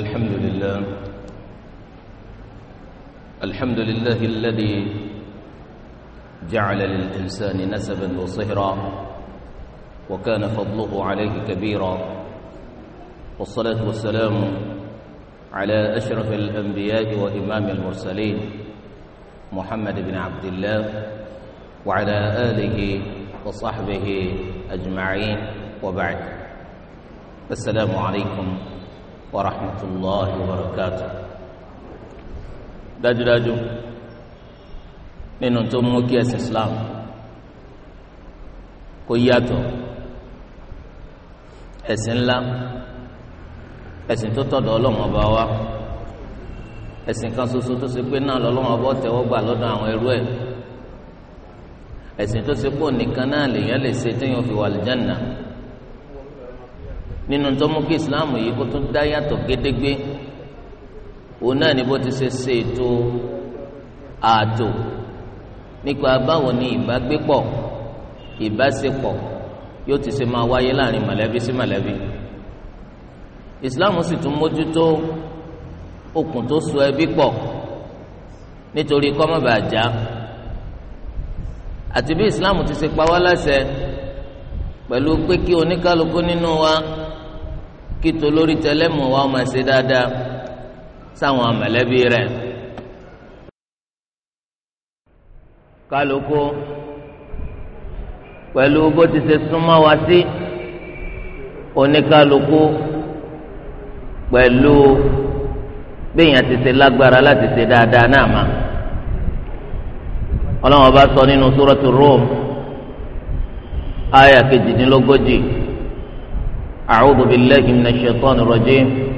الحمد لله الحمد لله الذي جعل للإنسان نسبا وصهرا وكان فضله عليه كبيرا والصلاة والسلام على أشرف الأنبياء وإمام المرسلين محمد بن عبد الله وعلى آله وصحبه أجمعين وبعد السلام عليكم wa rahmatullahi wa dájúdájú nínú tó mú kí islam kó yàtọ̀ ẹ̀sìn ńlá ẹ̀sìn tó tọ̀dọ̀ Ọlọ́run ọba wa ẹ̀sìn kan ṣoṣo tó ṣe pé náà lọ́lọ́run ọba tẹ́wọ́ gbà lọ́dọ̀ àwọn ẹrú ẹ̀ ẹ̀sìn tó ṣe pé òun nìkan náà lèèyàn lè ṣe fi wà nínú tó mú kí islam yìí kó tún dá yàtọ̀ gédégbé òun náà ni bó ti ṣe ṣe ètò ààtò nípa báwo ni ìbágbépọ̀ ìbáṣepọ̀ yóò ti ṣe máa wáyé láàrin mọ̀lẹ́bí sí mọ̀lẹ́bí islam sì tún mójútó okùn tó so ẹbí pọ̀ nítorí kọ́mọ̀bàjá àti bí islam ti ṣe pa wá láṣẹ pẹ̀lú pé kí oníkálukú nínú wa. No kí tolórí tẹlẹmù wa máa ṣe dáadáa sáwọn mọ̀lẹ́bí rẹ̀ kálukú pẹ̀lú bó ti ṣe súnmọ́ wa sí oníkálukú pẹ̀lú béèyàn ti ṣe lágbára láti ṣe dáadáa náà mà ọlọ́wọ́n bá sọ nínú súrọ́tù Rum áyà kejìdínlógójì. أعوذ بالله من الشيطان الرجيم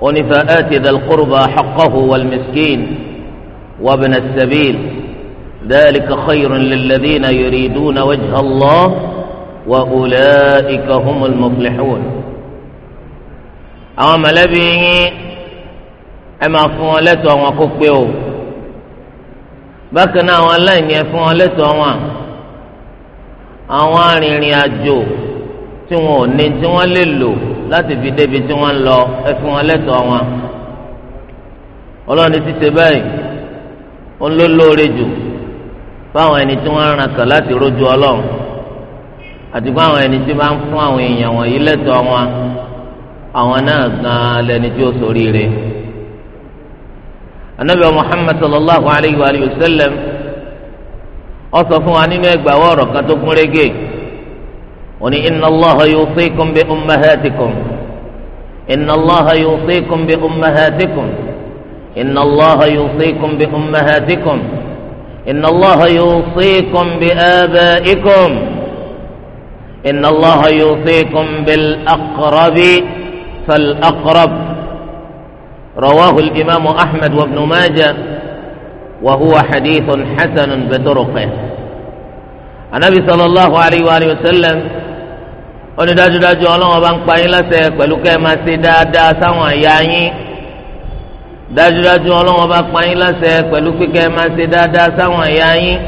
ونفاءات ذا القربى حقه والمسكين وابن السبيل ذلك خير للذين يريدون وجه الله وأولئك هم المفلحون àwọn mọ̀lẹ́bí yín ẹ máa fún wọn lẹ́tọ̀ọ́ wọn kó pé tí wọn ò ní tí wọn lè lò láti fi tí wọn lọ ẹ fún wọn lẹ́tọ̀ọ́ wọn ọlọ́run ti ṣe báyìí ó ń lóore jù fáwọn ẹni tí láti àti fáwọn ẹni tí fún àwọn èèyàn wọn àwọn náà gan lẹni anabi muhammad sallallahu alayhi wa sallam ọ sọ fún wa nínú ẹgbàá kan وني إن الله يوصيكم بأمهاتكم إن الله يوصيكم بأمهاتكم إن الله يوصيكم بأمهاتكم إن الله يوصيكم بآبائكم إن الله يوصيكم بالأقرب فالأقرب رواه الإمام أحمد وابن ماجه وهو حديث حسن بطرقه النبي صلى الله عليه وآله وسلم onídàájúdájú ọlọ́wọ́n bá ń pa yín lọ́sẹ̀ pẹ̀lú kẹ́ ẹ máa ṣe dáadáa sáwọn ẹ̀yà yín dájúdájú ọlọ́wọ́n bá pa yín lọ́sẹ̀ pẹ̀lú kẹ́ ẹ máa ṣe dáadáa sáwọn ẹ̀yà yín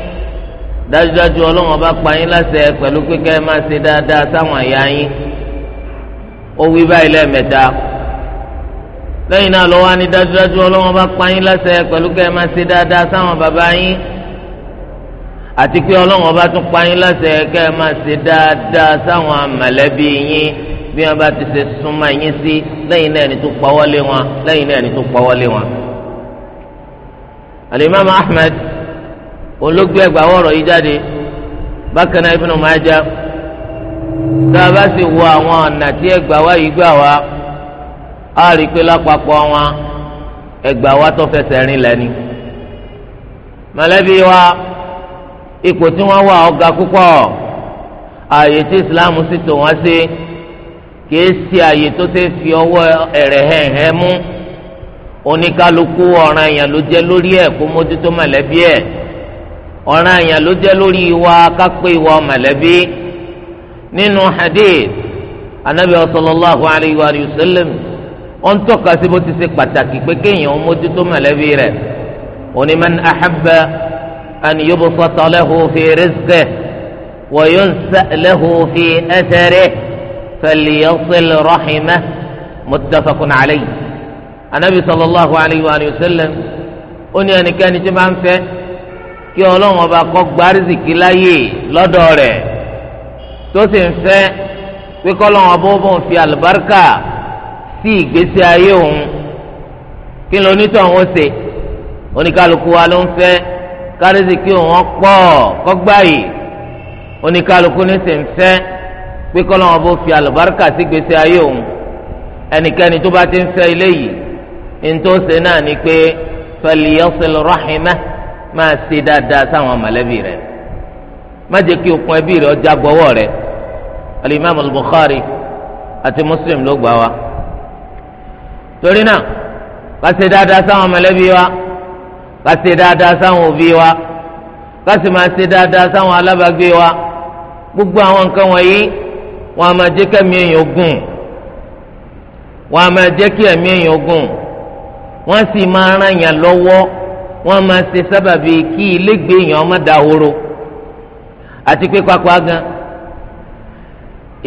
dájúdájú ọlọ́wọ́n bá pa yín lọ́sẹ̀ pẹ̀lú kẹ́ ẹ máa ṣe dáadáa sáwọn ẹ̀yà yín ó wí báyìí lẹ́ẹ̀mẹ́ta lẹ́yìn náà lọ́wọ́ á ní dájúdájú ọlọ́wọ́n bá pa yín lọ́sẹ̀ pẹ̀lú kẹ́ ẹ máa ṣe dáadáa sáwọn bàbá yín àti pé ọlọ́run ọba tún pa yín láṣẹ kẹ́ ẹ máa ṣe dáadáa sáwọn mọ̀lẹ́bí yín bí wọ́n bá ti ṣe súnmọ́ yín sí lẹ́yìn náà ẹni tó pawọ́ lé wọn lẹ́yìn náà ẹni tó pawọ́ lé wọn. alimami ahmed olóògbé ẹgbàá wọ̀rọ̀ yìí jáde bákan náà ibn Majah tá a bá sì wo àwọn ọ̀nà tí ẹgbàá wá yìí gbà wá á rí i pé lápapọ̀ wọn ẹgbàá tó fẹsẹ̀ rìn lẹ́ni mọ̀lẹ́bí wa. ipò tí wọ́n wà ọ̀gá púpọ̀ ààyè tí islam sì tò wọ́n sí kìí ṣe ààyè tó ṣe fi ọwọ́ ẹ̀rẹ̀ hẹ̀hẹ̀ mú oníkálukú ọ̀ràn èèyàn ló lórí kó mójútó mọ̀lẹ́bí ọ̀ràn èèyàn ló lórí ìwà kápẹ́ ìwà mọ̀lẹ́bí nínú hadith anabi sallallahu alayhi wa sallam ó ń tọ́ka sí bó ti ṣe pàtàkì pé kéèyàn mójútó mọ̀lẹ́bí onímọ̀ أن يبسط له في رزقه وينسأ له في أثره فليصل رحمه متفق عليه النبي صلى الله عليه وآله وسلم أني أن كان جمعا في kí ọlọ́run ọba kó gba rìsíkì láyè lọ́dọ̀ rẹ̀ tó sì ń fẹ́ pé kọ́lọ́run ọba ó bọ̀ fi àlùbáríkà sí ìgbésí ayé òun kí lónítọ̀ òun ṣe oníkálukú wa ló ń fẹ́ kárẹ́sìkì wọn pọ̀ kọ́gbá yìí oníkálukú ní sèǹfẹ́ pé kọ́lọ́wọ́n bó fi àlùbáríkà sí gbèsè ayé òun ẹnikẹ́ni tó bá ti ń fẹ́ ilé yìí ntòsí náà ni pé falyasil rahimah máa ṣe dáadáa sáwọn mọ̀lẹ́bí rẹ̀ má jẹ́ kí okùn ẹbí rẹ̀ ọjà gbọ́wọ́ rẹ̀ alimami al-Bukhari àti Muslim ló gbà wá torí náà ká ṣe dáadáa sáwọn mọ̀lẹ́bí wa ká ṣe dáadáa sáwọn òbí wa ká sì máa ṣe dáadáa sáwọn alábàágbé wa gbogbo àwọn nǹkan wọ̀nyí wọn a máa jẹ́ kẹ́mi èèyàn gùn wọn a máa jẹ́ kí ẹ̀mí èèyàn gùn wọn sì máa ràn yàn lọ́wọ́ wọn a máa ṣe sábàbí kí ilégbèé èèyàn má dahoro àti pé pápá gan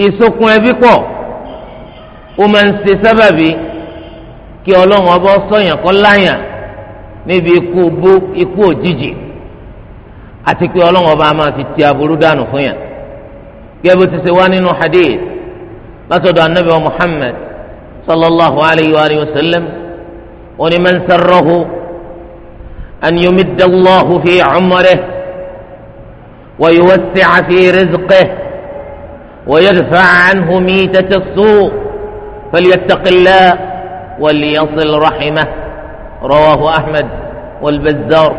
ìsokùn ẹbí pọ̀ ó máa ń sábàbí kí ọlọ́run ọba sọ̀yàn kọ́ láyàn níbi ikú bó ikú òjijì àti pé ọlọ́wọ́n bá máa ti ti aburú dànù fún yàn gẹ́gẹ́ bó ti ṣe wá nínú hadith látọ̀dọ̀ anabi wa muhammed sallallahu alayhi wa sallam oní man sarrahu an yumidda allahu fi umrihi wa yuwassia fi rizqihi wa yadfa anhu mitata as-su' falyattaqi allah wa liyasil rahimah. رواه أحمد والبزار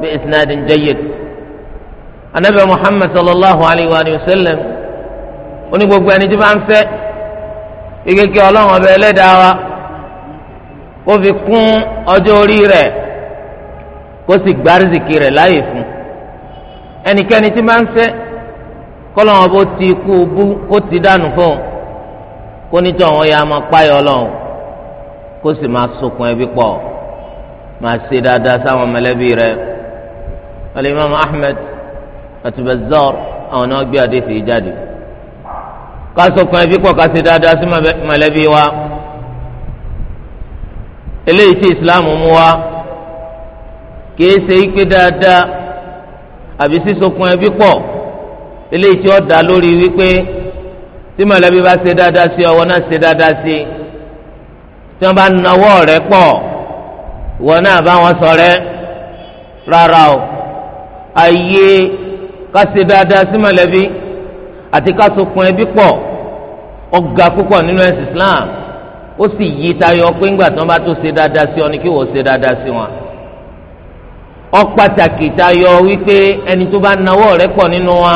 بإسناد جيد النبي محمد صلى الله عليه وآله وسلم ونقول بأن جبعا فيه ikeke ọlọ́run ọba ẹlẹ́dàá wa kó fi kún ọjọ́ orí rẹ̀ kó sì gbárísìkì rẹ̀ láàyè fún ẹnikẹ́ni tí máa ń fẹ́ kọ́lọ́run ọba ti kú bú kó ti dànù fún un kó nítorí àwọn ya máa páyọ ọlọ́run kó sì máa sokùn ẹbí pọ̀ máa ṣe dáadáa sáwọn mẹlẹ́bí rẹ alimami ahmed àti bazzar àwọn náà gbé adé fìyí jáde kásòkan ẹbí pọ̀ ká ṣe dáadáa sí mẹlẹ́bí wa eléyìí tí islam mú wa kìí ṣe ike dáadáa àbí sísokun ẹbí pọ̀ eléyìí tí ó lórí wípé tí mẹlẹ́bí bá ṣe dáadáa sí ọwọ́ náà ṣe dáadáa sí tí wọ́n bá nawọ́ rẹ pọ̀ wọn náà bá wọn ṣọ̀rẹ́ rárá o ayé ká ṣe dáadáa sí mọ̀lẹ́bí àti ká sokùn ẹbí pọ̀ ọ̀gá púpọ̀ nínú ẹ̀sìn Islam ó sì yí tayọ pé ńgbà tí wọ́n bá tó ṣe dáadáa sí ọ ni kí wọ́n ṣe dáadáa sí wọn ọ pàtàkì tayọ wípé ẹni tó bá nawọ́ rẹ̀ pọ̀ nínú wa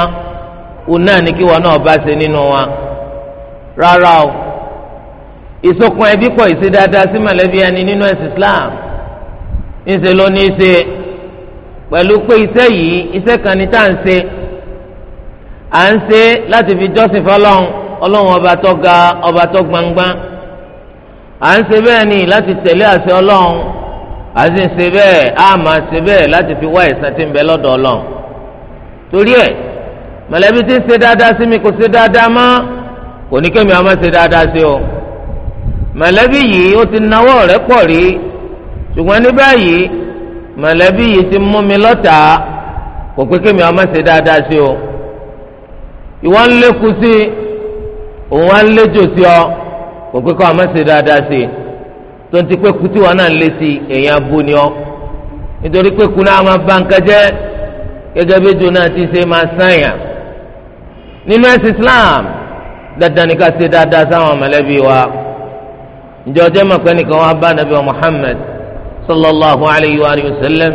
òun náà ni kí wọ́n náà bá ṣe nínú wa rárá o ìsokùn ẹbí pọ̀ ìṣe dáadáa sí mọ̀lẹ́bí ẹni nínú ẹ̀sìn Islam ńṣe ló ní í ṣe pẹ̀lú pé iṣẹ́ yìí iṣẹ́ kan ní tá à ń ṣe à ń ṣe láti fi jọ́sìn fọlọ́run ọlọ́run ọba tó ga ọba tó gbangba à ń ṣe bẹ́ẹ̀ ni láti tẹ̀lé àṣẹ ọlọ́run à sì ń ṣe bẹ́ẹ̀ á máa ṣe bẹ́ẹ̀ láti fi wá ẹ̀san tí ń bẹ lọ́dọ̀ ọlọ́run torí ẹ̀ mọ̀lẹ́bí tí ń ṣe dáadáa sí mi kò ṣe dáadáa mọ́ kò ní kémi ọmọ ṣe dáadáa sí o mọ̀lẹ́bí yìí ó ti nawọ́ rẹ̀ pọ̀ rí ṣùgbọ́n ní báyìí mọ̀lẹ́bí yìí ti mú mi lọ́tà kò pé kémi ọmọ ṣe dáadáa sí o ìwọ ń lékú sí òun wá ń léjò sí ọ kò pé kó ọmọ ṣe dáadáa sí tó ń ti pé kú tí wọn náà ń lé sí èèyàn abú ni ọ nítorí pé kú náà máa bà nǹkan jẹ́ gẹ́gẹ́ bí jù náà ti ṣe máa sànyà nínú ẹ̀sìn Islam dandan ni ká ṣe dáadáa sáwọn mọ̀lẹ́bí wa ǹjọ́ jẹ́ mọ̀ pé nìkan wá bá nàbí wa Muhammad sallallahu alayhi wa sallam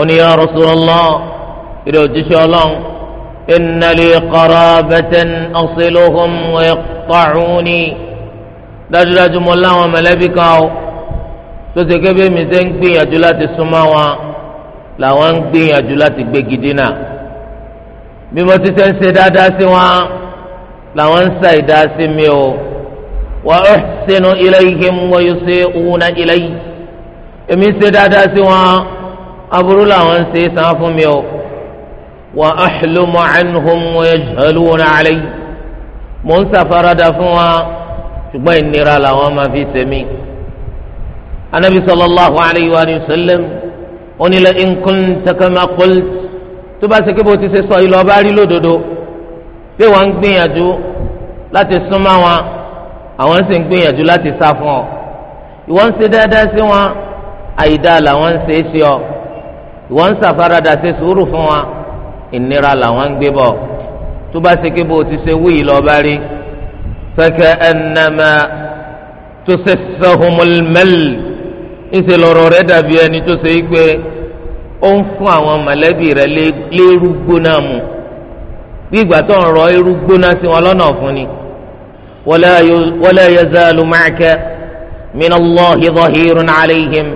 oní ya rasulallah ìdè òjíṣẹ́ ọlọ́run ìnàlè qarabatan asiluhum wa yaqta'uni dájúdájú mo láwọn mẹlẹ́bí kan o tó ṣe kébé mi ṣe ń gbìyànjú láti súnmọ́ wọn làwọn ń gbìyànjú láti gbégi dínà bí mo ti ṣe ń ṣe dáadáa sí wọn làwọn ń ṣe ìdá sí mi o wa uhsinu ilayhim wa yusi'una ilayhi èmi ń ṣe dáadáa sí wọn aburú làwọn ń ṣe é san fún mi o wa ahlumu anhum wa yajhaluna alay mò ń ṣàfaradà fún wa ṣùgbọ́n ìnira làwọn máa fi tẹ̀mí. anabi sallallahu alayhi wa sallam ó ní la in kunta kama qult tó bá ṣe kí bó ṣe sọ ìlú ọba rí lódodo pé wọ́n ń gbìyànjú láti súnmọ́ wọn àwọn sì ń gbìyànjú láti sá fún ọ ìwọ́n ń ṣe dáadáa sí wọn àyídá làwọn ń ṣe é sí ọ ìwọ ń ṣàfaradà ṣe sùúrù fún wa ìnira làwọn ń gbé bọ̀ tó bá ṣe kí bó o ti ṣe wíì lọ bá rí fẹkẹ ẹnàmà tó ṣe sọhùnmọlẹmẹlì ìṣe lọ́rọ̀ rẹ̀ dàbí ẹni tó ṣe é pé ó ń fún àwọn mọ̀lẹ́bí rẹ̀ lérú gbóná mu bí ìgbà tó ń rọ irú gbóná sí wọn lọ́nà ọ̀fun ni wala yazalu ma'aka minallahi dhahirun alayhim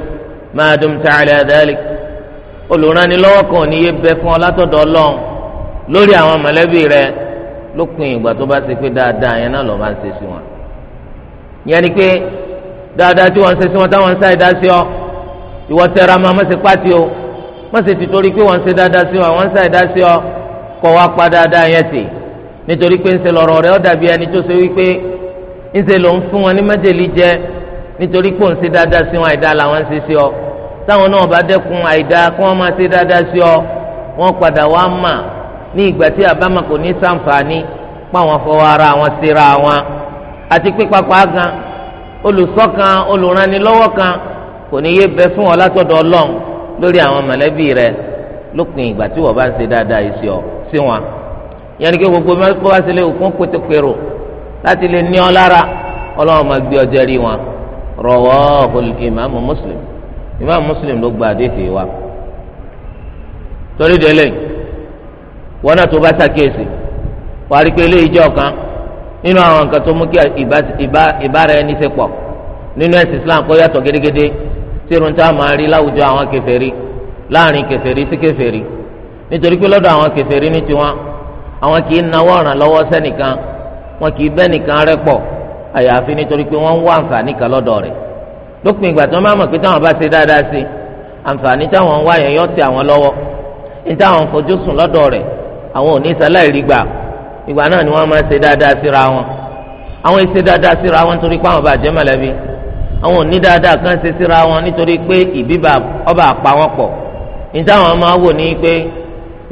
ma dumta ala dhalik olùrànilọ́wọ́ kan ní yé bẹ fún ọ látọ̀dọ̀ ọlọ́run lórí àwọn mọ̀lẹ́bí rẹ lópin ìgbà tó bá ṣe pé dáadáa yẹn náà lọ́ọ́ bá ń ṣe sí wọn. ìyẹn ni pé dáadáa tí wọ́n ń ṣe sí wọn táwọn ń ṣàìdá sí ọ ìwọ tẹra máa má ṣe pàtì o má ṣe ti torí pé wọ́n ń ṣe dáadáa sí ọ wọ́n ń ṣàìdá sí ọ kọ́ wá pa dáadáa yẹn tì nítorí pé ń ṣe lọ́rọ̀ rẹ ó dàbí ẹni tó ṣe wípé ń ṣe nítorí pé òun ṣe dáadáa sí wọn àìdá làwọn ṣe sí ọ táwọn náà bá dẹ́kun àìdá kí wọ́n máa ṣe dáadáa sí ọ wọ́n padà wá mà ní ìgbà tí àbámọ̀ kò ní sàǹfààní pa àwọn fọwọ́ ara wọn síra wọn àti pípapá gan olùṣọ́kan olùrànilọ́wọ́ kan kò ní yé bẹ fún ọ látọ̀dọ̀ ọlọ́run lórí àwọn mọ̀lẹ́bí rẹ lópin ìgbà tí wọ́n bá ń ṣe dáadáa yìí sí ọ sí wọn yẹn ni kí gbogbo mẹ́kọ́ wá sílé òkun pétékèrò láti lè ní ọ lára ọlọ́run máa gbé ọjọ́ rí wọn rawahu ìmáàmù Muslim ìmáàmù Muslim ló gba àdéhìí wa torí délé wọn náà tó bá ṣàkíyèsí wàá rí pé eléyìí jẹ́ ọ̀kan nínú àwọn nǹkan tó mú kí ìbára ẹni ṣe pọ̀ nínú ẹ̀sìn Islam kó yàtọ̀ gédégédé tí irun tá a máa rí láwùjọ àwọn kèfèrí láàrin kèfèrí sí kèfèrí nítorí pé lọ́dọ̀ àwọn kèfèrí ní tiwọn àwọn kì í nawọ́ ọ̀ràn lọ́wọ́ sẹ́nìkan wọn kì í bẹ́nìkan rẹ́pọ̀ àyàfi nítorí pé wọ́n ń wá àǹfààní kan lọ́dọ̀ rẹ̀ lópin ìgbà tí wọ́n bá mọ̀ pé táwọn bá ṣe dáadáa sí àǹfààní táwọn ń wá yẹn yọ àwọn lọ́wọ́ ní ń fojú sùn lọ́dọ̀ rẹ̀ àwọn ò ní sáláì rí ìgbà náà ni wọ́n máa ṣe dáadáa síra wọn àwọn ìṣe dáadáa síra wọn nítorí pé àwọn bá jẹ́ mọ̀lẹ́bí àwọn ò ní dáadáa kan ṣe síra wọn nítorí pé ìbíbà ọba àpá wọn pọ̀ ní táwọn máa wò ní pé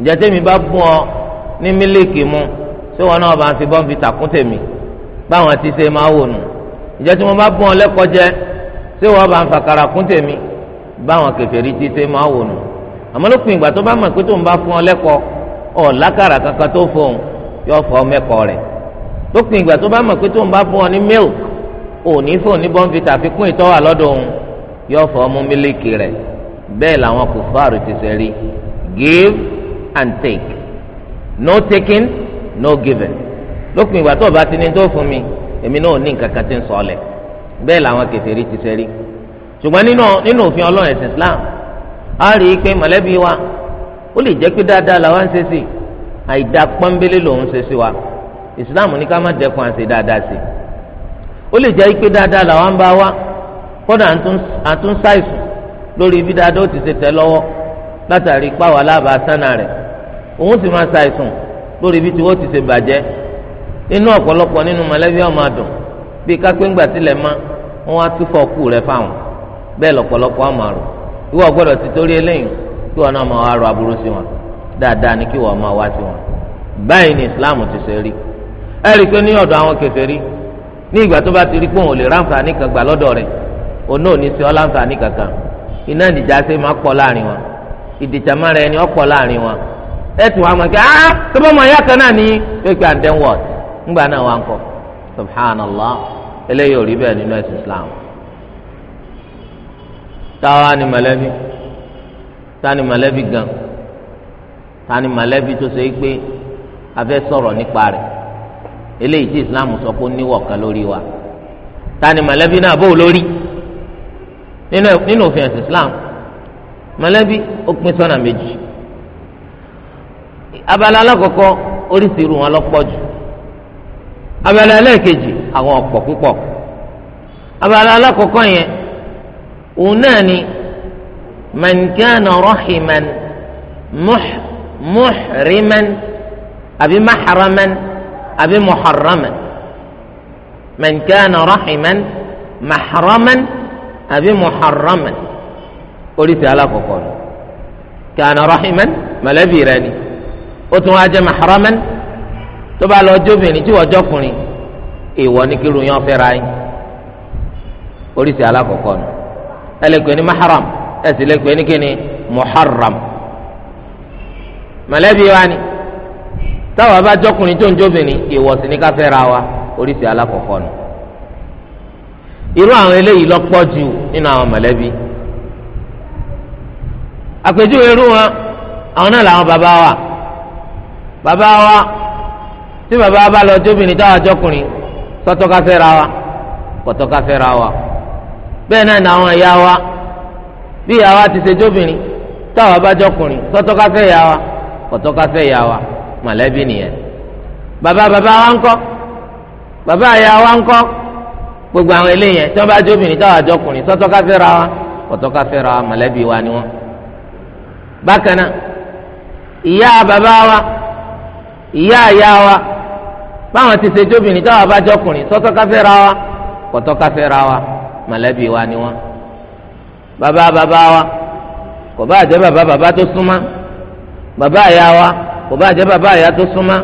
ìjẹ́tẹ́mi bá bùn ọ ní mílíkì mu ṣé wọn náà bá ń fi bọ́ǹfì tàkùn báwọn ti ṣe máa wò nù ìjẹ́ tí wọ́n bá bọ́n lẹ́kọ̀ọ́ jẹ́ ṣé wọ́n bá ń fàkàrà kún tèmi báwọn kèfèrí ti ṣe máa wò nù àmọ́ lópin ìgbà tó bá mọ̀ pé tó ń bá fún ọ lẹ́kọ̀ọ́ ọ̀ lákàrà kankan tó fóun yóò fọ mẹ́kọ̀ọ́ rẹ̀ lópin ìgbà tó bá mọ̀ pé tó ń bá fún ọ ní milk òní fóun ní bọ́ǹfìtà fi kún ìtọ́wà lọ́dọ̀ òun yóò fọ ọmú mílíkì rẹ̀ bẹ́ẹ̀ làwọn give and take no taking no giving lópin ìgbà tó o bá ti ní tó fún mi èmi náà ní nǹkan kan tí ń sọ ọlẹ̀ bẹ́ẹ̀ làwọn kèfèrí ti sẹ́rí ṣùgbọ́n nínú nínú òfin ọlọ́run ẹ̀sìn Islam a rí i pé mọ̀lẹ́bí wa ó lè jẹ́ pé dáadáa làwa ń ṣe sí àìdá pọ́nbélé lòun ṣe sí wa Islam ní ká má dẹ́kun àṣẹ dáadáa sí ó lè jẹ́ pé dáadáa làwa ń bá wa kódà àtúnṣàìsùn lórí ibi dáadáa ó ti ṣe tẹ́ lọ́wọ́ látàrí pàwọ́ aláàbà rẹ̀ òun sì máa ṣàìsùn lórí ibi tí wọ́n ti ṣe bàjẹ́ inú ọ̀pọ̀lọpọ̀ nínú mọ̀lẹ́bí ọmọ àdùn bíi kápẹ́ ńgbà tilẹ̀ ma wọn wá túfọ̀ kú rẹ fáwọn bẹ́ẹ̀ lọ̀pọ̀lọpọ̀ ọmọ ìwọ gbọ́dọ̀ ti torí eléyìí kí wọn náà máa rọ aburú sí wọn dáadáa ni kí wọn máa wá wọn báyìí ni Islam ti ṣe rí ẹ rí i pé ní ọ̀dọ̀ àwọn ní ìgbà tó bá ti rí ò lè ráǹfààní kan gbà lọ́dọ̀ òun náà ní kankan iná ìdìjà ṣe máa pọ̀ láàrin wọn ìdìjà máa rẹ ẹni ọ̀pọ̀ láàrin wọn ẹ tún wá mọ̀ ah! ńgbà náà wà kọ subhanallah eléyìí ò rí bẹ́ẹ̀ nínú ẹ̀sìn islam táwa ni mọ̀lẹ́bí táwa ni mọ̀lẹ́bí gan táwa ni mọ̀lẹ́bí tó ṣe é pé a sọ̀rọ̀ nípa rẹ̀ eléyìí tí islam sọ pé ó níwọ̀ kan lórí wa táwa ni mọ̀lẹ́bí náà bó lórí nínú òfin ẹ̀sìn islam mọ̀lẹ́bí ó pín sọ́nà méjì abala alákọ̀ọ́kọ́ wọn jù abala ẹlẹ́ẹ̀kejì àwọn ọ̀pọ̀ púpọ̀ abala alákọ̀ọ́kọ́ yẹn òun náà ni mankana kana rahiman muhriman àbí mahraman àbí muharraman mankana kana rahiman mahraman àbí muharraman oríṣi alákọ̀ọ́kọ́ ni kana rahiman mọ̀lẹ́bí rẹ ni ó tún wá jẹ́ mahraman. tó bá lọ jóbìnrin tí wọ́n jọkùnrin èèwọ̀ ní kí ruyan fẹ́ra yín oríṣi alákọ̀ọ́kọ́ nù ẹ lè pè ní maharam ẹ sì lè pè ní kíni muharram mọ̀lẹ́bí wa ni táwa bá jọkùnrin tó ń jóbìnrin èèwọ̀ sì ní ká wa oríṣi alákọ̀ọ́kọ́ nù irú àwọn eléyìí lọ jù nínú àwọn mọ̀lẹ́bí àpèjúwe irú wọn àwọn náà làwọn bàbá wa bàbá wa tí bàbá bá lọ jóbìnrin táwọn àjọkùnrin tọ́tọ́kafẹ́ ra wa kọ́tọ́kafẹ́ ra wa bẹ́ẹ̀ náà làwọn ìyá wa bí ìyá wa ti ṣe jóbìnrin táwọn abájọkùnrin tọ́tọ́kafẹ́ ìyá wa kọ́tọ́kafẹ́ ìyá wa mọ̀lẹ́bí nìyẹn bàbá bàbá wa ńkọ́ bàbá ìyá wa ńkọ́ gbogbo àwọn eléyẹn tí wọ́n bá jóbìnrin táwọn àjọkùnrin tọ́tọ́kafẹ́ wa kọ́tọ́kafẹ́ ra wa mọ̀lẹ́bí wa ni wọ́n bákan náà ìyá bàbá wa ìyá ìyá wa báwọn ti ṣe táwọn bá jọkùnrin sọ́tọ́ káfẹ́ ra wa kọ́tọ́ káfẹ́ ra wa mọ̀lẹ́bí wa ni wọ́n bàbá bàbá wa kò bá jẹ́ bàbá bàbá tó súnmọ́ bàbá ìyá wa kò bá jẹ́ bàbá ìyá tó súnmọ́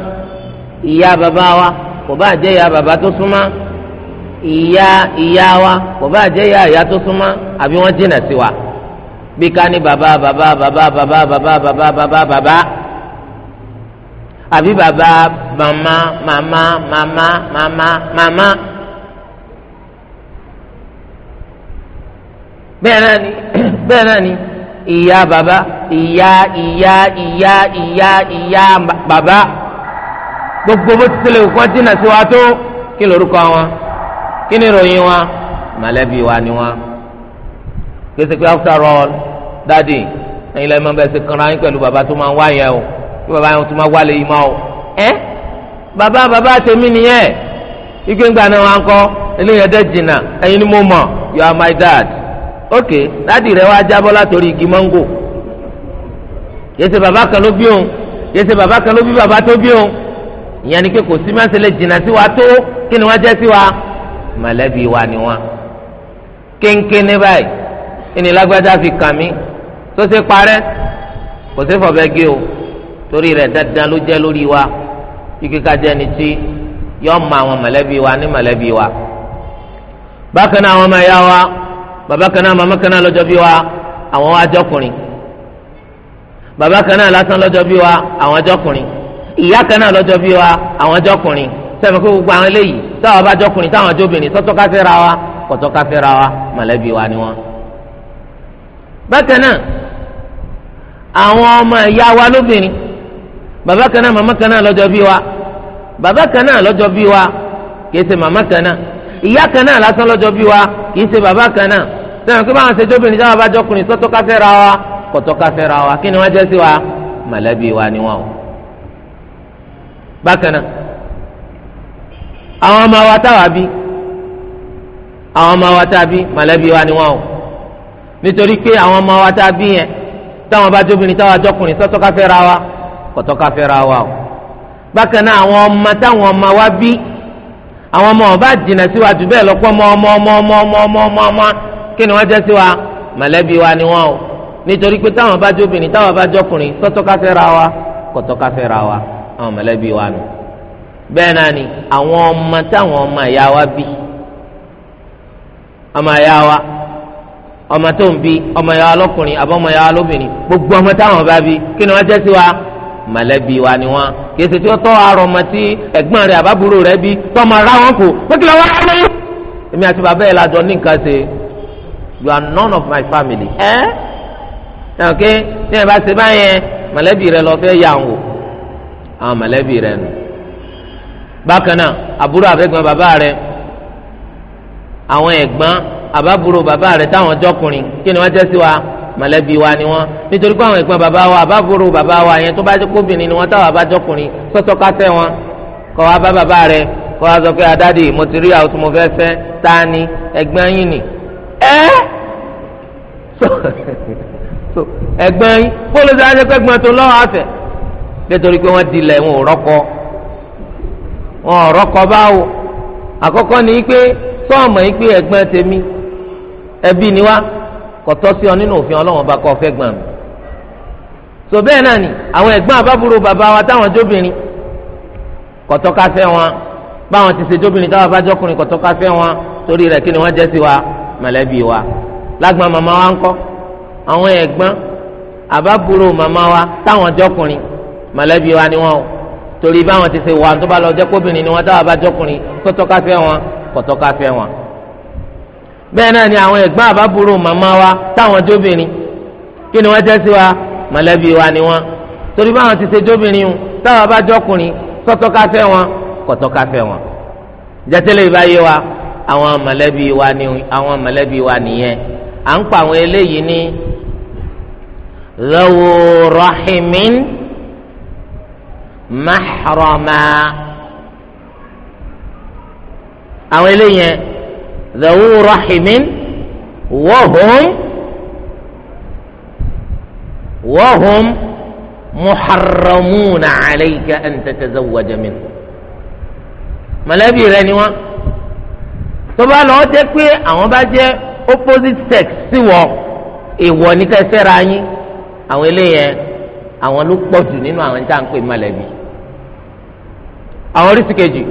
ìyá bàbá wa kò bá jẹ́ ìyá bàbá tó súnmọ́ ìyá ìyá wa kò bá jẹ́ ìyá ìyá tó súnmọ́ àbí wọ́n jìnà sí wa bí ká ní bàbá bàbá bàbá bàbá bàbá bàbá bàbá bàbá àbí Baba, Mama, Mama, Mama, Mama, Mama. bẹ́ẹ̀ náà ni bẹ́ẹ̀ náà ni ìyá bàbá ìyá ìyá ìyá ìyá ìyá bàbá gbogbo bó ti tẹ́lẹ̀ òkú ọtí náà sí wa tó kí lorúkọ wọn kí ni ìròyìn wọn mọ̀lẹ́bí wa ni wọn. kí pé after all dadi ẹ̀yin lẹ́yìn máa bẹ̀rẹ̀ sí kanra yín pẹ̀lú bàbá tó máa ń wáyẹ̀ o kí bàbá yẹn tó máa wálé yìí máa o ẹ bàbá bàbá tèmi nìyẹn ike ń gbà náà wá ń kọ eléyìí ẹdẹ jìnnà ẹyin ni mo mọ you are my dad ok dádì rẹ wá jábọ́ látòrí igi mango yẹsẹ bàbá kan ló bí òun yẹsẹ bàbá kan ló bí bàbá tó bí òun ìyẹn ni pé kò sí mẹsẹlẹ jìnnà sí wa tó kí ni wọn jẹ sí wa mọ̀lẹ́bí wa ni wọn kéńké ní báyìí ìnílágbájá fi kàn mí tó ṣe parẹ́ kò sí fọbẹ gé o torí rẹ̀ dandan ló jẹ́ lórí wa kíkẹ́ ká jẹ́ ni tí yọ ma àwọn mọ̀lẹ́bí wa ní mọ̀lẹ́bí wa bákan náà àwọn ọmọ ẹ̀yà wa bàbá kan náà màmá kan náà lọ́jọ́ bí wa àwọn ajọ́kùnrin bàbá náà lásán lọ́jọ́ bí wa àwọn ajọ́kùnrin ìyá kan náà lọ́jọ́ bí wa àwọn ajọ́kùnrin sẹ́mi kó gbogbo àwọn eléyìí táwọn bá jọkùnrin táwọn àjọbìnrin tọ́tọ́ ká fẹ́ra wa kọ̀tọ́ ká fẹ́ra wa mọ̀lẹ́bí wa ni wọ́n. bákan náà àwọn ọmọ ẹ̀yà wa lóbìnrin Baba kana mama kana kan náà lọ́jọ́ bí wa bàbá kana. náà lọ́jọ́ bí wa kìí ṣe màmá kana. náà ìyá kan náà lásán lọ́jọ́ bí wa kìí ṣe bàbá kan náà sẹ́wọ̀n kí báwọn ṣèjọ́ obìnrin sábà bá jọkùnrin sọ́tọ́ káfẹ́ ra wa kọ̀tọ́ káfẹ́ ra wa kí ni wọ́n jẹ́ sí wa mọ̀lẹ́bí wa ni wọ́n o. bákan àwọn ọmọ wa táwa bí àwọn ọmọ wa táa bí mọ̀lẹ́bí wa ni wọ́n o nítorí pé àwọn ọmọ wa táa bí yẹn táwọn bá jọkùnrin táwa jọkùnrin sọ́tọ́ káfẹ́ ra wa kọ̀tọ́ká fẹ́ra wa o bákan náà àwọn ọmọ táwọn ọmọ wa bí àwọn ọmọ ọba jìnnà sí wa jù bẹ́ẹ̀ lọ́pọ̀ ọmọ ọmọ ọmọ ọmọ ọmọ ọmọ ọmọ ọmọ kí ni wọ́n jẹ́ sí wa mọ̀lẹ́bí wa ni wọ́n o nítorí pé táwọn bá jẹ́ obìnrin táwọn bá jẹ́ ọkùnrin tọ́tọ́ká fẹ́ra wa kọ̀tọ́ká fẹ́ra wa àwọn mọ̀lẹ́bí wa nù bẹ́ẹ̀ náà ni àwọn ọmọ táwọn ọmọ ìyá wa bí ọmọ ìyá wa ọmọ tó ń bí ọmọ ìyá wa lọ́kùnrin àbọ̀ ọmọ ìyá wa lóbìnrin gbogbo ọmọ táwọn bá bí kí ni wọ́n jẹ́ sí wa mọ̀lẹ́bí wa ni wọ́n kì í ṣe tí arọ ọmọ tí ẹ̀gbọ́n rẹ̀ àbábúrò rẹ̀ bí tọ́ ma ra wọn kù pé kí ló èmi àti bàbá yẹn lajọ ní nǹkan ṣe you are none of my family. ẹ ẹ ok ní ẹ bá ṣe báyẹn mọ̀lẹ́bí rẹ̀ lọ fẹ́ yà wò àwọn mọ̀lẹ́bí rẹ̀ nù. bákan náà àbúrò àbẹ̀gbọ́n bàbá rẹ̀ àwọn ẹ̀gbọ́n àbábúrò bàbá rẹ̀ táwọn jọkùnrin kí ni wọ́n jẹ́ sí wa mọ̀lẹ́bí wa ni wọ́n nítorí pé àwọn ẹ̀gbọ́n bàbá wa àbábòrò bàbá wa yẹn tó bá jẹ́ kóbìnrin ni wọ́n táwọn abájọkùnrin pẹ́tọ́ ká wọn kọ́ wa bá bàbá rẹ kọ́ wa sọ pé adáde mo ti rí àwọn tó mo fẹ́ fẹ́ ta ni ẹ̀gbọ́n yín ni So, ẹ̀gbọ́n yín bóòlù tí wọ́n jẹ́ pẹ́gbọ́n tó lọ́wọ́ àfẹ́ nítorí pé wọ́n dilẹ̀ wọn ò rọ́kọ wọn ò rọ́kọ báwo àkọ́kọ́ ni pé sọ́ọ̀mọ̀ yín pé ẹ̀gbọ́n tèmi ẹbí ni wá kọtọ sí ọ nínú òfin Ọlọ́run ọba kọ fẹ́ gbọn mi so bẹ́ẹ̀ náà ni àwọn ẹ̀gbọ́n àbábúrò bàbá wa táwọn jóbìnrin kọtọ ká fẹ́ wọn báwọn ti ṣe jóbìnrin táwọn abájọkùnrin kọtọ ká fẹ́ wọn torí rẹ̀ kí ni wọ́n jẹ́ sí wa mọ̀lẹ́bí wa lágbọn màmá wa ń kọ àwọn ẹ̀gbọ́n àbábúrò màmá wa táwọn jọkùnrin mọ̀lẹ́bí wa ni wọn o torí báwọn ti ṣe wà tó bá lọ jẹ́ kóbìnrin ni wọn táwọn abájọkùnrin kọtọ ká fẹ́ wọn kọtọ ká wọn bẹ́ẹ̀ náà ni àwọn ẹ̀gbọ́n àbábúrò màmá wa táwọn jóbìnrin kí ni wọ́n jẹ́ sí wa mọ̀lẹ́bí wa ni wọ́n torí báwọn ti ṣe jóbìnrin o táwọn bá jọkùnrin sọ́tọ́káfẹ́ wọn kọ̀tọ́káfẹ́ wọn jẹ́tẹ́lẹ̀ ìbáyé wa àwọn mọ̀lẹ́bí wa ni àwọn mọ̀lẹ́bí wa nìyẹn à ń pa àwọn eléyìí ní lọ́wọ́ rahimin mahrama àwọn eléyìí yẹn. ذو رحم وهم وهم محرمون عليك أن تتزوج منه mọ̀lẹ́bí rẹ ni wọ́n tó bá lọ jẹ́ pé àwọn bá jẹ́ opposite sex sí wọ ìwọ ní kẹsẹ́ra yín àwọn eléyẹn àwọn ló pọ̀ jù nínú àwọn tá à ń pè mọ̀lẹ́bí àwọn oríṣi kejì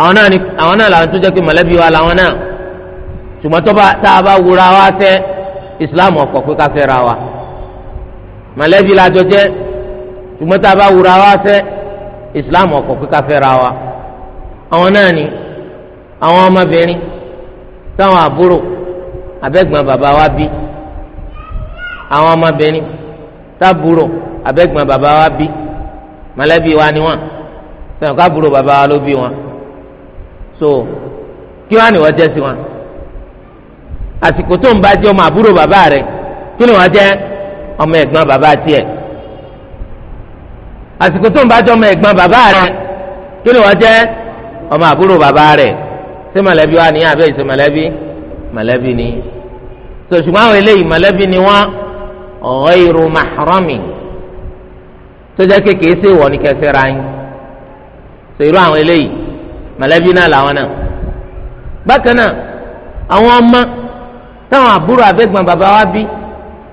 àwọn náà ni àwọn náà làwọn tó jẹ́ pé mọ̀lẹ́bí wa làwọn náà ṣùgbọ́n tó bá tá a bá wura wa tẹ́ islam ọ̀kọ̀ pé ká fẹ́ ra wa mọ̀lẹ́bí la jọ jẹ́ tá a bá wura wa tẹ́ islam ọ̀kọ̀ pé ká fẹ́ ra wa àwọn náà ni àwọn ọmọbìnrin táwọn àbúrò abẹ́gbọ̀n bàbá wa bí àwọn ọmọbìnrin tábúrò abẹ́gbọ̀n bàbá wa bí mọ̀lẹ́bí wa ni wọ́n fẹ́ràn ká àbúrò bàbá wa ló bí wọn so kí wọn ni wọn jẹ sí wọn àsìkò tó ń bá jẹ ọmọ àbúrò bàbá rẹ kí ni wọn jẹ ọmọ ẹ̀gbọ́n bàbá tiẹ̀ àsìkò tó ń bá jẹ ọmọ ẹ̀gbọ́n bàbá rẹ kí ni wọn jẹ ọmọ àbúrò bàbá rẹ ṣé mọ̀lẹ́bí wa nìyẹn àbẹ ìṣe mọ̀lẹ́bí mọ̀lẹ́bí ni so ṣùgbọ́n àwọn eléyìí mọ̀lẹ́bí ni wọn ghayru mahrami tó jẹ́ kékeré ṣèwọ ní kẹsẹ ra yín so irú àwọn eléyìí mọ̀lẹ́bí náà làwọn náà bákan náà àwọn ọmọ táwọn àbúrò abẹ́gbọ̀n bàbá wa bí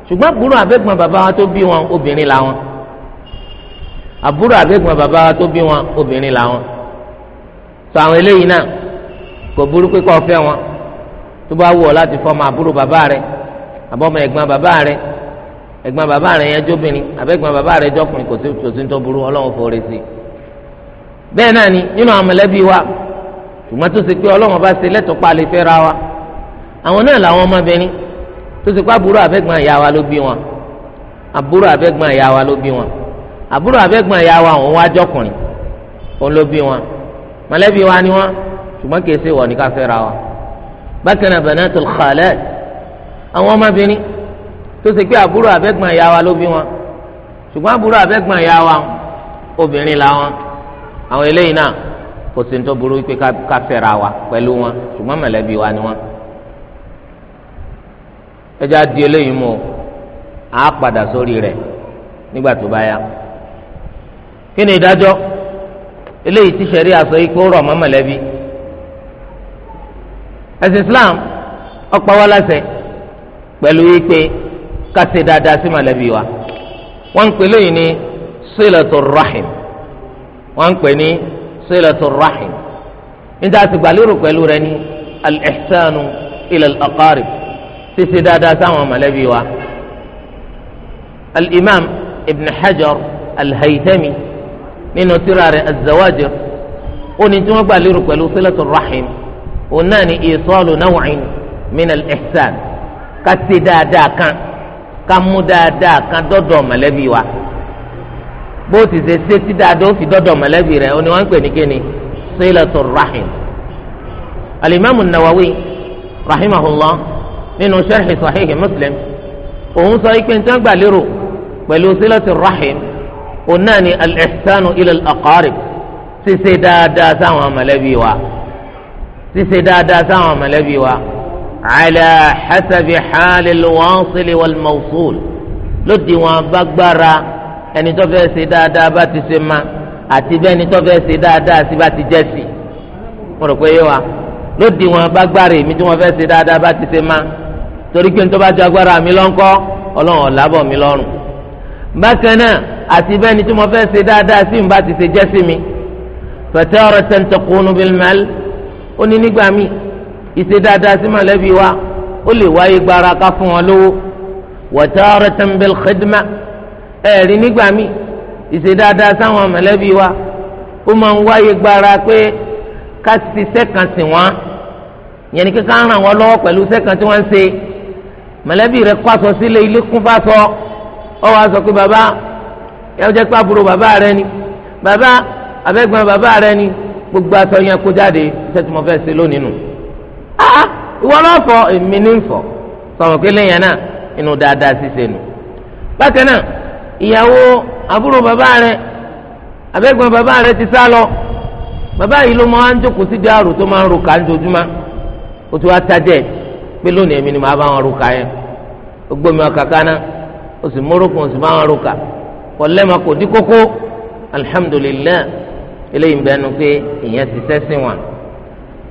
ṣùgbọ́n àbúrò abẹ́gbọ̀n bàbá wa tó bí wọn obìnrin làwọn àbúrò abẹ́gbọ̀n bàbá wa tó bí wọn obìnrin làwọn sọ àwọn eléyìí náà kò burú pé kó fẹ́ wọn tó bá wù ọ́ láti fọmọ àbúrò bàbá rẹ àbọ̀mọ ẹ̀gbọ́n bàbá rẹ ẹ̀gbọ́n bàbá rẹ yẹn jóbìnrin àbẹ́gbọ̀n bàbá rẹ jọkùnrin kò sí tó burú ọlọ́run fòrè sí i bẹ́ẹ̀ náà ni nínú àwọn mọ̀lẹ́bí wa ṣùgbọ́n tó ṣe pé ọlọ́run bá ṣe lẹ́tọ̀ọ́ pa lè fẹ́ ra wa àwọn náà làwọn ọmọbìnrin tó ṣe pé àbúrò àbẹ́gbọ̀n ìyá wa ló bí wọn àbúrò àbẹ́gbọ̀n ìyá wa ló bí wọn àbúrò àbẹ́gbọ̀n ìyá wa òun wá jọkùnrin òun ló bí wọn mọ̀lẹ́bí wa ni wọn ṣùgbọ́n kì í ṣe wọ̀ ní ká ra wa bákan obìnrin làwọn àwọn eléyìí náà kò sí ní tó burú pé ká fẹ́ra wa pẹ̀lú wọn ṣùgbọ́n mọ̀lẹ́bí wa ni wọn. ẹjọ́ di eléyìí mú o padà sórí rẹ̀ nígbà tó bá yá. kí ni ìdájọ́ eléyìí ti sẹ́rí àsọ yìí rọ̀ mọ́ ẹ̀sìn Islam ọ̀pọ̀ wa láṣẹ pẹ̀lú wípé ká ṣe dáadáa sí wa. wọ́n wọ́n ń pè ní sílẹ̀tù rahim níta ti gbàlérò pẹ̀lú rẹ ní al-ihsanu ila al-aqarib ṣíṣe dáadáa sáwọn mọ̀lẹ́bí wa al-imam ibn hajar al-haytami nínú tírà rẹ̀ az tí wọ́n gbàlérò pẹ̀lú sílẹ̀tù rahim òun náà ní ìsọ́ọ̀lù naw'in min al-ihsan dáadáa kan ká dáadáa kan dọ́dọ̀ mọ̀lẹ́bí wa bó ti ṣe ṣe sí dáadọ́ fi dọ́dọ̀ mọ̀lẹ́bí rẹ̀ òní wọ́n ń pè ní kíni sílẹ̀tù rahim alimami nawawi rahimahullah nínú sharhi sahihi muslim òun sọ ikpe ntẹ́ gbà lérò pẹ̀lú sílẹ̀tù rahim òun náà ni al-ihsanu ilal aqarib ṣíṣe dáadáa sáwọn mọ̀lẹ́bí wa ṣíṣe dáadáa sáwọn mọ̀lẹ́bí wa ala hasabi hali al-wasil wal wọn bá gbára ẹni tó fẹ́ ṣe dáadáa bá ti ṣe ma àti bẹ́ẹ̀ ẹni tó fẹ́ ṣe dáadáa sí bá ti jẹ́ sí mo rò pé yé wa lódì wọn bá gbára èmi tí wọn fẹ́ ṣe dáadáa bá ti ṣe ma torí pé nítorí bá ju agbára mi lọ́nkọ́ ọlọ́run ọ̀làbọ̀ mi lọ́rùn bákan náà àti bẹ́ẹ̀ ni tí mo dáadáa sí bá ti ṣe jẹ́ sí mi pẹ̀tẹ́ ọ̀rọ̀ tẹ̀ntẹ̀kùnú bilmal ó ní nígbà míì ìṣe dáadáa sí mọ̀lẹ́bí wa ó lè wáyé gbára ká fún wọn lówó wọ̀tẹ́ ọ̀rọ̀ tẹ̀mbil ẹ̀rí nígbà ise ìṣe dáadáa sáwọn wa ó máa ń wáyé gbára pé ká ṣiṣẹ́ kan sìn wọ́n yẹn ni kí ká ràn wọ́n lọ́wọ́ pẹ̀lú iṣẹ́ tí wọ́n ń ṣe mọ̀lẹ́bí kó aṣọ sílé ilé kún bá sọ ọ wá sọ pé bàbá ẹ jẹ́ pé àbúrò bàbá rẹ ni bàbá abẹ́gbọ́n bàbá rẹ ni gbogbo aṣọ yẹn kó jáde tí mo fẹ́ fọ èmi ní fọ sọ̀rọ̀ lẹ́yìn náà inú dáadáa ìyàwó àbúrò bàbá rẹ̀ abẹ́gbọ̀n bàbá rẹ̀ ti sá lọ bàbá yìí ló máa ń jókòó sí dáàrò tó máa ń ro ká lójoojúmọ́ ó ti wá tajẹ́ pé lónìí èmi ni màá bá wọn ro ká yẹn ó gbómi ọkà kaná ó sì mórókùn ó sì bá wọn ro ká kò lẹ́mọ̀ kò dí kókó alihamudulilayi eléyìí ń bẹnu pé ìyẹn ti sẹ́sìn wọn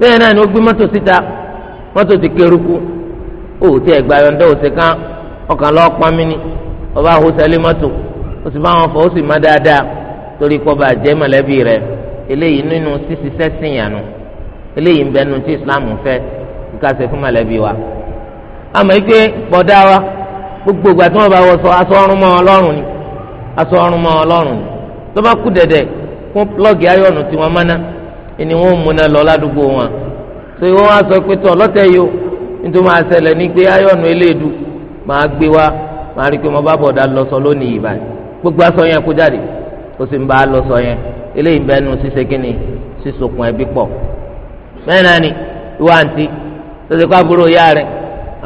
bẹ́ẹ̀ náà ni ó gbé mọ́tò síta mọ́tò ti kéruku ó tẹ́ ẹ̀gbá yọ̀ǹda òsè kan ọkàn lọ́ọ́ pọ́nmi ni ọba ahu sẹlẹmọtò ó sì bá wọn fọ ó sì má dáadáa torí kọ bá jẹ mọ̀lẹ́bí rẹ eléyìí nínú sísí sẹ́sìn eléyìí ń bẹ nu tí islam fẹ́ kíkà fún mọ̀lẹ́bí wa. àmọ́ ike wa gbogbo ìgbà tí wọ́n bá wọ sọ aṣọ ọrùn mọ́ ọlọ́run ni aṣọ ọrùn mọ́ ọlọ́run ni tó bá kú dẹ̀dẹ̀ fún plọ́ọ̀gì ayọ̀nù tí wọ́n mọ́ná ni wọ́n lọ ládùúgbò wọn. tó wá sọ pé yìí o màá rí i pé mo bá bọ̀dá lọ sọ lónìí yìí báyìí gbogbo aṣọ yẹn kó jáde ó sì ń bá a lọ sọ yẹn eléyìí ń nu ṣíṣe ni ìwà àǹtí kó ya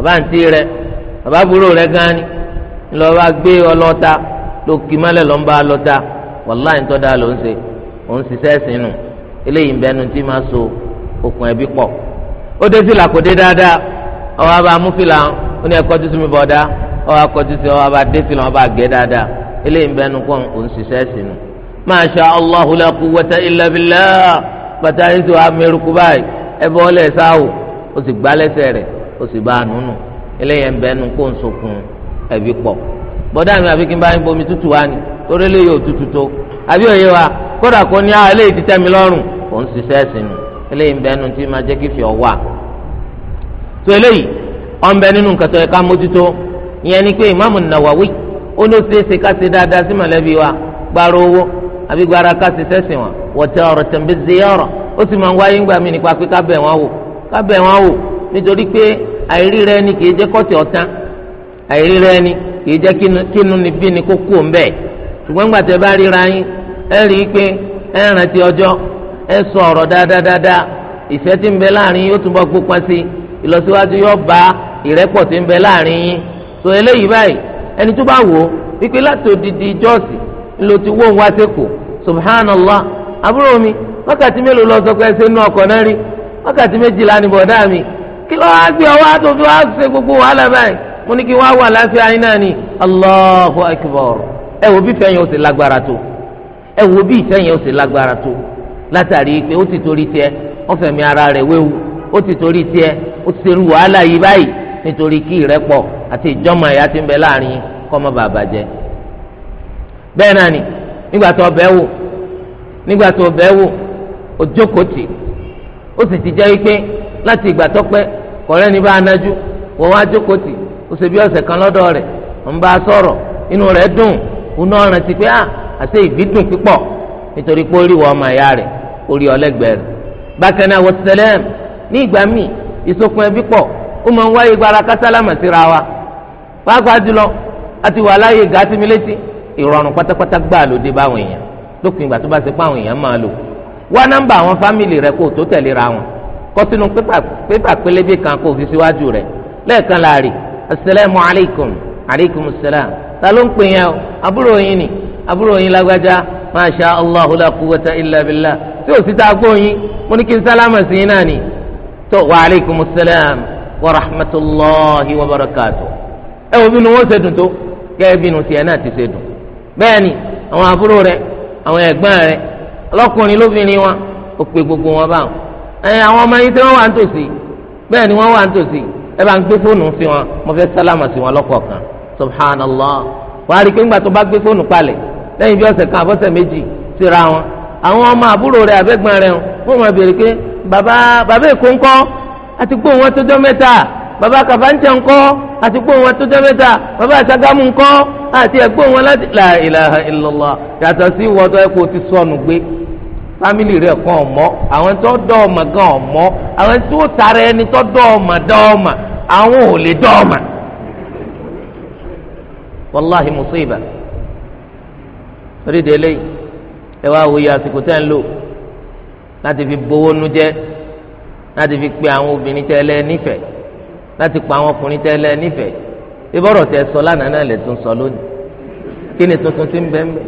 àǹtí gan ni lọ bá gbé ọlọ́ta lókì mọ́lẹ̀ lọ́n bá lọ́ta wàláì tó dáa ló ń ṣe òun ṣiṣẹ́ eléyìí nu tí máa so okùn ẹbí ọwọ́ akọ́jú sí ọwọ́ abá dé sílẹ̀ ọba àgẹ́ dáadáa eléyìí bẹ́ẹ̀ nu kàn òun ṣiṣẹ́ sí nu. allah la quwwata illa billah bàtà yìí tó amẹ́rùkú báyìí ẹ bọ́ lẹ̀ ó sì gbá lẹ́sẹ̀ ó sì bá a eléyìí ń bọ́dà mi àfi kí n bá bomi tútù wá torí tútù tó àbí òye wa kódà kó ní ah, eléyìí ti tẹ́ mi lọ́rùn ṣiṣẹ́ ìyẹn ni pé ìmáàmù nàwáwí ó ní ó ṣeé ṣe ká ṣe dáadáa sí mọ̀lẹ́bí wa gbàrọ owó àbí gbàrà ká ṣe sẹ́sìn wọn wọ̀tẹ́ ọ̀rọ̀ tẹ̀m̀bí ziyọ̀rọ̀ ó sì máa ń wáyé ńgbà mí nípa pé ká bẹ̀ wọ́n wò ká bẹ̀ wọ́n wò nítorí pé àìrí rẹ ni kì í jẹ́ kọ́tì ọ̀tán àìrí rẹ ni kì í jẹ́ kínú ni bí ni kó kú òun bẹ́ẹ̀ ṣùgbọ́n ńgbà bá ríra yín ẹ rí i pé ẹ rántí ọjọ́ ẹ sọ ọ̀rọ̀ dáadáa ìfẹ́ tí ń bẹ láàrin yóò túbọ̀ gbópa sí ìlọsíwájú yóò bá ìrẹ́pọ̀ tí ń bẹ láàrin yín sọ eléyìí báyìí ẹni tó bá wò ó wípé láti odidi jọ́ọ̀sì ló ti wó wá sẹ́kù subhanallah àbúrò mi wákàtí mélòó lọ sọ pé ẹsẹ̀ inú ọkọ̀ náà rí wákàtí méjìlá ni bọ̀dá mi kí ọwọ́ àtòfi wá gbogbo wàhálà báyìí ẹ wo bí fẹ́yìn sì lágbára ẹ wo bí sì lágbára tó látàrí pé ó ti torí ara rẹ̀ wéwu ó ti torí ó ti ṣerú wàhálà yìí nítorí kí ìrẹ́pọ̀ àti ìjọ́mọ̀ ti ń bẹ láàrin bàbà bẹ́ẹ̀ náà ni nígbà tó wò nígbà ti jẹ́ wípé láti ìgbà tó pẹ́ kọ̀rẹ́ bá a nájú wá jókòó tì ó ṣe bí kan lọ́dọ̀ rẹ̀ ń bá a sọ̀rọ̀ inú rẹ̀ dùn òun náà rántí pé à ah, àṣẹ ìbí dùn pípọ̀ nítorí pé ó rí wọ ọmọ ẹ̀yà rẹ̀ ó rí bákan náà wọ́n ti ní ó máa ń wáyé gbára kásálámà síra wa pàápàá jùlọ àti wà láàyè gàtìmílétí ìrọ̀rùn pátápátá gbà lóde báwọn èèyàn lópin ìgbà tó bá ṣe pé àwọn èèyàn máa lò wá nọ́mbà àwọn fámìlì rẹ kó o tó tẹ̀léra wọn kọ́ sínú pépà pélébé kan kó o fi síwájú rẹ lẹ́ẹ̀kan láàrin asalaamu alaykum alaykum salaam ta ló ń pè yẹn o àbúrò yín ni àbúrò yín lágbájá masha allah la quwwata illa billah tí o sì ta gbóyin mo ní kí n sálámà sí yín náà ni tó wa alaykum salaam wa rahmatulahi wa barakatu. ẹ wo bínú wọn ṣe dùn tó gẹ́gẹ́ bínú tiẹ̀ náà ti ṣe dùn. bẹ́ẹ̀ni àwọn àbúrò rẹ àwọn ẹ̀gbọ́n rẹ ọlọ́kùnrin lóbìnrin wa ó pe gbogbo wọn báwọn. ẹ àwọn ọmọ yìí tí wọ́n wà ń tòsí bẹ́ẹ̀ni wọ́n wà ń tòsí ẹ bá ń gbé fóònù sí wọn mo fẹ́ sálámà sí wọn lọ́kọ̀ọ̀kan subhanallah wàá rí i pé ńgbà tó bá gbé fóònù palẹ̀ lẹ́yìn bí ọ̀sẹ̀ kan àbọ̀sẹ̀ méjì síra wọn àwọn ọmọ àbúrò rẹ àbẹ́gbọ́n rẹ wọn máa béèrè pé bàbá bàbá èkó ńkọ́ àti pé òun ọtọjọ mẹ́ta bàbá kàfáǹtẹ̀ ńkọ́ àti pé òun ọtọjọ mẹ́ta bàbá àṣàgámù ńkọ́ àti ẹ̀gbọ́n wọn láti la ilaha illallah yàtọ̀ sí ẹ̀kọ́ ti sọnù gbé fámìlì rẹ̀ kan ọ̀mọ́ àwọn tó dọ̀ ọmọ gan ọ̀mọ́ àwọn tó tara ẹni tó dọ̀ ọmọ dọ̀ ọmọ àwọn ò lè dọ̀ ọmọ wàláhi musiba orí délé ẹ wá wòye àsìkò tẹ́ ń lò láti fi bowó nu jẹ́ láti fi pe àwọn obìnrin tẹ lẹ nífẹ̀ẹ́ láti pa àwọn ọkùnrin tẹ lẹ nífẹ̀ẹ́ ibọ̀rọ̀ tẹ sọ lánàá náà lè tún sọ lónìí kí ni tuntun ti ń bẹ mbẹ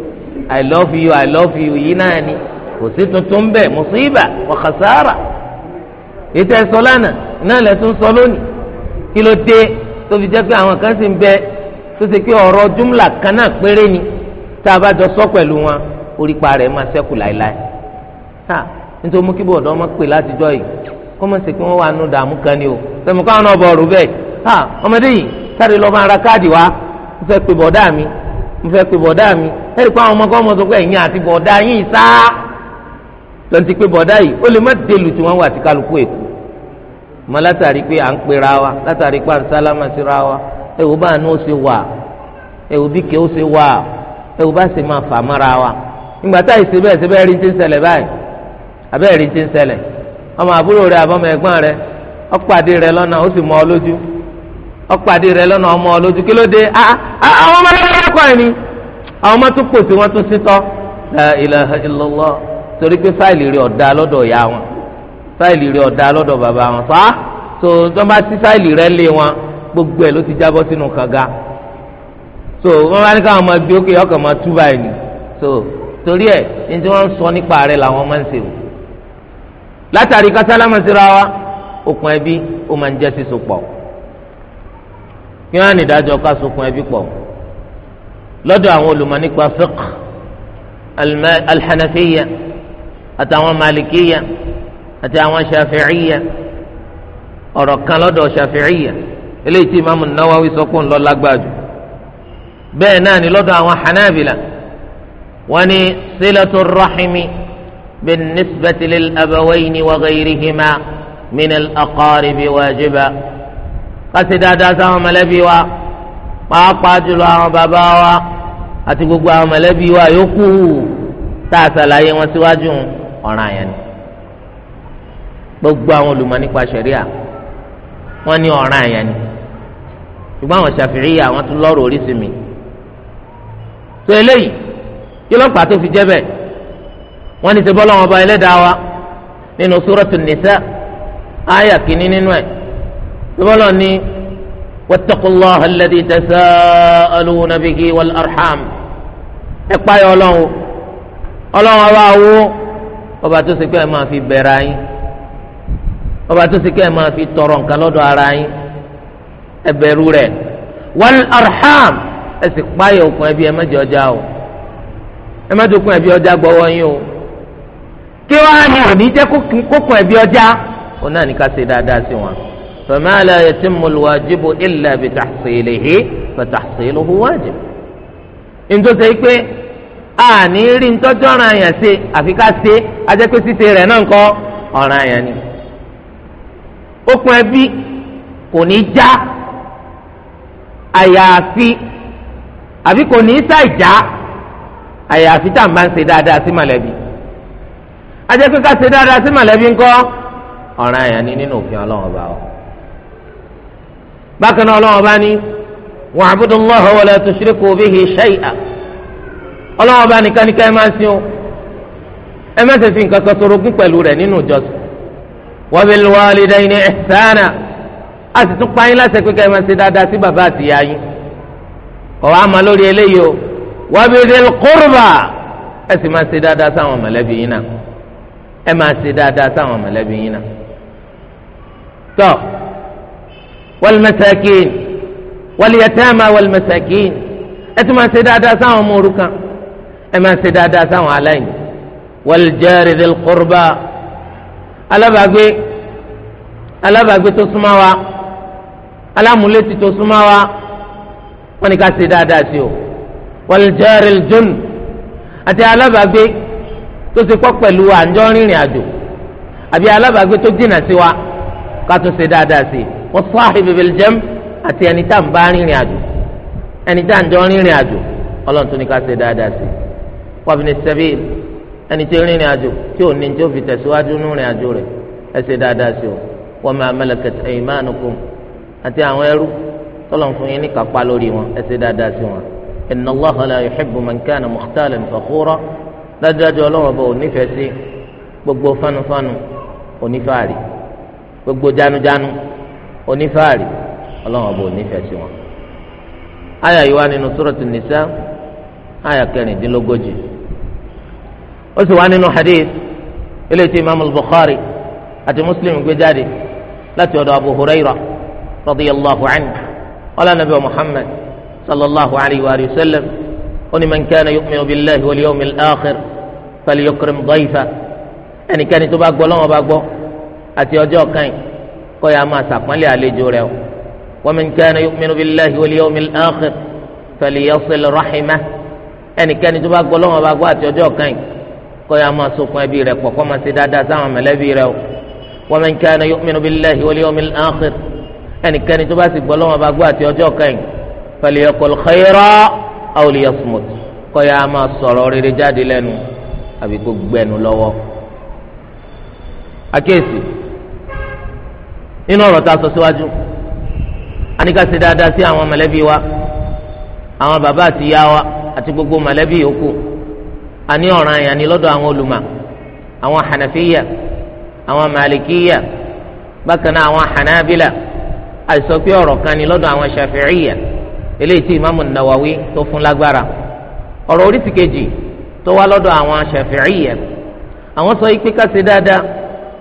i love you i love you yìí náà ni kò sí tuntun bẹ mùsíbà wa khasara ètò ẹsọ lánàá náà lè tún sọ lónìí kí ló dé tó jẹ́ pé àwọn kan sì ń bẹ tó ṣe pé ọ̀rọ̀ júmùlà kan náà péré ni tá a bá jọ sọ pẹ̀lú wọn orípa rẹ̀ máa ṣẹ́kù láéláé ha nítorí mú kí bọ̀dọ̀ ọmọ pè látijọ́ yìí kọ́mọ̀sì pé wọ́n wà nù dààmú kan ni o sẹ́mi kọ́ àwọn ọ̀bọ̀ rù bẹ́ẹ̀ ha ọmọdé yìí sáré lọ́ọ́ máa ra káàdì wa mo fẹ́ pe bọ̀dá mi mo fẹ́ pe bọ̀dá mi pé àwọn ọmọ kọ́ ọmọ àti bọ̀dá yìí sá lọ́n ti pe bọ̀dá yìí ó lè má tí wọ́n wà kálukú èkó mọ wa látàrí pé à ń sálámà síra wa bá àánú ó ṣe wà bí kẹ́ ó ṣe wà bá wa ìgbà táyì ọmọ àbúrò rẹ àbọmọ ẹ̀gbọ́n rẹ ọpàdé rẹ lọ́nà ó sì mọ ọ lójú ọpàdé rẹ lọ́nà ọmọ ọ lójú kí ló dé àwọn ah, ah, ah, ọmọ ẹgbẹ́ ẹ̀kọ́ ẹ̀ ni àwọn ọmọ tó pò sí wọn tó sítọ́ la ilaha illallah torí pé fáìlì rẹ ọ̀dà lọ́dọ̀ ìyá wọn fáìlì rẹ ọ̀dà lọ́dọ̀ bàbá wọn fa so tó bá sí fáìlì rẹ lé wọn gbogbo ẹ̀ ló ti jábọ́ sínú kànga so wọn bá ní káwọn máa gbé ókè ọkàn máa tú báyìí ni so torí ẹ̀ ní tí wọ́n ń sọ nípa rẹ làwọn máa ń ṣe wò látàrí kásálámà síra wa okùn ẹbí ó máa ń jẹ́ sísun pọ̀ kí wọ́n á ní ìdájọ́ ká sokùn ẹbí pọ̀ lọ́dọ̀ àwọn olùmọ̀ nípa fiqh alhanafiya àtàwọn malikiya àti àwọn shafi'iya ọ̀rọ̀ kan lọ́dọ̀ shafi'iya eléyìí tí imaamu nawawi sọ pé ń lọ lágbájú bẹ́ẹ̀ náà ni lọ́dọ̀ àwọn hanabila wọ́n ní silatu rahimi. بالنسبة للأبوين وغيرهما من الأقارب واجبا قصد هذا سوى ملبي و pàápàá jùlọ àwọn bàbá wa àti gbogbo àwọn mọ̀lẹ́bí wa yòókù tá a ṣàlàyé يعني. síwájú ọ̀ràn yẹn ni gbogbo àwọn olùmọ̀ nípa ṣẹ̀ríà wọ́n ní ọ̀ràn yẹn ni ṣùgbọ́n àwọn ṣàfihàn àwọn tún lọ́rọ̀ oríṣi mi tó eléyìí kí ló ń pàtó fi jẹ́ bẹ́ẹ̀ wọ́n ní sẹ́bọ́ lọ́wọ́ ọba ẹlẹ́dàá wa nínú sórọ́tù nìsá ayà kìíní nínú ẹ̀ sẹ́bọ́ lọ́ ní wattaqullaha alladhi tasa'aluna bihi wal arham ẹ páyọ̀ ọlọ́run ọlọ́run ọba wo ọba tó ṣe ẹ máa fi bẹ̀rẹ̀ ayín ọba tó ṣe ẹ máa fi tọrọ nǹkan lọ́dọ̀ ara ayín ẹ bẹ̀rù rẹ̀ wal arham ẹ sì páyọ̀ òkun ẹbí ẹ má jẹ ọjà o ẹ má jẹ òkun ẹbí ọjà gbọ́wọ́ yín o kí wọ́n á ní òní jẹ́ kókò ẹ̀bí ọjà òun náà ní ká ṣe dáadáa sí wọn. fama la yatimmul wajibu illa bi tahsilihi fa tahsiluhu wajib. nítorí pé a ní rí ntọ́jọ́ ọ̀ràn àyàn ṣe àfi ká ṣe ajẹ́ pé ṣíṣe rẹ̀ náà ń kọ́ ọ̀ràn àyàn ni. okùn ẹbí kò ní já àyàfi àbí kò ní sàìjá àyàfi tá à ń bá ń ṣe dáadáa sí mọ̀lẹ́bí ajẹ́ pé ká ṣe dáadáa sí mọ̀lẹ́bí ńkọ́ ọ̀ràn àyàn ni nínú òfin ọlọ́run ọba o bákan náà ọlọ́run ọba ní wa'budu Allaha wa la tushriku bihi shay'a ọlọ́run ọba nìkan ní ká ẹ máa sìn o ẹ má ṣe fi nǹkan kan sorogún pẹ̀lú rẹ̀ nínú ìjọsìn wa bil walidayni ihsana a sì tún payín láti pé ká ẹ máa ṣe dáadáa sí bàbá àti ìyá yín kọ̀ wá máa lórí eléyìí o wa bi dhil qurba ẹ sì máa ṣe dáadáa sáwọn mọ̀lẹ́bí yín náà ẹ máa ṣe dáadáa sáwọn mọ̀lẹ́bí yín náà. tọ́ wal-masakin wal-yatama wal-masakin ẹ ti máa ṣe dáadáa sáwọn ọmọ òrukàn ẹ máa ṣe dáadáa sáwọn aláìní wal-jari dhil-qurba alábàágbé alábàágbé tó súnmọ́ wa alámúlétì tó súnmọ́ wa wọ́n ní ká ṣe dáadáa sí o wal-jari àti alábàágbé tó ṣe pọ̀ pẹ̀lú àjọ rìnrìn àjò àbí alábàágbé tó jìnnà sí wa ká tún ṣe dáadáa sí i wọ́n sahibi bil jam àti ẹni tá à ń bá rìnrìn àjò ẹni tá à ń jọ rìnrìn àjò ọlọ́run tó ní ká ṣe dáadáa sí i wabni sabil ẹni tó rìnrìn àjò tí ò ní tí fi tẹ̀síwájú nínú rìn àjò rẹ̀ ẹ ṣe dáadáa sí o wa ma malakat aymanukum àti dájúdájú ọlọ́wọ́n bọ̀ onífẹ̀ẹ́ sí gbogbo fanufanu onífàárì gbogbo janujanu onífàárì ọlọ́wọ́n bọ̀ onífẹ̀ẹ́ sí wọn. àyà yìí wá nínú sọ́rọ̀tù nìsá àyà kẹrìndínlógójì ó sì wá nínú hadith eléyìí tí imaamu bukhari àti muslim gbé jáde láti ọ̀dọ̀ abu huraira radiyallahu anhu ọlọ́nàbí wa muhammad sallallahu alayhi wa sallam ó ní man kana yu'minu billahi wal yawmil akhir falyukrim dayfa ẹnikẹ́ni tó bá gbọ́ lọ́wọ́ bá gbọ́ àti ọjọ́ kan kọ́ ya máa sàpọ́nlé àlejò rẹ̀ o wa man kana yu'minu billahi wal yawmil akhir falyasil rahimah ẹnikẹ́ni tó bá gbọ́ lọ́wọ́ bá gbọ́ àti ọjọ́ kan kọ́ ya máa sokun ẹbí rẹ̀ pọ̀ kó máa ṣe dáadáa sáwọn mẹ̀lẹ́bí rẹ̀ o wa man kana yu'minu billahi wal yawmil akhir ẹnikẹ́ni tó bá sì gbọ́ lọ́wọ́ bá gbọ́ àti ọjọ́ kan falyaqul khayra aw liyasmut kó yá máa sọ̀rọ̀ rere jáde lẹ́nu àbí kó gbẹnu lọ́wọ́ àkíyèsí nínú ọ̀rọ̀ tá a sọ síwájú a ní ká ṣe dáadáa sí àwọn mọ̀lẹ́bí wa àwọn bàbá àti ìyá wa àti gbogbo mọ̀lẹ́bí yòókù a ní ọ̀ràn àyàn ní àwọn olùmọ̀ àwọn hànàfíyà àwọn màlìkíyà bákan náà àwọn hànàbílà àìsọ pé ọ̀rọ̀ kan ní lọ́dọ̀ àwọn ṣàfíìyà eléyìí tí ìmáàmù Nawawi tó fún lágbára ọ̀rọ̀ oríṣi kejì tó wá lọ́dọ̀ àwọn Shafi'iyya àwọn sọ yìí pé ká ṣe dáadáa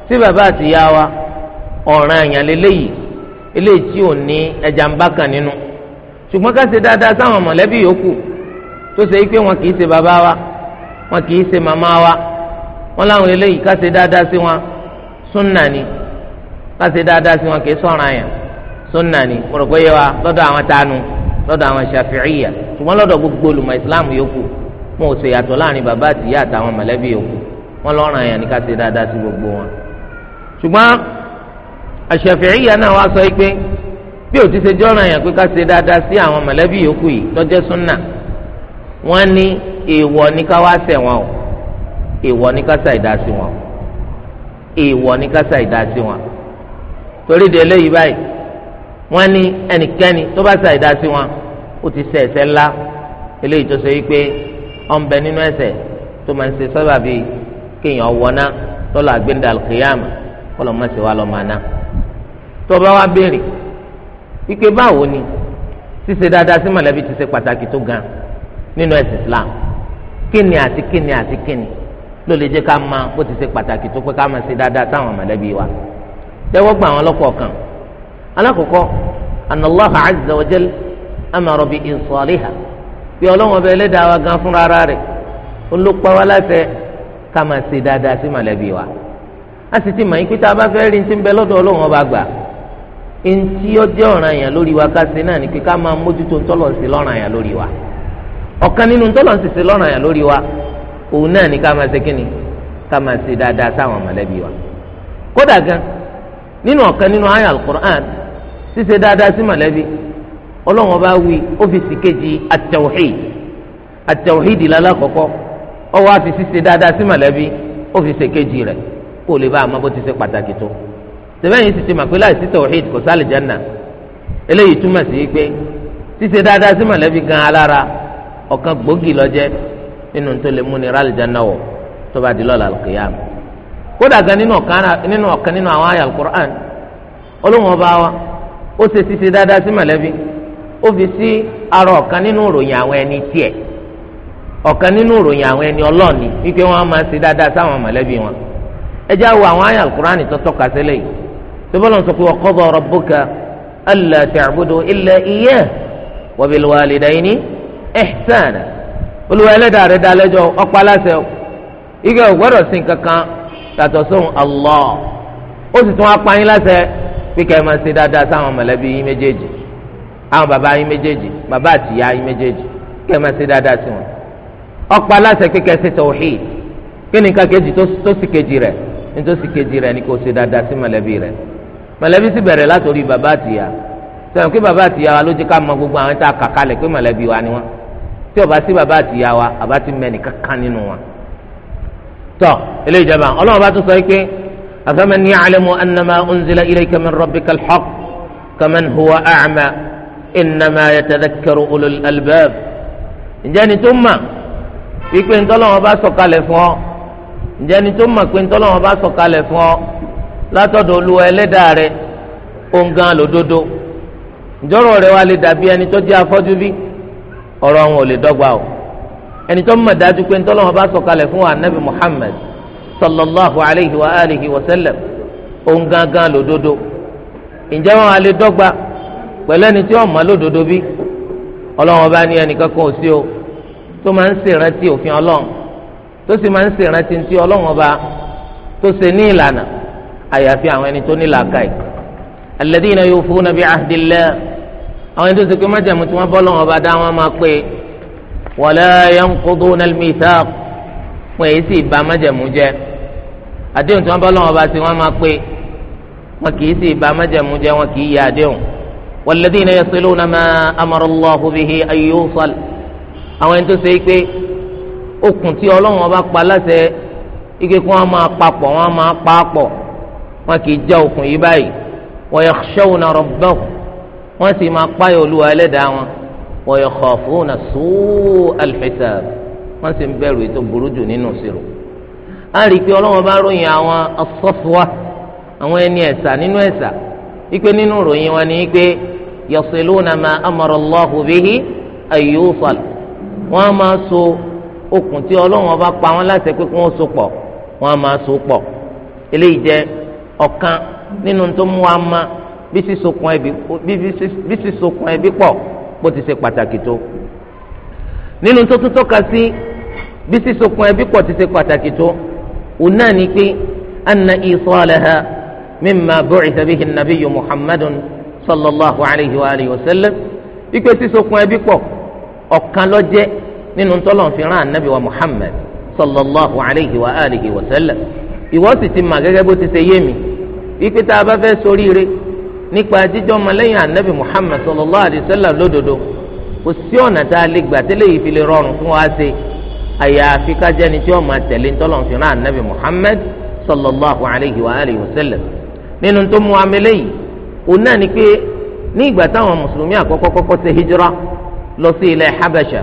sí bàbá àti ìyá wa ọ̀ràn àyàn lélẹ́yìí eléyìí tí ò ní ẹja ń bá kàn nínú ṣùgbọ́n ká ṣe dáadáa sáwọn mọ̀lẹ́bí yòókù tó ṣe yìí pé wọn kì í ṣe bàbá wa wọn kì í ṣe màmá wa wọn láwọn eléyìí ká ṣe dáadáa sí wọn súnà ni ká ṣe dáadáa sí wọn kì í sọ̀ràn àyàn súnà ni mo rò pé yẹ wa lọ́dọ̀ àwọn tánu lọ́dọ̀ àwọn ṣàfihìyà ṣùgbọ́n lọ́dọ̀ gbogbo olùmọ̀ ìsìláàmù yòókù wọn ò ṣe yàtọ̀ láàrin bàbá àtìyá àtàwọn mọ̀lẹ́bí yòókù wọn lọ́ràn àyàn ní ká ṣe dáadáa sí gbogbo wọn. ṣùgbọ́n àṣàfihìyà náà wá sọ pé bí ò ti ṣe jọ́ràn àyàn pé ká ṣe dáadáa sí àwọn mọ̀lẹ́bí yòókù yìí tó jẹ́ súnà wọ́n ní èèwọ̀ ní ká wá ṣẹ̀ wọn o èèwọ̀ ní ká ṣàìdá wọn torí wọ́n ní ẹnikẹ́ni tó bá ṣe àìdá sí wọn ó ti ṣe ẹ̀ṣẹ̀ ńlá eléyìí tó ṣe wípé ọ̀nbẹ nínú ẹ̀ṣẹ̀ tó máa ń ṣe sábà bíi kéèyàn wọná lọ́la àgbéǹda alkiyama kọ́lọ́ má ṣe wá lọ́ máa ná. tó bá wá béèrè wípé báwo ni ṣíṣe dáadáa sí mọ̀lẹ́bí ti ṣe pàtàkì tó gan nínú ẹ̀sìn Islam kíni àti kíni àti kíni ló lè jẹ́ ká máa bó ti ṣe pàtàkì tó pé ká máa ṣe dáadáa sáwọn mọ̀lẹ́bí wa alákọ̀ọ́kọ́ anallahu azza wa jal amara bi isaliha bí ọlọ́wọ́n bẹ ẹlẹ́dàá wa gan fúnra ara rẹ̀ olùkọ́ wa láti ká máa ṣe dáadáa sí mọ̀lẹ́bí wa a sì ti mọ̀ yín pé tá a bá fẹ́ rí ní ti ń bẹ lọ́dọ̀ ọlọ́wọ́n bá gbà ntí ọjọ́ ọ̀ràn yẹn lórí wa ká ṣe náà ni pé ká máa mójútó ntọ́lọ̀ sí lọ́ràn yẹn lórí wa ọ̀kan nínú ntọ́lọ̀ sì sí lọ́ràn yẹn lórí wa òun náà ni ká ṣe kíni ká ṣe dáadáa sáwọn mọ̀lẹ́bí wa kódà gan nínú ọ̀kan nínú àyá al ṣíṣe dáadáa sí mọ̀lẹ́bí ọlọ́run ọba wí ọ́fíìsì kejì at-tawhid at-tawhid ọwọ́ àti ṣíṣe dáadáa sí mọ̀lẹ́bí ọ́fíìsì kejì rẹ̀ kó o lè bá àmọ́ bó ti ṣe pàtàkì tó sẹ́fẹ̀yìn sì ti mà pé láìsí si kò sí àlùjánnà eléyìí túmọ̀ sí gan alára ọ̀kan gbòógì lọ́jẹ́ nínú tó lè múni rà àlùjánnà wọ̀ di ó ṣe ṣiṣe dáadáa sí mọ̀lẹ́bí ó fi sí ara ọ̀kan nínú ìròyìn àwọn ẹni tiẹ̀ ọ̀kan nínú ìròyìn àwọn ẹni ọlọ́ọ̀ni wípé wọ́n á máa ṣe dáadáa sáwọn mọ̀lẹ́bí wọn ẹ já wo àwọn àyà alukur'ani tó tọ́ka sílẹ̀ yìí tó bọ́lá sọ pé wa qada rabbuka alla ta'budu illa iyyah wa bil walidayni ihsana olùwà ẹlẹ́dàá rẹ̀ dá lẹ́jọ́ ọ̀pá aláṣẹ ike ò sìn kankan sóhun Allah ó sì tún apá yín láṣẹ pé kẹ́ ẹ máa ṣe dáadáa sáwọn mọ̀lẹ́bí yín méjèèjì àwọn bàbá yín méjèèjì bàbá àtìyá yín méjèèjì kẹ́ ẹ máa ṣe dáadáa sí wọn. ọ̀pọ̀ aláṣẹ pé ẹ ṣe kí ni nǹkan tó sì kejì rẹ̀ ní tó sì kejì rẹ̀ ni kò ṣe dáadáa sí mọ̀lẹ́bí rẹ̀ mọ̀lẹ́bí sì bẹ̀rẹ̀ látòrí bàbá àtìyá sọ̀rọ̀ bàbá àtìyá wa ló jẹ́ ká mọ gbogbo wa ni أفمن يعلم أن ما أنزل إليك من ربك الحق كمن هو أعمى إنما يتذكر أولو الألباب ǹjẹ́ni tó mà wípé ntọ́lọ́wọ́n bá sọ̀kalẹ̀ fún ọ ǹjẹ́ni tó mà pé ntọ́lọ́wọ́n bá sọ̀kalẹ̀ fún ọ látọ̀dọ̀ olúwa ẹlẹ́dàá rẹ òǹgàn lòdodo ǹjọ́rọ̀ rẹ wá lè dàbí ẹni tó jẹ́ afọ́jú bí ọ̀rọ̀ wọn ò lè dọ́gba o ẹni tó mà dájú pé ntọ́lọ́wọ́n bá sọ̀kalẹ̀ fún wa anabi Muhammad sallallahu alayhi wa alihi wa sallam òun gangan lòdodo ǹjẹ́ wọn alẹ́ dọ́gba pẹ̀lú ẹni tí wọ́n mọ̀ lòdodo bí ọlọ́run bá ní ẹnìkan kan ò sí o tó máa ń ṣèrántí òfin ọlọ́run tó sì máa ń ṣèrántí ti ọlọ́run ọba tó ṣe ní ìlànà àyàfi àwọn ẹni tó ní làákàyè alladhina yufuna bi ahdillah àwọn ẹni tó ṣe pé májàmú tí wọ́n bọ́ lọ́wọ́ ọba dá wọn máa pé wala yanquduna al-mithaq pé èyí sì bà májàmú jẹ́ àdéhùn tí wọ́n bá lọ́wọ́ bá ti wọ́n máa pé wọn kì í sì bá májẹ̀mú jẹ́ wọn kì í yẹ àdéhùn walladhina yasiluna ma amara Allahu bihi an yusal àwọn ẹni tó ṣe é pé okùn tí Ọlọ́run bá pa láṣẹ ike kí wọ́n máa papọ̀ wọ́n máa pa wọn kì í já okùn yìí báyìí wa yakhshawna rabbahum wọ́n sì máa páyọ̀ olúwa ẹlẹ́dàá wọn wa yakhafuna su'al hisab wọ́n sì ń bẹ̀rù ètò burújù nínú ìṣirò. a rí i pé ọlọ́wọ́n bá ròyìn àwọn as àwọn ẹni ẹ̀sà nínú ẹ̀sà wípé nínú ròyìn wọn ni wípé na ma amara Allahu bihi wọn a máa so okùn tí ọlọ́wọ́n bá pa wọn láti pé kí wọ́n so pọ̀ wọn máa so pọ̀ eléyìí jẹ́ ọ̀kan nínú tó mú wa ma bí ẹbí pọ̀ bó ti ṣe pàtàkì tó nínú tó tún tọ́ka sí bí òun náà ni pé anna isalaha mimma bu'itha bihi nabiyyu muhammadun sallallahu alayhi wa alihi wa sallam ikpe sísokun ẹbí pọ̀ ọ̀kan ló jẹ́ nínú tọ́lọ̀ fi rán anabi wa muhammad sallallahu alayhi wa alihi wa sallam ìwọ sì ti mà gẹ́gẹ́ bó ti ṣe yé mi wípé tá a bá fẹ́ ṣoríire nípa jíjọ́ ọmọlẹ́yìn anabi muhammad sallallahu alayhi wa sallam lódodo kò sí ọ̀nà tá a lè gbà tẹ́lẹ̀ yìí fi lè rọrùn fún wa ṣe àyàfi kájẹni tí ó máa tẹ̀lé ntọ́lọ̀ fi rán anabi muhammed sallallahu alayhi wa alayhi wa sallam nínú tó mú amílẹ̀ yìí òun náà ni pé ní ìgbà táwọn mùsùlùmí àkọ́kọ́ kọ́kọ́ ṣe hijira lọ sí ilẹ̀ habasha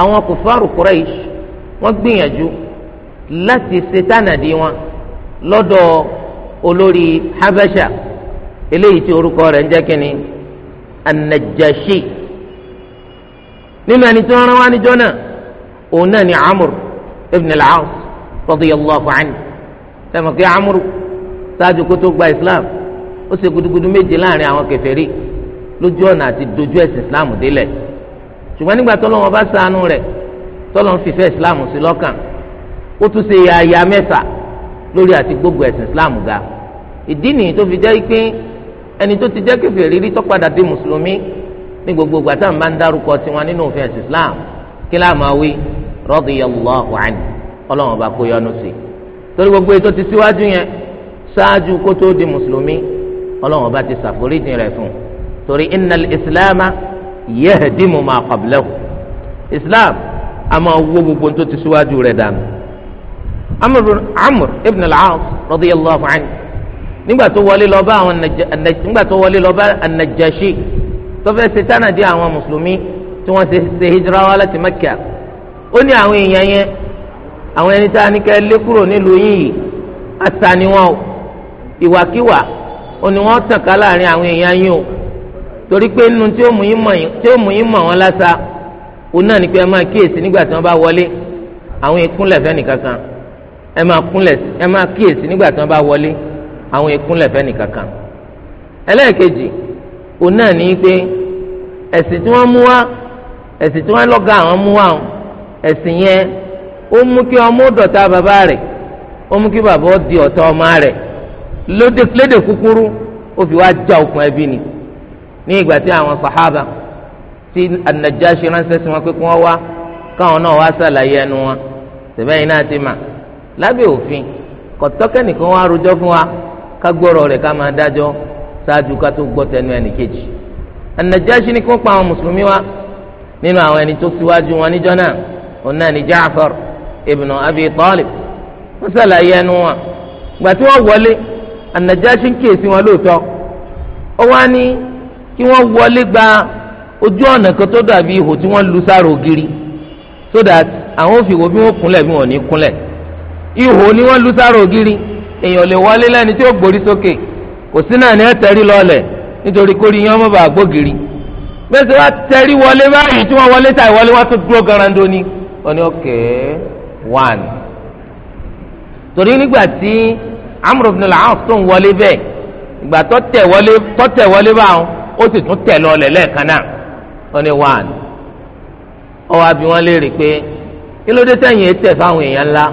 àwọn kùfàrù quraish wọ́n gbìyànjú láti ṣe wọn lọ́dọ̀ olórí habasha eléyìí tí orúkọ rẹ̀ ń jẹ́ kínní anajashi nínú ẹni tí wọ́n rán wá níjọ́ náà òun náà ni amur ibn al-aas radiyallahu anhu sẹ́mi kí amur sáájú kó tó gba islam ó ṣe gudugudu méje láàrin àwọn kèfèrí lójú ọ̀nà àti dojú ẹ̀sìn islam délẹ̀ ṣùgbọ́n nígbà tó lọ́wọ́ bá ṣàánú rẹ̀ tó lọ́n fìfẹ́ islam sí lọ́kàn ó tún ṣe yàyà mẹ́ta lórí àti gbogbo ẹ̀sìn islam ga ìdí nìyí tó fi jẹ́ pé ẹni tó ti jẹ́ kèfèrí rí tó padà mùsùlùmí ní gbogbo ìgbà tá ń dárúkọ tiwọn nínú òfin ẹ̀sìn islam kí láà máa radiyallahu anhu ọlọ́run ọba kó yọ́nú sí i torí gbogbo ètò ti síwájú yẹn ṣáájú kó tó di mùsùlùmí ọlọ́run ọba ti ṣàforíjìn rẹ̀ fún un torí innal islama yahdimu ma qablahu islam a máa wó gbogbo tó ti síwájú rẹ̀ dànù amr ibn al-aas radiyallahu anhu nígbà tó wọlé lọ bá àwọn nígbà tó wọlé lọ bá an tó fẹ́ ṣe tánàdí àwọn mùsùlùmí tí wọ́n ti ṣe hijira láti mẹ́kà ó ní àwọn èèyàn yẹn àwọn ẹni tá a ní kẹ́ lé kúrò nílùú yìí ata ni wọn o ìwàkiwà ó ní wọn tàn ká láàrin àwọn èèyàn yín o torí pé nínú tí ó mú yín mọ̀ wọn lásà òun náà ni pé ẹ máa kíyèsí nígbà tí wọ́n bá wọlé àwọn ìkúnlẹ̀ fẹ́ nìkankan ẹ máa kúnlẹ̀ ẹ máa kíyèsí nígbà tí wọ́n bá wọlé àwọn ìkúnlẹ̀ fẹ́ nìkankan ẹlẹ́ẹ̀kejì òun náà ni pé ẹ̀sìn tí wọ́n mú wá ẹ̀sìn tí wọ́n lọ́gàá àwọn mú wá o ẹ̀sìn yẹn ó mú kí ọmọ dọ̀tá bàbá rẹ̀ ó mú kí bàbá ó di ọ̀tá ọmọ rẹ̀ lédè kúkúrú ó fi wá já okùn ẹbí ni ní ìgbà tí àwọn sàhábà tí An-Najashi ránṣẹ́ sí wọn pé kí wọ́n wá káwọn náà wá sàlàyé ẹnu wọn tẹ̀bẹ́yìn náà ti mà lábẹ́ òfin kọ̀tọ́kẹ́nìkan wá rojọ́ fún wa ká gbọ́rọ̀ rẹ̀ ká máa dájọ́ ṣáájú ká tó gbọ́ tẹnu ẹnì kejì An-Najashi ni kí wọ́n pa àwọn mùsùlùmí wa nínú àwọn ẹni tó síwájú wọn níjọ́ náà òun náà ni Jaafar ibn Abi Talib wọ́n sàlàyé ẹnu wọn gbà tí wọ́n wọlé An-Najashi ń kíyèsí wọn lóòótọ́ ó wá ní kí wọ́n wọlé gba ojú ọ̀nà kan tó dàbí ihò tí wọ́n lu sára ògiri so that àwọn òfin wo bí wọ́n kúnlẹ̀ bí wọ́n ní kúnlẹ̀ ihò ni wọ́n lu sára ògiri èèyàn lè wọlé lẹ́ni tí ó gbórí sókè kò sí náà ní ẹ tẹrí lọ́lẹ̀ nítorí kórìí yẹn ọmọ bàá gbógiri bẹ́ẹ̀ sọ wá tẹrí wọlé báyìí tí wọ́n wọlé tàì wọlé wọ́n tún dúró garandoni ó ní òkè one torí nígbà tí amúrò bin al-As tó ń wọlé bẹ́ẹ̀ ìgbà tó tẹ̀ wọlé tó tẹ̀ wọlé báwọn ó sì tún tẹ̀ lọ́ọ̀lẹ̀ lẹ́ẹ̀kan náà ó ní one ó wá bi wọ́n léèrè pé kí ló dé sẹ́yìn ètè fáwọn èèyàn ńlá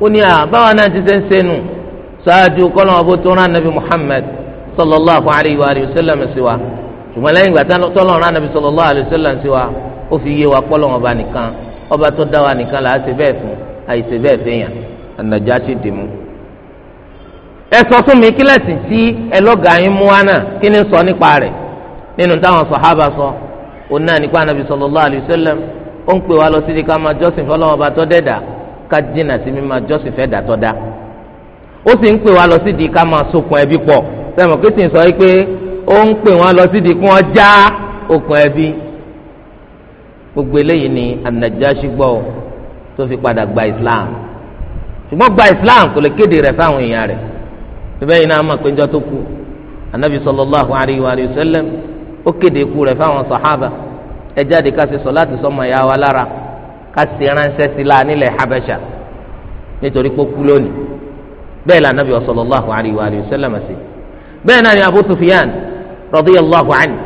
ó ní à báwa náà ti ṣe ń sẹ́nu ṣáájú kọ́lọ́mọ bó tó rán nabi Muhammad sallallahu alayhi wa sallam sí wa ṣùgbọ́n lẹ́yìn ìgbà tó rán nabi sallallahu alayhi wa sallam sí wa ó fi yé wa kọ́lọ́mọ bá nìkan ọba tó dá wa nìkan là á ṣe bẹ́ẹ̀ fún àìṣe bẹ́ẹ̀ fẹ́yàn ànàjà ti dì mú. ẹ sọ fún mi kí lẹ́sìn tí ẹlọ́gàá yín mú wa náà kí ni sọ nípa rẹ̀ nínú táwọn sàhábà sọ òun náà nípa ànábì sallallahu alaihi wasallam ó ń pè wá lọ sí di ká máa jọ́sìn fọlọ́wọ́n ọba tó dẹ́dà ká jìnnà sí mi máa jọ́sìn fẹ́ dà dá ó sì ń pè wá lọ sí di ká máa sokùn ẹbí pọ̀ sẹ́mi kí sì ń sọ yìí pé ó ń pè wá lọ sí di kí wọ́n já okùn ẹbí gbogbo eléyìí ni anajashi gbọ́ tó fi padà gba islam ṣùgbọ́n gba islam kò lè kéde rẹ̀ fáwọn èèyàn rẹ̀ bíbẹ́ yìí náà mọ̀ pé njọ́ tó kú anabi sallallahu alayhi wa sallam ó kéde ikú rẹ̀ fáwọn sahaba ẹ jáde ká ṣe sọ láti sọmọ ìyá wa lára ká ṣe ránṣẹ́ sí la nílẹ̀ habẹ́sà nítorí pé ó kú lónìí bẹ́ẹ̀ la anabi sallallahu alayhi wa sallam ṣe bẹ́ẹ̀ náà ni abu sufiyan radiyallahu anhu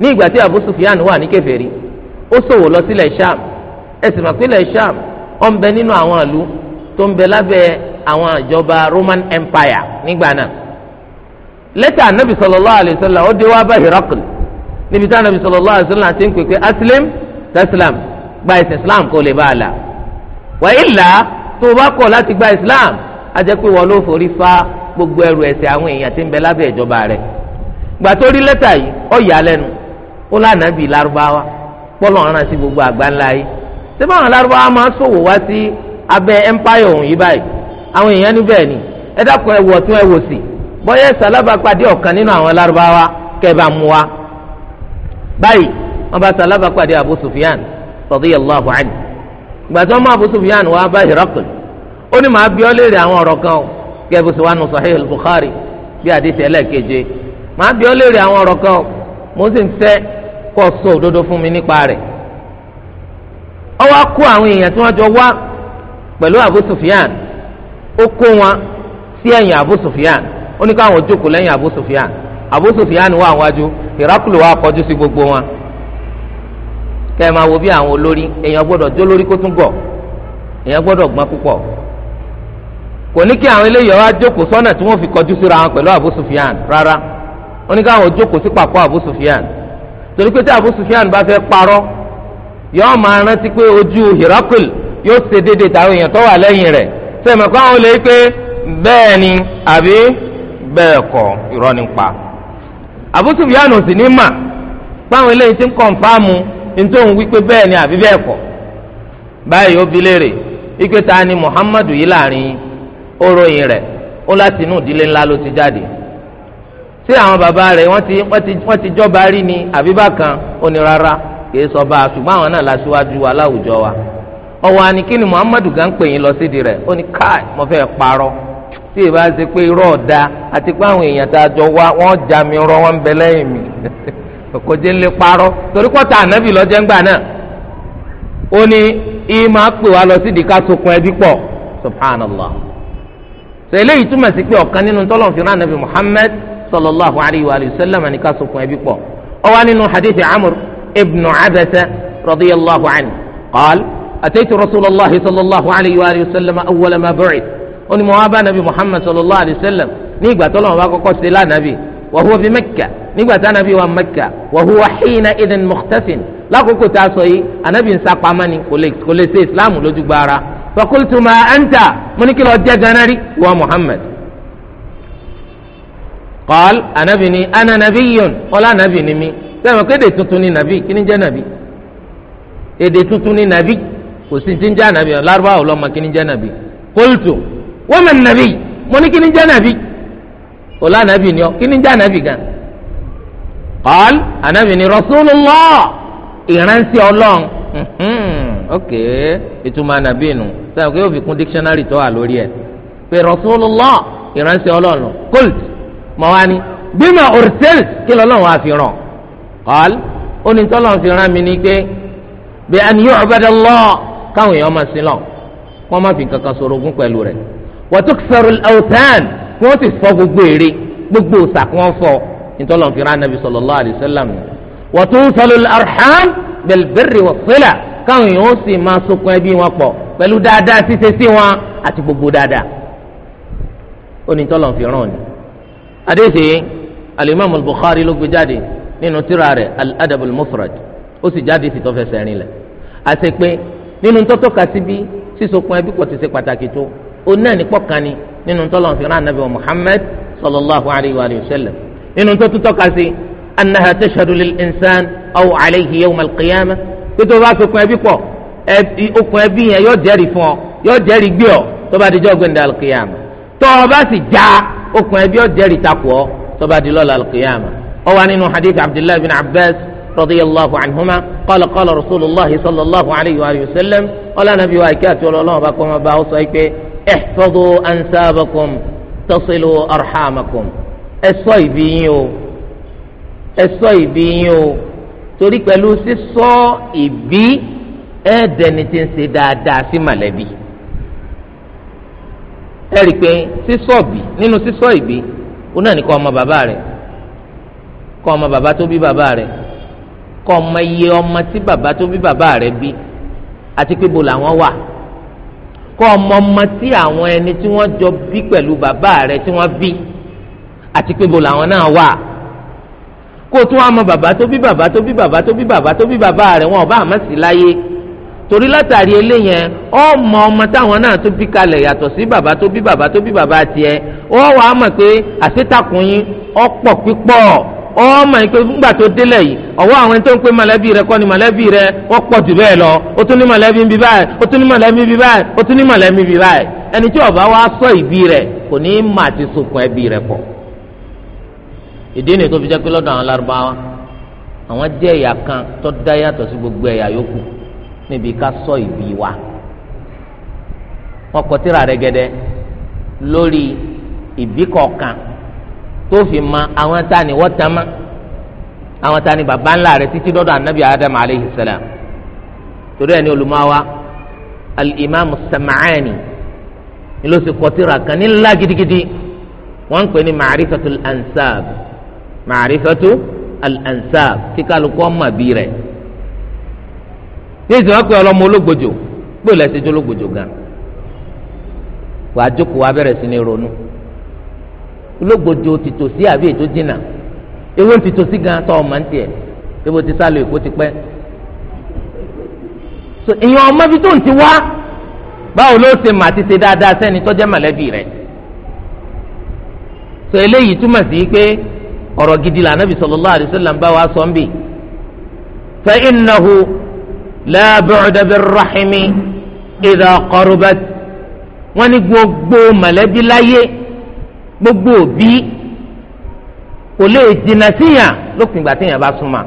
ní ìgbà tí abu sufiyan wà ní kèfèrí ó ṣòwò lọ sílẹ̀ sham ẹ̀sìn mọ̀ pé ilẹ̀ sham ó ń bẹ nínú àwọn ìlú tó ń bẹ lábẹ́ àwọn ìjọba Roman Empire nígbà náà lẹ́tà anabi sallallahu alayhi wa sallam ó dé wá bá Hirakl níbi tí anabi sallallahu alayhi wa sallam ti ń pè pé aslim taslam gba ẹ̀sìn islam kó lè bá a la wà ilà tó o bá kọ̀ láti gba islam a jẹ́ pé wọ́n ló forí fa gbogbo ẹrù ẹ̀ṣẹ̀ àwọn èèyàn tí ń bẹ lábẹ́ ìjọba rẹ̀ gbàtórí lẹ́tà yìí ó yà á lẹ́nu ó lànà bíi lárúbáwá pọ́lọ̀ ọ̀ràn sí gbogbo àgbáńlá yìí ṣé báwọn alárúbáwá máa ń ṣòwò wá sí abẹ́ empire ọ̀hún yìí báyìí àwọn èèyàn níbẹ̀ ni ẹ dákun ẹ wọ̀ tún ẹ wò sí bọ́yẹ̀ sàlábàpàdé ọ̀kan nínú àwọn alárúbáwá kẹba mu wa báyìí wọ́n bá sàlábàpàdé Abu Sufyan radiyallahu anhu gbàtọ́ mọ́ Abu Sufyan wa bá Hirakl ó ní màá bí ọ́ léèrè àwọn ọ̀rọ̀ kan o gẹ́gẹ́ sọ wánú Sahih al kó o sọ òdodo fún mi nípa rẹ ọ wá kó àwọn èèyàn tí wọ́n jọ wá pẹ̀lú Abu ó kó wọn sí ẹ̀yìn Abu Sufyan ó ní káwọn jókòó lẹ́yìn Abu Sufyan Abu Sufyan wà wájú wà kọjú sí gbogbo wọn ẹ wo bí àwọn olórí èèyàn gbọ́dọ̀ jó lórí kó tún èèyàn gbọ́dọ̀ púpọ̀ kò ní kí àwọn eléyìí wá kọjú torí pé tí Abu Sufyan bá fẹ́ parọ́ yóò máa rántí pé ojú Hirakul yóò ṣe déédéé táwọn èèyàn tó wà lẹ́yìn rẹ̀ sẹ́mi kọ́ àwọn olè pé bẹ́ẹ̀ ni àbí bẹ́ẹ̀ kọ́ irọ́ ni pa Abu Sufyan ò sì ní mà báwọn eléyìí ti ń kọ̀ǹfàmù nítorí wípé bẹ́ẹ̀ ni àbí bẹ́ẹ̀ kọ́ báyìí ó bi léèrè ike ta ni Muhammadu yìí láàrin ó ròyìn rẹ̀ ó láti inú ìdílé ńlá ló ti jáde sí àwọn bàbá rẹ̀ wọ́n ti wọ́n ti wọ́n ti jọba rí ni àbí bákan ó ní rárá kìí sọ bá a ṣùgbọ́n àwọn náà láṣíwájú wa láwùjọ wa ọwọ́ àníkíni muhammadu gan pè yín lọ sídìí rẹ̀ ó ní káì mo fẹ́ parọ́ tí ì bá ṣe pé irọ́ ọ̀dà àti pé àwọn èèyàn tá a jọ wá wọ́n já mi rọ wọ́n bẹ lẹ́yìn mi kò jẹ́ ń lè parọ́ torí pọ́tà ànábì lọ́jẹ́ ńgbà náà ó ní ìmọ̀ pè wá lọ sídìí ká sokun ẹbí pọ̀ subhanallah ṣe eléyìí túmọ̀ sí pé ọ̀kan nínú tọ́lọ̀ fi rán ànábì muhammad sallallahu alayhi wa sallam ni ká sokùn ẹbí pọ̀ ó wà nínú hadith amur ibn abasa radiyallahu anhu qaal ataitu rasulallah sallallahu alayhi wa sallam awwala ma bu'ith ó ní mo wá bá nabi muhammad sallallahu alayhi wa sallam ní ìgbà tó lọ́wọ́ bá kọ́kọ́ sí lánàbí wa huwa fi mẹ́kà nígbà tá anabi wà mẹ́kà wa huwa hina idin mukhtasin lákòókò tá a sọ yìí anabi ń sapamọ́ ni kò lè ṣe islam lójú gbára fakultu ma anta mo ní kí lọ́ọ́ jẹ́ wa muhammad kọ́l anabi ni ana nabi yun ọlá anabi ni mi sẹ́wọ̀n kó èdè tuntun ni nabi kí ni jẹ́ nabi èdè tuntun ni nabi kò sí ti ń jẹ́ anabi lárúbáwò lọ́mọ kí ni jẹ́ nabi kóòtù wọ́n mọ̀ nabi mo ní kí ni jẹ́ nabi ọlá anabi ni ọ kí ni jẹ́ anabi gan kọ́l anabi ni rasulullah ìránṣẹ́ ọlọ́run ok ìtumọ̀ anabi nù sẹ́wọ̀n kó yóò fi kún dictionary tó wà lórí ẹ̀ pé rasulullah ìránṣẹ́ ọlọ́run kóòtù mọ wá ní bímọ òrìṣẹl kí lọ́lọ́run wá fi ràn kọl ó ní tọ́lọ́run fi rán mi ní pé bí ẹni yóò ọbẹdẹ lọ káwọn èèyàn máa sin lọ wọn má fi kankan sorogún pẹ̀lú rẹ̀ wọtúk sọ̀rọ̀ ọtán kí wọn sì fọ́ gbogbo ère gbogbo òòṣà kí wọn fọ́ nítọ́lọ́run fi rán anabi sallallahu alaihi wasallam wọtún sọlọ arham bẹlbẹrẹ wọsílà káwọn èèyàn sì máa sokun ẹbí wọn pọ̀ pẹ̀lú dáadáa ṣíṣe sí wọn àti gbogbo dáadáa ó fi rán ni àdéhìí alimami bukhari ló gbé jáde nínú tírà rẹ̀ al-adabul mufrad ó sì jáde sì tọ́fẹsẹ̀ rìn lẹ̀ àti pé nínú tọ́tọ́ka síbi sísokun ẹbí kò ti ṣe pàtàkì tó òun náà ní pọ́kànnì nínú tọ́lọ̀ fi rán anabi wa muhammad sallallahu alayhi wa sallam nínú tọ́tọ́ka sí anaha tashhadu lil insan aw alayhi yawm al-qiyamah pé tó bá sokun ẹbí okun ẹbí yẹn yóò jẹ́rìí fún ọ yóò jẹ́rìí gbé ọ tó bá dijọ́ gbẹ̀ndẹ̀ al-qiyamah tó o bá sì já okùn ẹbí ọ̀jẹ̀rì takò ọ́ tọ́ba di lọ́la alqiyama ó wà nínú hadith abdullahi bin abbas radiyallahu anhuma qala qala rasulillah sallallahu alayhi wa sallam ọlá nàbí wa ike àti ọlọ́wọ́n bá kọ́mọ bá ọsọ ikpe ihfadu ansabakum tasilu arhamakum ẹ̀sọ́ ìbí yín o ẹ̀sọ́ ìbí yín o torí pẹ̀lú sísọ ìbí ẹ̀ẹ́dẹ̀ni ti ń ṣe dáadáa sí mọ̀lẹ́bí ẹ rí i pé sísọ bí nínú sísọ ìbí ó náà ní kọ́ ọmọ bàbá rẹ̀ kọ́ ọmọ bàbá tó bí bàbá rẹ̀ kọ́ ọmọ iye ọmọ tí bàbá tó bí bàbá rẹ̀ bí àti pé bo làwọn wà kọ́ ọmọ ọmọ tí àwọn ẹni tí wọ́n jọ bí pẹ̀lú bàbá rẹ̀ tí wọ́n bí àti pé bo làwọn náà wà kó tún àmọ́ bàbá tó bí bàbá tó bí bàbá tó bí bàbá tó bí bàbá rẹ̀ wọn ò bá àmọ́ sí láyé torí látàrí eléyẹn ọmọ ọmọ táwọn náà tó bí kalẹ̀ yàtọ̀ sí bàbá tó bí bàbá tó bí baba tiẹ̀ ọ wàá mọ̀ pé àṣetàkùn yín ọ̀pọ̀ pípọ̀ ọ yìí pé nígbà tó délẹ̀ yìí ọwọ́ àwọn tó ń pè rẹ kọ́ ni mọ̀lẹ́bí rẹ wọ́n pọ̀ jù bẹ́ẹ̀ lọ ó tún ní mọ̀lẹ́bí bí báyìí ó tún ní mọ̀lẹ́bí bí báyìí ó tún ní mọ̀lẹ́bí bí báyìí ẹni tí sọ ìbí rẹ kò ní í ti ẹbí rẹ pọ̀ ìdí ni tó fi jẹ́ pé lọ́dọ̀ àwọn àwọn jẹ́ ẹ̀yà kan gbogbo ẹ̀yà yòókù níbi ká sọ ìbí wa wọn kọ tírà rẹ̀gẹ̀dẹ̀ lórí ìbí kọ̀ọ̀kan tó fi ma àwọn tá ni wọ́n tán ma àwọn tá ni bàbá ńlá rẹ̀ títí dọ́dọ̀ anabi adam aleyhi salam torí ẹni olùmọ̀wá alimami samaani ni ló sì kọ tírà kan ní gidigidi wọ́n ń pè ní maarifatu al-ansab maarifatu kíkálukọ́ mọ̀ bí rẹ̀. ní ìsìn wọn pe ọlọmọ ológbòjò gbòòlù ẹsẹ tó ológbòjò gan wàá jókòó á bẹ̀rẹ̀ sí ní ronú ológbòjò ti tò sí àbí ètò jìnnà ti tò sí gan ọmọ ntìẹ ebo ti sálọ èkó ti so èèyàn ọmọ bí tó ń ti wá báwo ló ṣe mà ti ṣe dáadáa sẹ́ni so eléyìí túmọ̀ sí pé ọ̀rọ̀ gidi ń bá wa ń bì la bu'da birrahimi idha qarabat wọ́n ní gbogbo mọ̀lẹ́bí láyé gbogbo òbí kò lè jìnnà síyàn lópin ìgbà téèyàn bá súnmọ́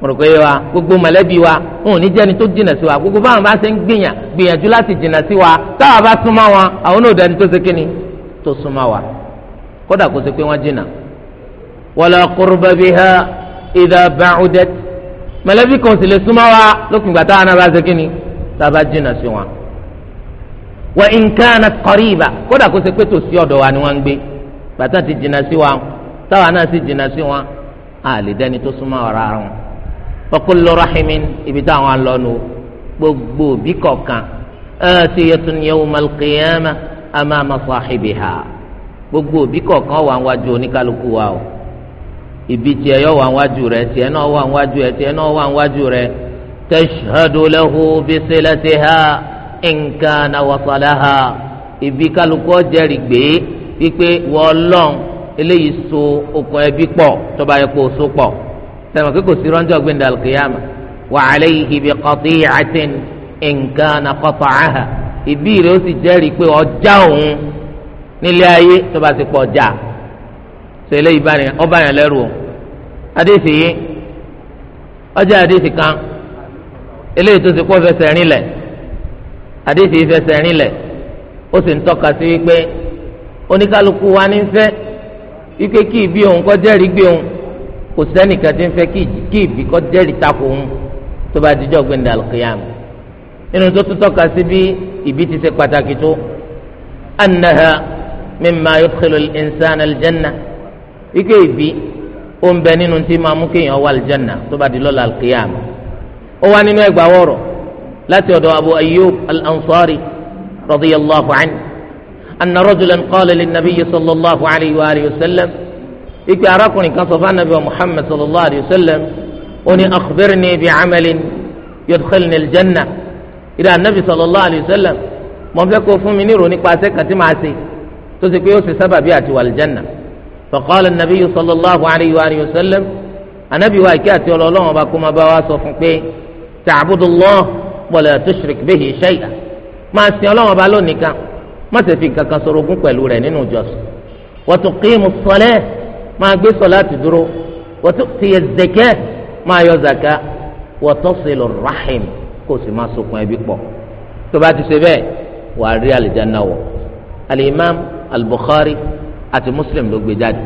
mọ̀rọ̀kọ́ yẹ wa gbogbo mọ̀lẹ́bí wa wọn ò ní jẹ́ni tó jìnnà sí wa gbogbo báwọn bá ṣe ń gbìyàn gbìyànjú láti jìnnà sí wa táwa bá súnmọ́ wọn àwọn náà dání tó ṣe kíni tó súnmọ́ wa kódà kó ṣe pé wọ́n jìnnà. wala qurba biha idha ba'udat mọ̀lẹ́bí kan sì lè súnmọ́ wa lókun ìgbà táwọn náà bá ṣe kí ni tá a bá jìnnà sí wọn. wa in kana qariba kódà kó ṣe pé tòsí ọ̀dọ̀ wa ni wọ́n ń gbé bàtà ti jìnnà sí wa táwọn náà sì jìnnà sí wọn a lè dẹni tó súnmọ́ ọ̀rọ̀ ara wọn. wa kullu ibi táwọn alọ́nu gbogbo òbí kọ̀ọ̀kan atiyatun yawmal qiyamah amama sahibiha gbogbo òbí kọ̀ọ̀kan wà wájú oníkálukú wa o. ibi tiẹ̀ yọ wà wájú rẹ̀ tiẹ̀ náà wà wájú rẹ̀ tiẹ̀ náà wà wájú rẹ̀ tashhadu lahu bisilatiha in kana ha. ibi kálukọ́ jẹ́rìí gbé wípé wọ́ọ́lọ́n eléyìí so okùn ẹbí pọ̀ tọ́ba yẹ kó so wa ibi o si nílé ayé ti sẹlẹ ìbáni ọba yẹn lẹ́rù o adéṣe yìí ọjà adéṣe kan eléyìí tó ti kọ́ fẹsẹ̀ rìn lẹ̀ adéṣe yìí fẹsẹ̀ rìn lẹ̀ ó sì ń tọ́ka sí wípé oníkálukú wa ní fẹ́ wípé kí ìbí òun kọ́ jẹ́rìí gbé òun kò sẹ́nìkan tí ń fẹ́ kí ìbí kọ́ jẹ́rìí takò òun tó bá dijọ́ gbẹ̀ndà lùkìyàmù nínú tó tún tọ́ka sí bí ìbí ti ṣe pàtàkì tó annaha mimma yudkhilu al-insana al ike ìbí ó ń bẹ nínú tí máa mú kéèyàn wà aljanna tó bá di lọ́la alqiyam ó wá nínú ẹgbàá wọ̀rọ̀ láti ọ̀dọ̀ abu ayyub al-ansari radiyallahu anhu anna rajulan qala lin nabiyyi sallallahu alayhi wa alihi wa sallam ike arákùnrin kan sọ fún muhammad sallallahu alayhi wa sallam ó akhbirni bi camalin yudkhilni aljanna ìdá anabi sallallahu alayhi wa sallam mo fẹ́ kó fún mi ní ìròyìn pàṣẹ kàtí màá ṣe tó ṣe pé ó ṣe sábàbí àti wà aljanna. فقال النبي صلى الله عليه وآله وسلم النبي وأكاتي الله بكم بواسو فنقبي تعبد الله ولا تشرك به شيئا ما أسي الله وبالونك ما تفيك كسرقون كالورين نجاس وتقيم الصلاة ما أقبي صلاة درو وتؤتي الزكاة ما يزكى وتصل الرحم كوسي ما سوكم بكم تبعت سبع وعلي الجنة الإمام البخاري àti muslim ló gbé jáde.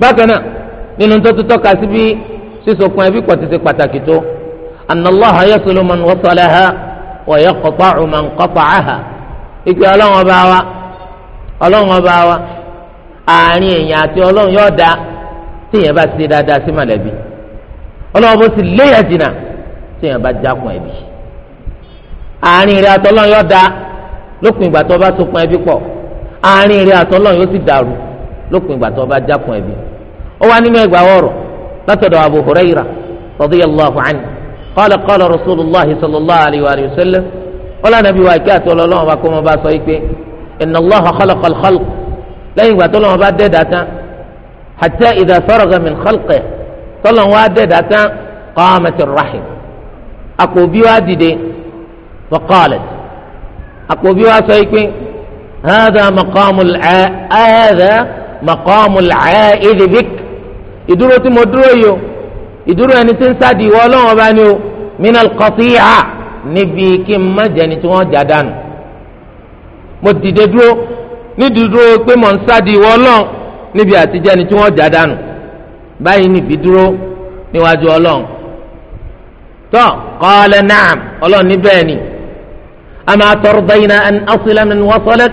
bákan náà nínú tó tó tọ́ka sí bí sísokun ẹbí pọ̀ ti ṣe pàtàkì tó anallaha yasulu man wasalaha wa yaqta'u man qata'aha ìpè ọlọ́run ọba wa ọlọ́run ọba wa àárín èèyàn àti ọlọ́run yóò da téèyàn bá ṣe dáadáa sí mọ̀lẹ́bí ọlọ́run bó sì léèyàn jìnnà téèyàn bá jákun ẹbí àárín rẹ̀ àtọ́lọ́run yóò da lópin ìgbà tó bá sokun ẹbí pọ̀ àárín rẹ̀ àtọ́lọ́run yóò ti dàrú lópin ìgbà tó bá jákun ẹ̀bi ó wá nínú ẹgbàá ọ̀rọ̀ látọ̀dọ̀ Abu Hurairah radiyallahu anhu qala qala rasulillah sallallahu alayhi wa sallam wọ́n lànà bí wàá kí àtọ́lọ́run bá kó wọn bá sọ yìí pé inna Allaha khalaqa al-khalq lẹ́yìn ìgbà tọ́lọ́run bá dẹ́ẹ̀dá tán hatta idha faraga هذا مقام الع هذا مقام العائد بك ìdúró tí mo dúró yìí o ìdúró ẹni tí ń sáàdì ìwọ ọlọ́run ọba ni o min al-qati'a níbi kí n má jẹni tí wọ́n já dànù mo dìde dúró ní dúró pé mo ń sáàdì ìwọ ọlọ́run níbi àtijọ́ ẹni tí wọ́n já dànù báyìí níbi dúró níwájú ọlọ́run tó qala na'am ọlọ́run níbẹ̀ ni ama tardayna an asila man wasalat.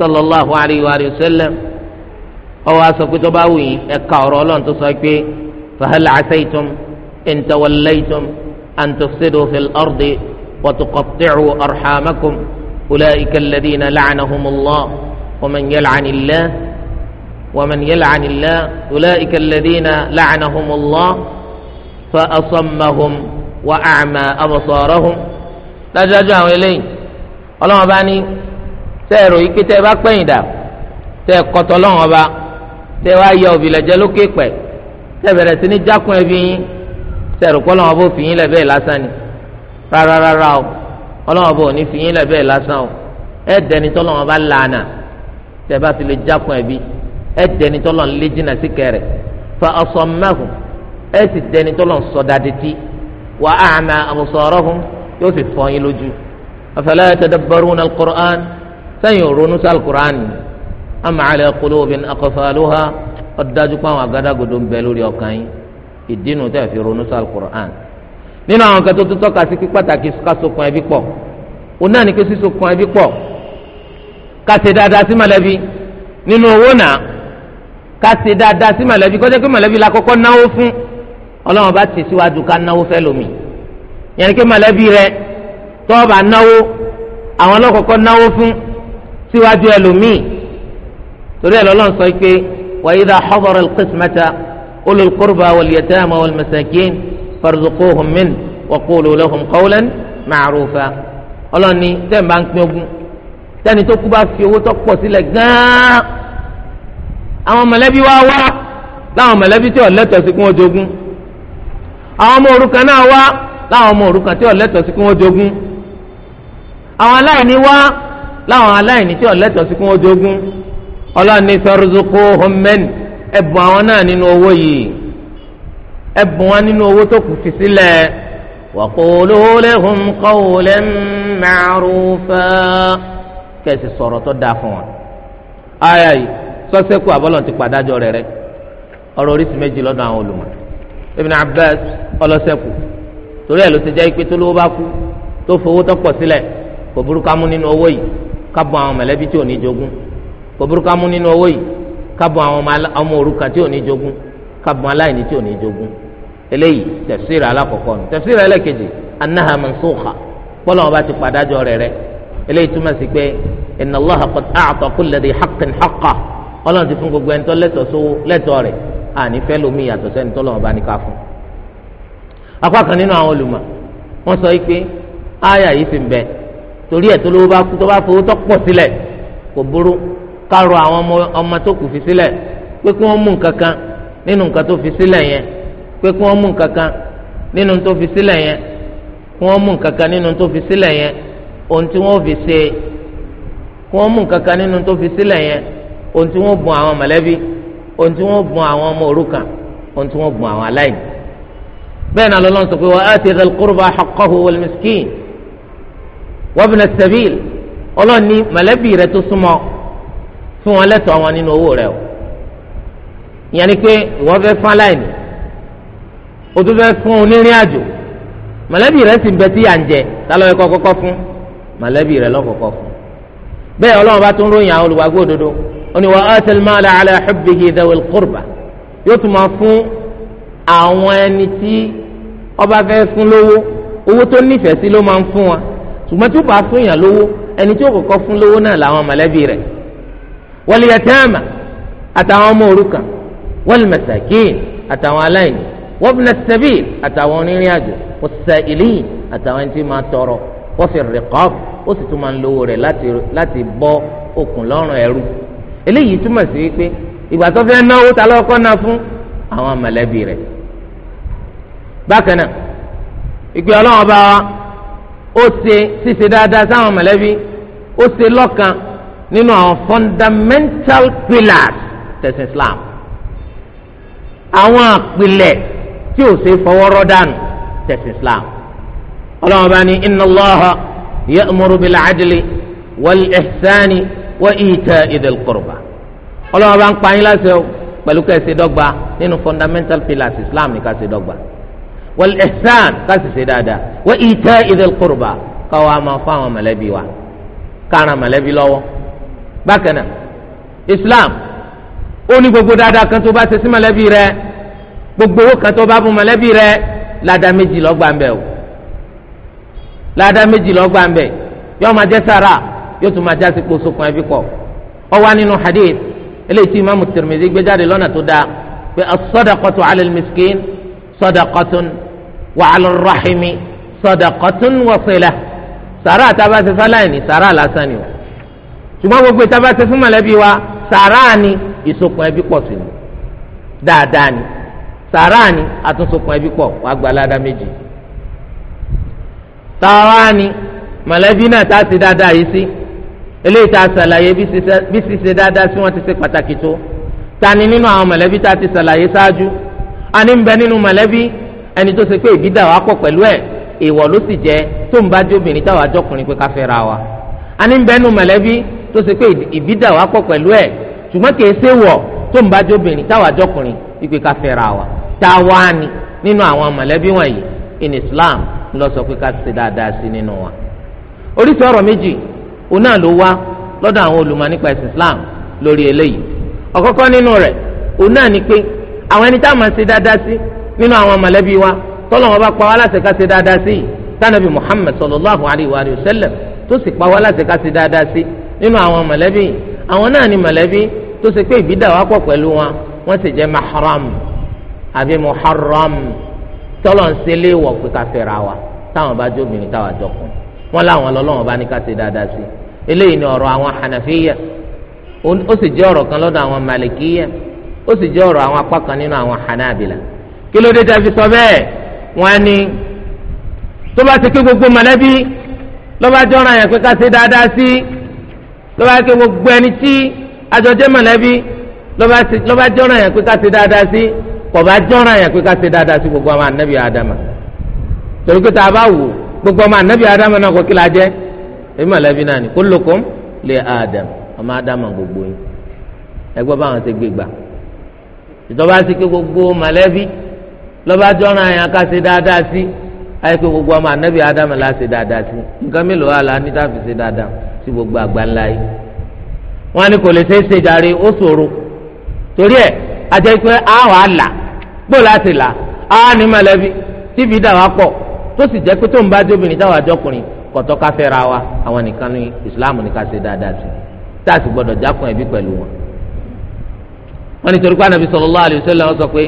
sallallahu alayhi wa sallam ọwọ́ aṣọ pé tó bá wù yín ẹ̀ka ọ̀rọ̀ ọlọ́run tó sọ pé fahal asaitum in tawallaytum an tufsidu fil ardi wa tuqatti'u arhamakum ulaika alladhina la'anahumullah wa man yal'anillah wa man yal'anillah ulaika alladhina la'anahumullah fa asammahum wa a'ma absarahum dájúdájú àwọn eléyìí ọlọ́run bá ní. tẹ́ ẹ ròyìn pé tẹ́ ẹ bá pẹ́yìn dà tẹ́ ẹ kọ́tọ́ lọ́wọ́n ọba tẹ́ ẹ wá yọ òbílẹ̀jẹ́ lókè pẹ̀ tẹ́ ẹ bẹ̀rẹ̀ sí ní jákun ẹbí yín tẹ́ ẹ rò pé ọlọ́wọ́n bó fi yín lẹ̀ lásán ni rárá rárá o ọlọ́wọ́n bó ní fi yín lẹ̀ lásán o ẹ dẹni tọ́lọ́wọ́n bá lànà tẹ́ ẹ bá ti lè jákun ẹbí ẹ dẹni tọ́lọ́wọ́n lé jìnnà sí kẹrẹ fa ọsọ mẹ́hùn ẹ sì dẹni sẹ́yìn òrónú sálùkùránì àmà àlẹ́ qulubin aqfaluha ọ̀dájú pé àwọn àgádágodo ń bẹ lórí ọkàn yín ìdínú tẹ̀ fi ronú sálùkùránì. nínú àwọn kan tó tó tọ́ka sí pàtàkì kásokùn ẹbí pọ̀ òun náà ní pé sísokùn ẹbí pọ̀ kásẹ̀ dáadáa sí mọ̀lẹ́bí nínú owó náà kásẹ̀ dáadáa sí mọ̀lẹ́bí kọ́jọ́ pé mọ̀lẹ́bí la kọ́kọ́ náwó fún ọlọ́run bá ti síwájú ká náwó fẹ́ lómi yẹn ni pé mọ̀lẹ́bí rẹ tọ́ọ̀bà náwó àwọn ọlọ́kọ̀ọ́kọ́ náwó fún síwájú ẹlòmíì torí ẹ lọ́lọ́run sọ pé wa idha hadara al-qismata ulul qurba wal yatama wal masakin farzuquhum min wa qulu lahum qawlan ma'rufa ọlọ́ni tẹ́ẹ̀ bá ń pín ogún tẹ́ni tó kú bá fi owó tó pọ̀ sílẹ̀ gán-an àwọn mọ̀lẹ́bí wá wá láwọn mọ̀lẹ́bí tí ọ̀lẹ́tọ̀ sí kí wọ́n jogún àwọn ọmọ òrukàn náà wá láwọn ọmọ òrukàn tí ọ̀lẹ́tọ̀ sí kí wọ́n jogún àwọn aláìní wá láwọn aláìní tí ọ̀lẹ́tọ̀ sí kí wọ́n jogún ọlọ́ni sọ́rọ́sọ́kọ́ homen ẹ̀bùn àwọn náà nínú owó yìí ẹ̀bùn wọn nínú owó tó kù fi sílẹ̀ wàkóòló lẹ́hùn kọ́ọ̀lẹ́ mẹ́rùfẹ́ kẹ̀sì sọ̀rọ̀ tó dáa fún wọn. ayà yìí sọ́sẹ́kù àbọ̀lọ̀ ti pàdájọ́ rẹ̀ rẹ̀ ọ̀rọ̀ oríṣi méjì lọ́dọ̀ àwọn olùmọ̀ Ibn Abbas ọlọ́sẹ̀kù torí ẹ̀ ló ti jẹ́ pé tó lówó bá kú tó fowó tó sílẹ̀ kò burúkú amú nínú owó yìí ká bọ àwọn mọ̀lẹ́bí tí ò ní jogún kò burú ká mú nínú owó yìí ká bọ àwọn ọmọ òrukàn tí ò ní jogún ká bọ aláìní tí ò ní jogún eléyìí tafsir alákọ̀ọ́kọ́ ni tafsir ẹlẹ́kejì annaha mansukha bọ́lá wọn bá ti padàjọ rẹ̀ rẹ̀ eléyìí túmọ̀ sí pé inna Allaha qad a'ta kulli dhi haqqin haqqa torí ẹ̀ tó lówó bá kú tó bá fowó tó pọ̀ sílẹ̀ kò burú kárọ àwọn ọmọ tó kù fi sílẹ̀ pé kí wọ́n mú nǹkan kan nínú nǹkan tó fi sílẹ̀ yẹn pé kí wọ́n mú nǹkan kan nínú tó fi sílẹ̀ yẹn kí wọ́n mú nǹkan kan nínú tó fi sílẹ̀ yẹn ohun tí wọ́n fi ṣe kí wọ́n mú nǹkan kan nínú tó fi sílẹ̀ yẹn ohun tí wọ́n bùn àwọn mọ̀lẹ́bí ohun tí wọ́n bùn àwọn ọmọ òrukàn ohun tí wọ́n bùn àwọn aláìní bẹ́ẹ̀ náà lọ́lọ́run sọ pé wa ati dhal qurba haqqahu wal miskin wabna sabil ọlọ́run ní mọ̀lẹ́bí rẹ tó súnmọ́ fún wọn lẹ́tọ̀ọ́ wọn nínú owó rẹ o ìyẹn ni pé ìwọ fẹ́ fún aláìní o tún fẹ́ fún onírìn àjò mọ̀lẹ́bí rẹ sì ń bẹ tí yà ń jẹ tálọ́ ẹ̀kọ́ kọ́kọ́ fún mọ̀lẹ́bí rẹ lọ́kọ̀ọ́kọ́ fún bẹ́ẹ̀ ọlọ́run bá tún ròyìn àwọn olùwàgbọ́ òdodo ó ní wa atal mala ala hubbihi dhawil qurba yóò tún máa fún àwọn ẹni tí ọba fẹ́ fún lówó owó tó nífẹ̀ẹ́ sí ló máa ń fún wọn ṣùgbọ́n tí ó bá fún yàn lówó ẹni tí ó kọ́kọ́ fún lówó náà làwọn mọ̀lẹ́bí rẹ̀ wal yatama àtàwọn ọmọ òrukàn wal masakin àtàwọn aláìní wabna sabil àtàwọn onírìn àjò was-sa'ilin àtàwọn ẹni tí máa tọrọ wa fi riqab ó sì tún máa ń lówó rẹ̀ láti bọ́ okùn lọ́rùn ẹrú eléyìí túmọ̀ sí wípé ìgbà tó fẹ́ náwó ó ṣe ṣíṣe dáadáa sáwọn mọ̀lẹ́bí ó ṣe lọ́kan nínú àwọn fundamental pillars tẹ̀sán Islam àwọn àpilẹ̀ tí ò ṣe fọwọ́rọ́ dànù tẹ̀sán Islam ọlọ́run bá ní inna Allaha ya'muru bil 'adli wal ihsani wa ita'i dhil qurba ọlọ́run bá ń pa yín láṣẹ pẹ̀lú ká ṣe dọ́gba nínú fundamental pillars Islam ní ká ṣe dọ́gba wal ihsan ká sì ṣe dáadáa wa ita'i dhil qurba ká wàá máa fún àwọn mọ̀lẹ́bí wa kára mọ̀lẹ́bí lọ́wọ́ bákan náà islam ó ní gbogbo dáadáa kan tó bá ṣe sí mọ̀lẹ́bí rẹ gbogbo owó kan tó bá bùn mọ̀lẹ́bí rẹ ládàá méjì lọ́gbà ń bẹ̀ o ládàá méjì lọ́gbà ń bẹ̀ yóò máa jẹ́ sàrà yóò tún máa já sí kposo kan ẹbí pọ̀ ọ wá nínú hadith eléyìí tí imaamu Tirmidhi gbé jáde lọ́nà tó dáa pé as-sadaqatu 'ala al-miskin sadaqatun wa ala rahimi sadaqatun wa silah sàrà àtàbà ṣe fáláìní sàrà lásán ni o ṣùgbọ́n gbogbo ìtàbà ṣe fún mọ̀lẹ́bí wa sàrà ni ìsopọ̀ ẹbí pọ̀ sí ni dáadáa ni sàrà ni àtúnṣopọ̀ ẹbí pọ̀ wàá gba aládá méjì sàrà ni mọ̀lẹ́bí náà tá a dáadáa yìí sí eléyìí tá a bí ṣiṣe dáadáa sí wọn ti ṣe pàtàkì tó ta nínú àwọn mọ̀lẹ́bí tá ti ṣàlàyé ṣáájú a ní nínú mọ̀lẹ́bí ẹni tó ṣe pé ìbí wa pọ̀ pẹ̀lú ẹ̀ èèwọ̀ ló sì jẹ́ tó ń bá jẹ́ obìnrin táwa jọkùnrin pé ká wa a ní bẹ́ẹ̀ mọ̀lẹ́bí tó ṣe pé ìbí dà pọ̀ pẹ̀lú ẹ̀ ṣùgbọ́n kì í ṣe wọ̀ tó ń bá jẹ́ obìnrin táwa jọkùnrin pé ká wa ni nínú àwọn mọ̀lẹ́bí wọ̀nyí in Islam ló sọ pé ká ṣe dáadáa sí nínú wa oríṣi ọ̀rọ̀ méjì òun ló wá lọ́dọ̀ àwọn nínú àwọn mọ̀lẹ́bí wa tọ́lọ̀ wọn bá pa wá láti ká ṣe dáadáa sí i tánàbí Muhammad sallallahu alayhi wa sallam tó sì pa wá láti ká ṣe dáadáa sí nínú àwọn mọ̀lẹ́bí àwọn náà ni mọ̀lẹ́bí tó ṣe pé ìbídà wá pọ̀ pẹ̀lú wọn wọ́n sì jẹ́ mahram àbí muharram tọ́lọ̀ ń ṣe léèwọ̀ pé ká fẹ́ra wa táwọn bá jó obìnrin táwọn àjọkùn wọn láwọn lọ́lọ́wọ́n bá ní ká ṣe dáadáa sí eléyìí kí ló dé tá a fi sọ bẹ́ẹ̀ wọ́n á ní tó bá ti pé gbogbo mọ̀lẹ́bí lọ́ba jọ́ràn yẹn pé ká ṣe dáadáa sí lọ́ba ké gbogbo ẹni tí àjọjẹ́ mọ̀lẹ́bí lọ́ba jọ́ràn yẹn pé ká ṣe dáadáa sí kọ̀ọ̀bá jọ́ràn yẹn pé ká ṣe dáadáa sí gbogbo ọmọ ànábì Ádámà torí pé tá a bá wò gbogbo ọmọ ànábì Ádámà náà kò kí la jẹ́ èmi mọ̀lẹ́bí náà ni kullukum li Adam ọmọ Ádámà gbogbo yín ẹgbẹ́ báwọn ṣe gbé ti ké gbogbo lọ́ba jọ́ra yẹn ká ṣe dáadáa sí ayẹ́pẹ́ gbogbo ọmọ anabi adamu la ṣe dáadáa sí nǹkan mélòó wà lá níta fi ṣe dáadáa sí gbogbo àgbáńlá yìí. wọ́n á ní kò lè ṣe é ṣe jàre ó ṣòro torí ẹ̀ ajẹ́ pé àwọn àlà gbó láti là á ní mọ̀lẹ́bí tí fi dà wá pọ̀ tó sì jẹ́ pé tó ń bá dé obìnrin táwa jọkùnrin kọ̀tọ́ ká fẹ́ ra wa àwọn nìkan ní ìsìláàmù ní ká ṣe dáadáa sí tá a sì gbọ́dọ̀ jákun ẹbí pẹ̀lú wọn. wọ́n ní torí pé anabi sallallahu alaihi wasallam sọ pé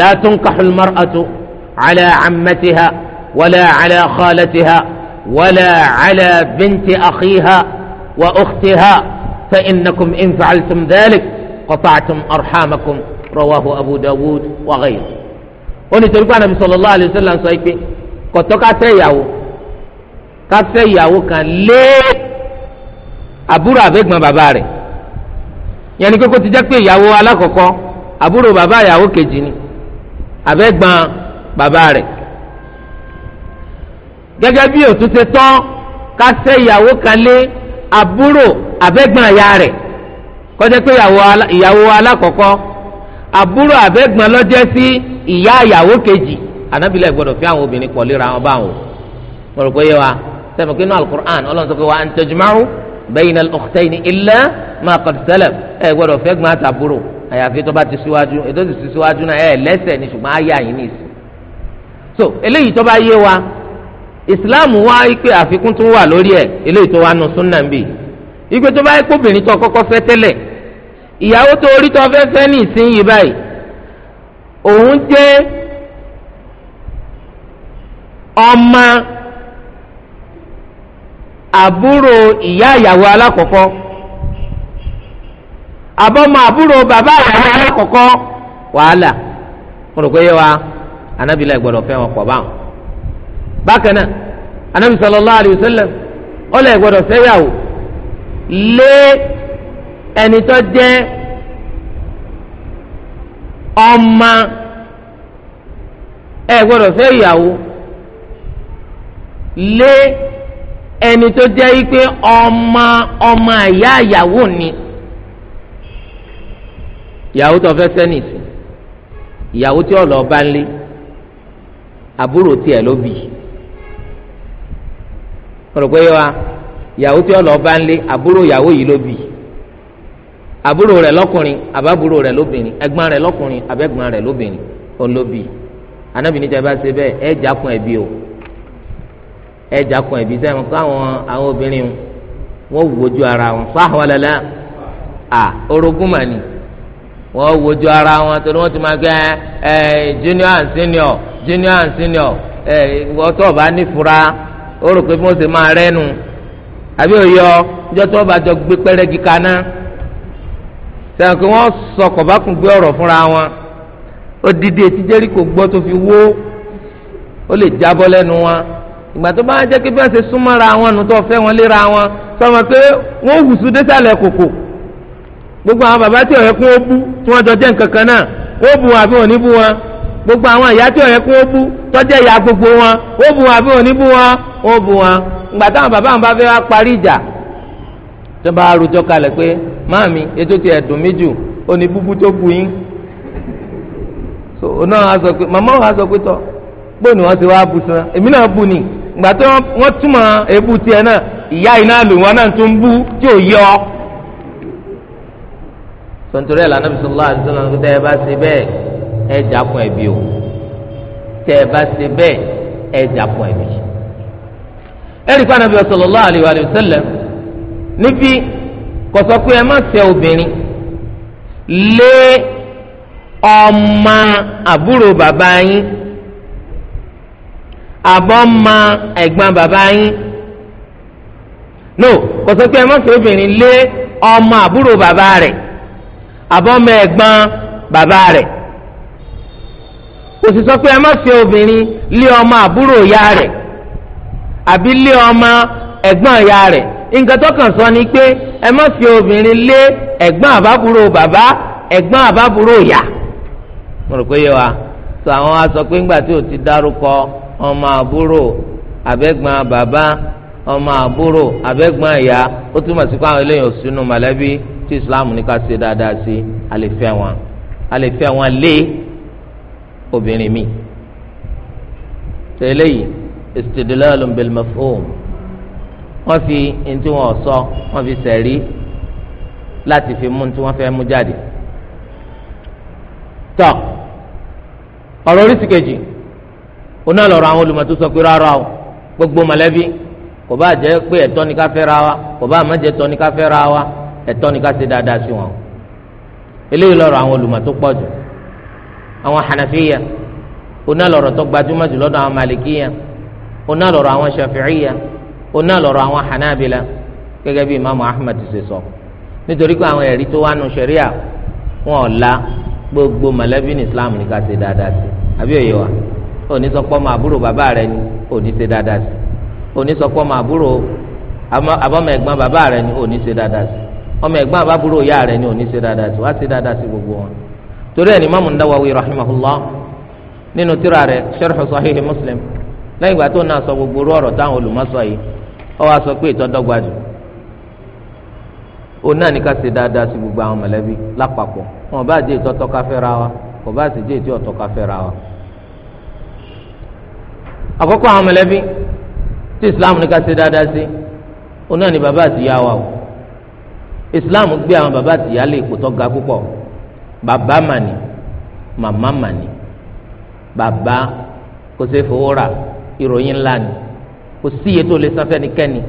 لا تنكح المرأة على عمتها ولا على خالتها ولا على بنت أخيها وأختها فإنكم إن فعلتم ذلك قطعتم أرحامكم رواه أبو داود وغيره onítorí pé Ànábì sallallahu alayhi wa sallam sọ pé kò tọ́ ká fẹ́ ìyàwó ká fẹ́ ìyàwó kan lé àbúrò àbẹ̀gbọ́n bàbá rẹ̀ yẹn ni kókó ti jẹ́ pé ìyàwó alákọ̀ọ́kọ́ àbúrò bàbá ìyàwó kejì ni. abẹ́gbọ́n bàbá rẹ̀ gẹ́gẹ́ bí òtún ṣe tán ká ṣe ìyàwó kan lé àbúrò abẹ́gbọ́n ìyá rẹ̀ kọjá pé ìyàwó alákọ̀ọ́kọ́ àbúrò abẹ́gbọ́n lọ́jẹ́ sí ìyá ìyàwó kejì anábìlẹ̀ gbọ́dọ̀ fi àwọn obìnrin pọ̀ léra wọn báwọn mo rò pé yé wa sẹ́mi kí inú alukur'an ọlọ́run sọ pé wa an tajma'u bayna al-ukhtayni illa ma qad salaf ẹ̀ gbọ́dọ̀ fẹ́ gbọ́n àtàbúrò àyàfi tó bá ti síwájú ètò ti ti síwájú náà ẹ lẹ́sẹ̀ ni ṣùgbọ́n á yà yín nìsí. so eléyìí tó bá yé wa islam wá pé àfikún tún wà lórí ẹ eléyìí tó wà nù súnà ń bì ìgbé tó bá yẹ kóbìnrin tó kọ́kọ́ fẹ́ tẹ́lẹ̀ ìyàwó tó orí tó fẹ́ fẹ́ ní ìsinyìí báyìí òun jẹ́ ọmọ àbúrò ìyá ìyàwó alákọ̀ọ́kọ́ abọ́mọ àbúrò bàbá ìyàwó alákọ̀ọ́kọ́ wàhálà mo rò pé yé wa anábìlẹ̀ gbọ́dọ̀ fẹ́ wọn pọ̀ báwọn. bákan náà anábì sallallahu alaihi wasallam ọlẹ́ gbọ́dọ̀ fẹ́ yàwó lé ẹni tó jẹ́ ọmọ ẹ lé ẹni ni. ìyàwó tó fẹ́ sẹ́nì sí ìyàwó tí ọ̀lọ́ bá ń lé àbúrò tiẹ̀ ló bì rò pé wa ìyàwó tí ọ̀lọ́ bá ń lé àbúrò ìyàwó yìí ló bì àbúrò rẹ̀ lọ́kùnrin àbábúrò rẹ̀ lóbìnrin ẹ̀gbọ́n rẹ̀ lọ́kùnrin àbẹ́gbọ́n rẹ̀ lóbìnrin òun ló bì anábì níta bá ṣe bẹ́ẹ̀ ẹ̀ jà kún o ẹ̀ jà kún sẹ́yìn káwọn àwọn obìnrin wọn wò ojú ara wọn fáwọn lẹ́lẹ́ à orogún mà wọ́n wojú ara wọn torí wọ́n ti máa gbé ẹ junior and senior junior and senior ẹ rò pé máa rẹ́nu àbí òye ọ níjọ́ tó bá jọ gbé pẹ́rẹ́gì kaná sẹ́wọ̀n kí wọ́n sọ kọ̀bákùn gbé ọ̀rọ̀ ma pé wọ́n gbogbo àwọn bàbá tí ọ̀yẹ́ kún ó bú tí wọ́n jọ jẹ́ nǹkan náà ó bu wọn àbí wọn ní gbogbo àwọn ìyá tí ọ̀yẹ́ kún ó bú tọ́jẹ́ ìyá gbogbo wọn ó bu wọn àbí wọn ní bú wọn ó bu wọn ìgbà táwọn bàbá bá fẹ́ wá parí ìjà tó bá rojọ́ kalẹ̀ pé ètò bu yín màmá wa sọ pé tọ́ bu èmi náà bu ni ìgbà tó túmọ̀ tiẹ̀ náà tontori ẹ̀ lànà bisimilá àdìsọ́nà ní tẹ́ ẹ bá ṣe bẹ́ẹ̀ ẹ jàkun ẹ̀bi o tẹ́ ẹ bá ṣe bẹ́ẹ̀ ẹ jàkun ẹ̀bi. ẹ̀rí fana bí sallallahu alaihi wa sallam níbi kọ̀sọ́kú ẹ má fẹ́ obìnrin lé ọmọ àbúrò bàbá yín àbọ̀ ẹ̀gbọ́n bàbá yín no kọ̀sọ́kú ẹ má fẹ́ obìnrin lé ọmọ àbúrò bàbá rẹ̀ àbọ̀mọ ẹ̀gbọ́n bàbá rẹ̀ kò sì sọ pé ẹ má fi obìnrin lé ọmọ àbúrò ìyá rẹ̀ àbí lé ọmọ ẹ̀gbọ́n ya rẹ̀ nǹkan tó kàn sọ ni pé ẹ má fi obìnrin lé ẹ̀gbọ́n àbábúrò bàbá ẹ̀gbọ́n àbábúrò ìyá mo rò pé yẹ wa sọ àwọn wa sọ pé ńgbà tí o ti dárúkọ ọmọ àbúrò àbẹ̀gbọ́n bàbá ọmọ àbúrò àbẹ̀gbọ́n ìyá ó túmọ̀ sí pé àwọn eléyìí ò sínú mọ̀lẹ́bí tí islam ní ká ṣe dáadáa sí a lè fẹ́ wọn a lè fẹ́ wọn lé obìnrin mi tẹ́lẹ̀ yìí istidlalun bil mafhum wọ́n fi ntí wọn sọ wọ́n fi sẹ̀rí láti fi mú ntí wọ́n fẹ́ mú jáde tọ́ ọ̀rọ̀ oríṣi kejì oná lọ́rọ̀ àwọn olùmọ̀tò sọ pé rárá o gbogbo mọ̀lẹ́bí kò bá jẹ́ pé ẹ̀tọ́ ni ká fẹ́ ra wa kò bá má jẹ́ ẹ̀tọ́ ni ká fẹ́ ra wa ẹ̀tọ́ ni ká ṣe dáadáa sí wọn eléyìí lọ́rọ̀ àwọn olùmọ̀ tó pọ̀ jù àwọn hànàfíyà oná lọ́rọ̀ tó gbajúmọ̀ jù lọ́dọ̀ àwọn màlìkíyà oná lọ́rọ̀ àwọn ṣàfíìyà oná lọ́rọ̀ àwọn hànàbìlà gẹ́gẹ́ bí imaamu ahmed ṣe sọ nítorí pé àwọn ẹ̀rí tó wà nù ṣẹ̀ríà wọn ò la gbogbo mọ̀lẹ́bí ní islam ní ká ṣe dáadáa sí àbí òye wa òní sọ pé ọmọ àbúrò bàbá rẹ ni òní ṣe dáadáa sí òní sọ pé ọmọ àbúrò àbọ̀mọ̀ ẹ̀gbọ́n bàbá rẹ ni òní ṣe dáadáa sí ọmọ ẹ̀gbọ́n àbábúrò ìyá rẹ̀ ni òní ṣe dáadáa sí wá ṣe dáadáa sí gbogbo wọn. torí ẹni Imam Nawawi rahimahullah nínú tírà rẹ̀ sharh sahih Muslim lẹ́yìn ìgbà tó náà sọ gbogbo orú ọ̀rọ̀ táwọn olùmọ̀sọ yìí ó wá sọ pé ìtọ́dọ́gba jù òun náà ní ká ṣe dáadáa sí gbogbo àwọn mọ̀lẹ́bí lápapọ̀ wọn bá jẹ́ ìtọ́tọ́ ká ra wa kò bá sì jẹ́ ìtí ọ̀tọ́ ká ra wa. àkọ́kọ́ àwọn mọ̀lẹ́bí tí Islam ní ká ṣe dáadáa sí òun náà ní bàbá àti ìyá wa o islam gbé àwọn baba àtìyá lè kó tó ga púpọ̀ baba màní màmá màní bàbá kò sí fowó rà ìròyìn ńlá ni kò sí iye tó lè san fẹ́nikẹ́ni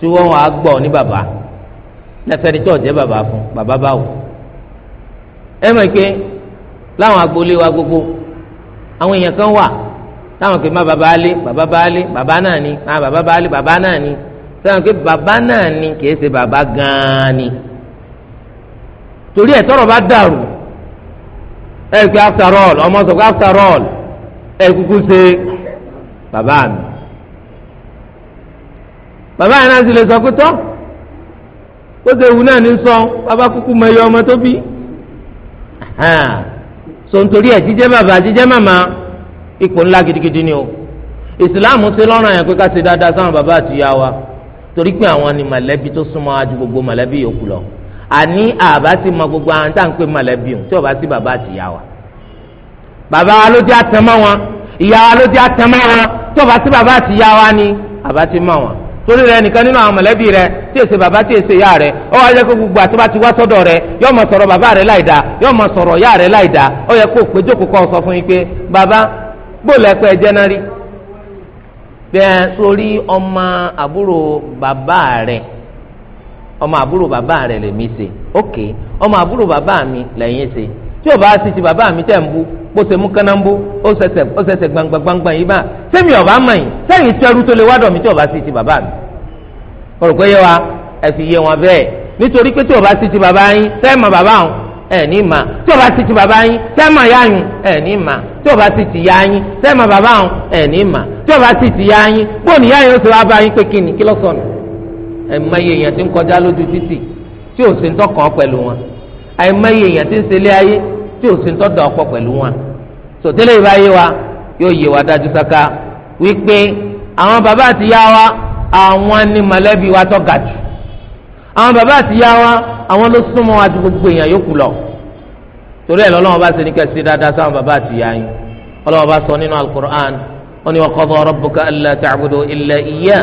tí wọ́n wàá gbọ́ ní bàbá lẹ́sẹ̀ni tó jẹ́ baba fún bàbá báwo ẹ mọ̀ pé láwọn agboolé wa gbogbo àwọn èèyàn kan wà táwọn kì í má bàbá alé bàbá bá alé bàbá náà ni má bàbá bá alé bàbá náà ni. Bàbá sẹ́wọ̀n pé bàbá náà ni kìí ṣe bàbá gan-an ni torí ẹ̀ tọ́rọ̀ bá dàrú ẹ̀ pé after all ọmọ sọ pé after all ẹ̀ kúkú ṣe bàbá mi bàbá yẹn náà sì lè sọ pé tọ́ ó ṣe ewu náà ní sọ bàbá kúkú mọ iye ọmọ tó bí so nítorí ẹ̀ jíjẹ́ bàbá jíjẹ́ màmá ipò ńlá gidigidi ni o ìsìláàmù ṣe lọ́rùn àyàn ká ṣe dáadáa sáwọn bàbá àti ìyá wa torí pé àwọn ni mọ̀lẹ́bí tó súnmọ́ ju gbogbo mọ̀lẹ́bí yòókù lọ àní àbá ti mọ gbogbo àwọn tá à ń pè mọ̀lẹ́bí òun tí ò bá sí bàbá àti ìyá wa bàbá wa ló dé àtẹmọ́ wọn ìyá wa ló dé àtẹmọ́ wọn tí ò bá sí bàbá àti ìyá wa ni àbá ti mọ̀ wọn torí rẹ nìkan nínú àwọn mọ̀lẹ́bí rẹ tí èsè bàbá tí èsè ìyá rẹ ó wá yẹ kó gbogbo àti bá ti wá sọ́dọ̀ rẹ yóò mọ sọ̀rọ̀ bàbá rẹ láì dáa yóò mọ sọ̀rọ̀ ìyá rẹ láì dáa ó yẹ kó péjọ kó kọ́ ọ sọ fún yín pé bàbá bó lẹ pẹ́ jẹ́nárì bẹ́ẹ̀ sórí ọmọ àbúrò bàbá rẹ̀ ọmọ àbúrò bàbá rẹ̀ lèmi ṣe ok ọmọ àbúrò bàbá mi lẹ́yìn se tí o bá sì ti bàbá mi tẹ̀ ń bu bó ṣe mú kánná ń bú ó ṣẹ̀ṣẹ̀ ó ṣẹ̀ṣẹ̀ gbangba gbangba yìí bá sẹ́mi ọ̀bá mọ̀ yìí sẹ́yìn tẹ́rù tó lè wádọ̀ mi tí o bá sì ti bàbá mi kọ̀rọ̀kọ́ yé wa ẹ fi yé wọn bẹ́ẹ̀ nítorí pé tí o bá sì ti bàbá yín sẹ́yìn mọ̀ bàbá wọn ẹ ní ma tí o bá ti ti bàbá yín sẹ́mà yá yín ẹ ní ma tí o bá ti ti yá yín sẹ́mà bàbá yín ẹ ní ma tí o bá ti ti yá yín bó ni yá yín ó ti wá bá yín pé kíni kí lọ́sọ̀nù àìmọye èèyàn ti ń kọjá lójú títì tí ò sí ń tọkàn pẹ̀lú wọn àìmọye èèyàn ti ń ṣẹlẹ̀ ayé tí ò sí ń tọ́dọ̀ ọ̀pọ̀ pẹ̀lú wọn sòtẹ́lẹ̀ ìbáyé wa yóò yé wa dájú sáká wípé àwọn bàbá àti yá wa àwọn ni mọ̀lẹ́bí wa tó wa àwọn ló súnmọ́ wa ju gbogbo èèyàn yòókù lọ torí ẹ̀ lọ́lọ́wọ́ bá ṣe ní kẹsì dáadáa sáwọn bàbá àti ìyá yín ọlọ́wọ́ bá sọ nínú alukur'an wọn ni wa qada rabbuka alla ta'budu illa iyyah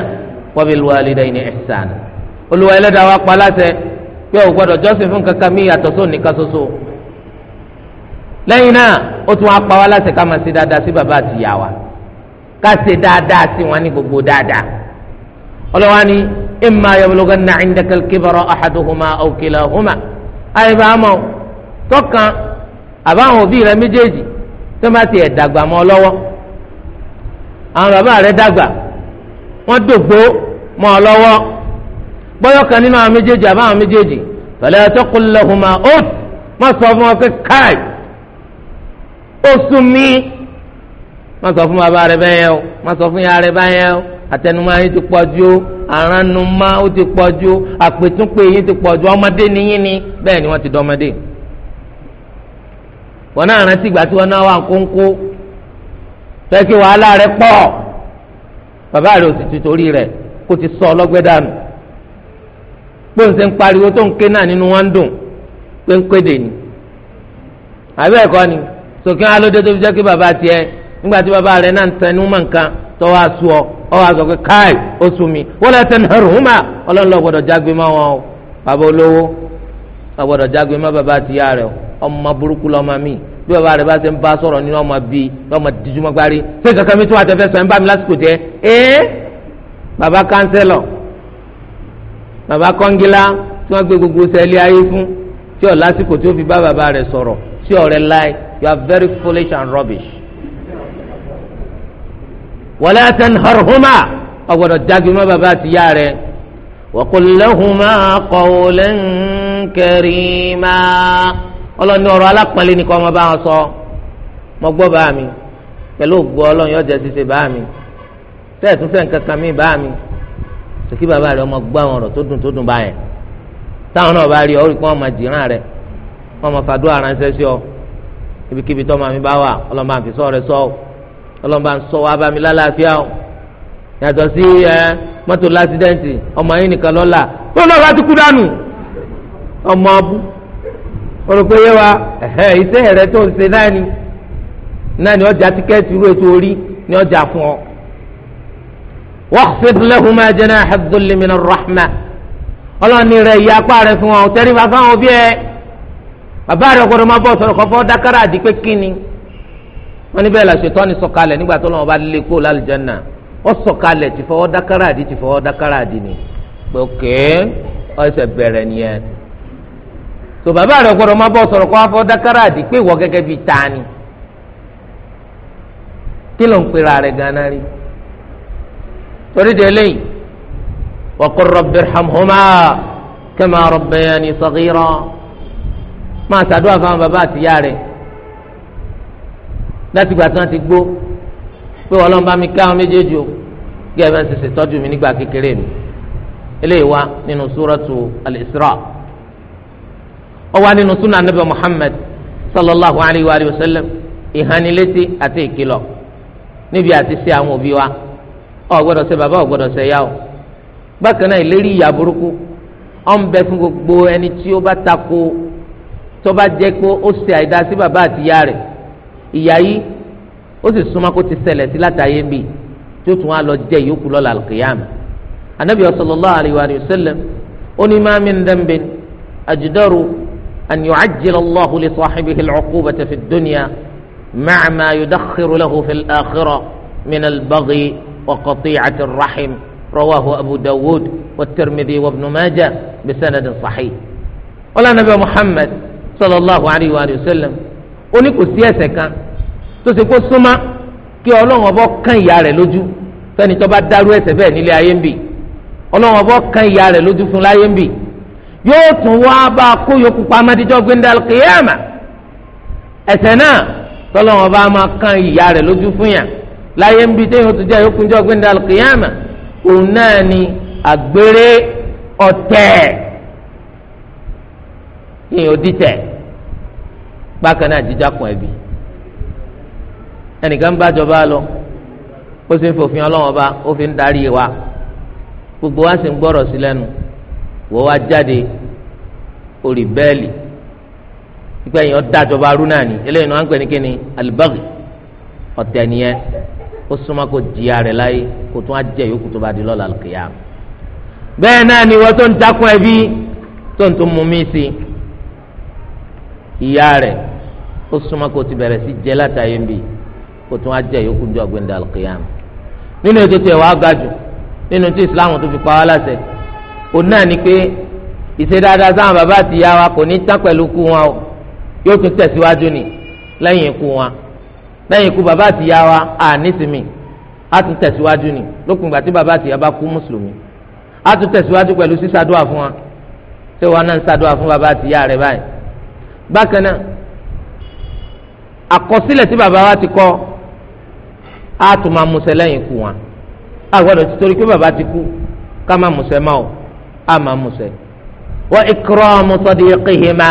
wa bil walidayni ihsana olùwà ẹlẹ́dàá wa pa láṣẹ pé o gbọ́dọ̀ jọ́sìn fún kankan mí yàtọ̀ sóun nìkan ṣoṣo lẹ́yìn náà ó tún wá pa wá láṣẹ ká máa ṣe dáadáa sí bàbá àti wa ká ṣe dáadáa sí wọn ní gbogbo dáadáa ọlọ́wọ́ ni imma yablughanna 'indaka al-kibara ahaduhuma aw kilahuma àyèbá àmọ́ tọ́kàn àbáwọn òbí rẹ méjèèjì tó má ti ẹ̀ dàgbà mọ́ lọ́wọ́ àwọn bàbá rẹ dàgbà wọ́n dògbó mọ́ ọ lọ́wọ́ bọ́yọ̀ kan nínú àwọn méjèèjì àbáwọn méjèèjì fala taqul lahuma uff má sọ fún wọn pé káì ó sún mí má sọ fún bàbá rẹ bẹ́ẹ̀ yẹn o má sọ fún ìyá rẹ bẹ́ẹ̀ yẹn o. àtẹnumọ́ yín ti pọ̀jù aránnumá o ti pọ̀jù àpètúnpè ti ọmọdé ni ni bẹ́ẹ̀ ni wọ́n ti dọ́mọdé wọn náà rántí ìgbà wọn náà wà kí wàhálà rẹ bàbá rẹ ò sì ti torí rẹ kó ti sọ ọlọ́gbẹ́ dànù ń pariwo tó ń ké náà nínú wọn ń dùn ni ni alódé tó fi bàbá bàbá rẹ náà ń tẹnu ọ wá sọ pé káì ó sú mi wala tanharhuma ọlọ́run lọ gbọ́dọ̀ jágbe mọ́ wọn o bàbá olówó lọ gbọ́dọ̀ jágbe mọ́ bàbá àtìyá rẹ̀ ọmọ burúkú lọ́mọ mi bí bàbá rẹ̀ bá ṣe ń bá sọ̀rọ̀ nínú ọmọ bíi lọ́mọ dídúmọ́ gbárí ṣé kankan mi tún wà tẹ́fẹ́ sọ ẹ̀ ń bá mi lásìkò jẹ́ ẹ́ bàbá kánsẹ́lọ̀ bàbá kọ́ngilá tí wọ́n gbé gbogbo sẹ́lẹ̀ ayé fún tí ọ̀ lásìkò tí ó fi bá bàbá rẹ̀ sọ̀rọ̀ tí ọ̀rẹ́ láì you are very foolish and rubbish Wọlé tanharhuma ọgbọ́dọ̀ dagi mọ́ bàbá baba ìyá rẹ̀ wa qul lahuma qawlan karima ọlọ́ni ọ̀rọ̀ ni kọ́ ọmọ bá sọ mọ gbọ́ bá mi pẹ̀lú ògbó ọlọ́run yọjẹ́ ṣiṣẹ́ bá mi fẹ́ mi bá mi bàbá ọmọ gbọ́ àwọn ọ̀rọ̀ dùn tó dùn báyẹn táwọn náà bá rí ọ rí ọlọ́mọba ń sọ wá bá mi lálàáfíà o yàtọ̀ sí ẹ mọ́tò lásìdẹ́ǹtì ọmọ yín nìkan lọ́la tó náà bá ti kú dànù ọmọ abú olùkóyè wa ẹ̀hẹ́ iṣẹ́ rẹ tó ń ṣe náà ni náà ni ọjà tíkẹ́ẹ̀tì rú ètò orí ni ọjà fún ọ. waqfid lahuma janaha dhulli mina rahma ọlọ́ni rẹ̀ yí apá rẹ̀ fún ọ tẹ́rí bàbá wọn bí bàbá rẹ̀ kọ́ ló máa bọ̀ sọ̀rọ̀ kọ́ fọ́ dákàrà àdìpé kínni wọ́n ní bẹ́ẹ̀ la ṣètánì sọ̀kalẹ̀ nígbà tó lọ́wọ́ bá lé kó lálùjáná ó sọ̀kalẹ̀ ti fọwọ́ dákàrà àdì ti fọwọ́ dákàrà àdì ni pé òkè ọ̀sẹ̀ bẹ̀rẹ̀ nìyẹn tó bàbá rẹ̀ gbọ́dọ̀ má bọ́ sọ̀rọ̀ kó wá fọ́ dákàrà àdì pé ìwọ gẹ́gẹ́ bíi tani kí ló ń pera rẹ̀ gan rí torí de eléyìí wa qur rabbi irhamhuma kama rabbayani máa ṣàdúrà fáwọn bàbá àtìyá rẹ̀ láti gbà tí wọ́n ti gbó pé wọ́n lọ́n bá mi ká àwọn méjèèjì o gẹ́gẹ́ bá ń ṣẹ̀ṣẹ̀ tọ́jú mi nígbà kékeré mi eléyìí wá nínú súrọ́tù al-Isra ó wà nínú sunan nabi Muhammad sallallahu alayhi wa sallam ìhánilétí àti ìkìlọ̀ níbi àti ṣe àwọn òbí wa ọ gbọ́dọ̀ ṣe bàbá ọ gbọ́dọ̀ ṣe yá o bákan ìlérí ìyà burúkú ọ ń bẹ fún gbogbo ẹni tí ó bá tako tó bá jẹ́ pé ó ṣe àìdá sí bàbá àti ìyá rẹ̀ ìyá yìí ó sì súnmọ́ kó ti ṣẹlẹ̀ sí látàyè ń bì tí ó tún wá lọ jẹ ìyókù lọ́la alqiyam anabi sallallahu alayhi wa sallam ó ní ma min dhanbin ajdaru an yu'ajjila Allahu li sahibihi al-'uqubata fi ad-dunya ma'a ma yudakhiru lahu fi al-akhirah min al-baghi wa qati'ati ar-rahim رواه أبو داود والترمذي وابن ماجه بسند صحيح ولا نبي محمد صلى الله عليه وآله وسلم ó ní kò sí ẹ̀ṣẹ̀ kan tó ṣe kó súnmọ́ kí ọlọ́run ọbọ̀ kán ìyá rẹ̀ lójú fẹ́ni tó bá dárú ẹ̀ṣẹ̀ bẹ́ẹ̀ nílé ayé ń bì ọlọ́run ọbọ̀ kán ìyá rẹ̀ lójú fún láyé ń bì yóò tún wá bá a kó yòókù pamọ́ díjọ́ gbẹ́ndàlù kìyàmà ẹ̀ṣẹ̀ náà tọ́lọ́run ọba máa kán ìyá rẹ̀ lójú fún yàn láyé ń bi téèyàn tó jẹ́ yòókù níjọ́ gbẹ́ndàlù kìyàmà òun náà ni àgbèrè ọ̀tẹ̀ èèyàn ò bákan náà jíjákun ẹbí ẹnìkan bá jọba lọ ó sì ń fòfin ọlọ́wọ́n bá ó fi ń darí wa gbogbo wa sì ń gbọ́rọ̀ sí lẹ́nu wọ́n wá jáde orí bẹ́ẹ̀lì ìgbà yẹn dájọba rú náà ni eléyìí náà ń pè ní kíni alibagi ọ̀tẹ̀ nìyẹn ó súnmọ́ kó jìyà rẹ̀ láyé kó tún á jẹ yòókù tó bá di lọ́la kìyà bẹ́ẹ̀ náà ni wọ́n tó ń dákun ẹbí tó ń tún mú mí sí ìyá rẹ̀ ó súnmọ́ kó o ti bẹ̀rẹ̀ sí jẹ́ látàyè ń bì kó o tún á jẹ́ yòókù ní ọ̀gbìn dàlùkìyàm nínú ètò tí ẹ wàá ga jù nínú tí Islam tó fi pa wá láṣẹ òun náà ni pé ìṣe sáwọn bàbá àti ìyá wa kò ní tán pẹ̀lú kú wọn o yóò tún tẹ̀síwájú ni lẹ́yìn ikú wọn lẹ́yìn ikú bàbá àti ìyá wa à nísìmí á tún tẹ̀síwájú ni lókun ìgbà tí bàbá àti ìyá bá kú mùsùlùmí á tún tẹ̀síwájú pẹ̀lú sísàdúà fún wa ṣé wọn náà ń ṣàdúà fún bàbá àti ìyá rẹ báyìí bákan náà àkọsílẹ̀ tí bàbá wa ti kọ á tún máa musẹ lẹ́yìn ikú wọn a gbọ́dọ̀ ti torí pé bàbá ti kú ká máa musẹ máa o á máa musẹ. wa ikramu sadiqihima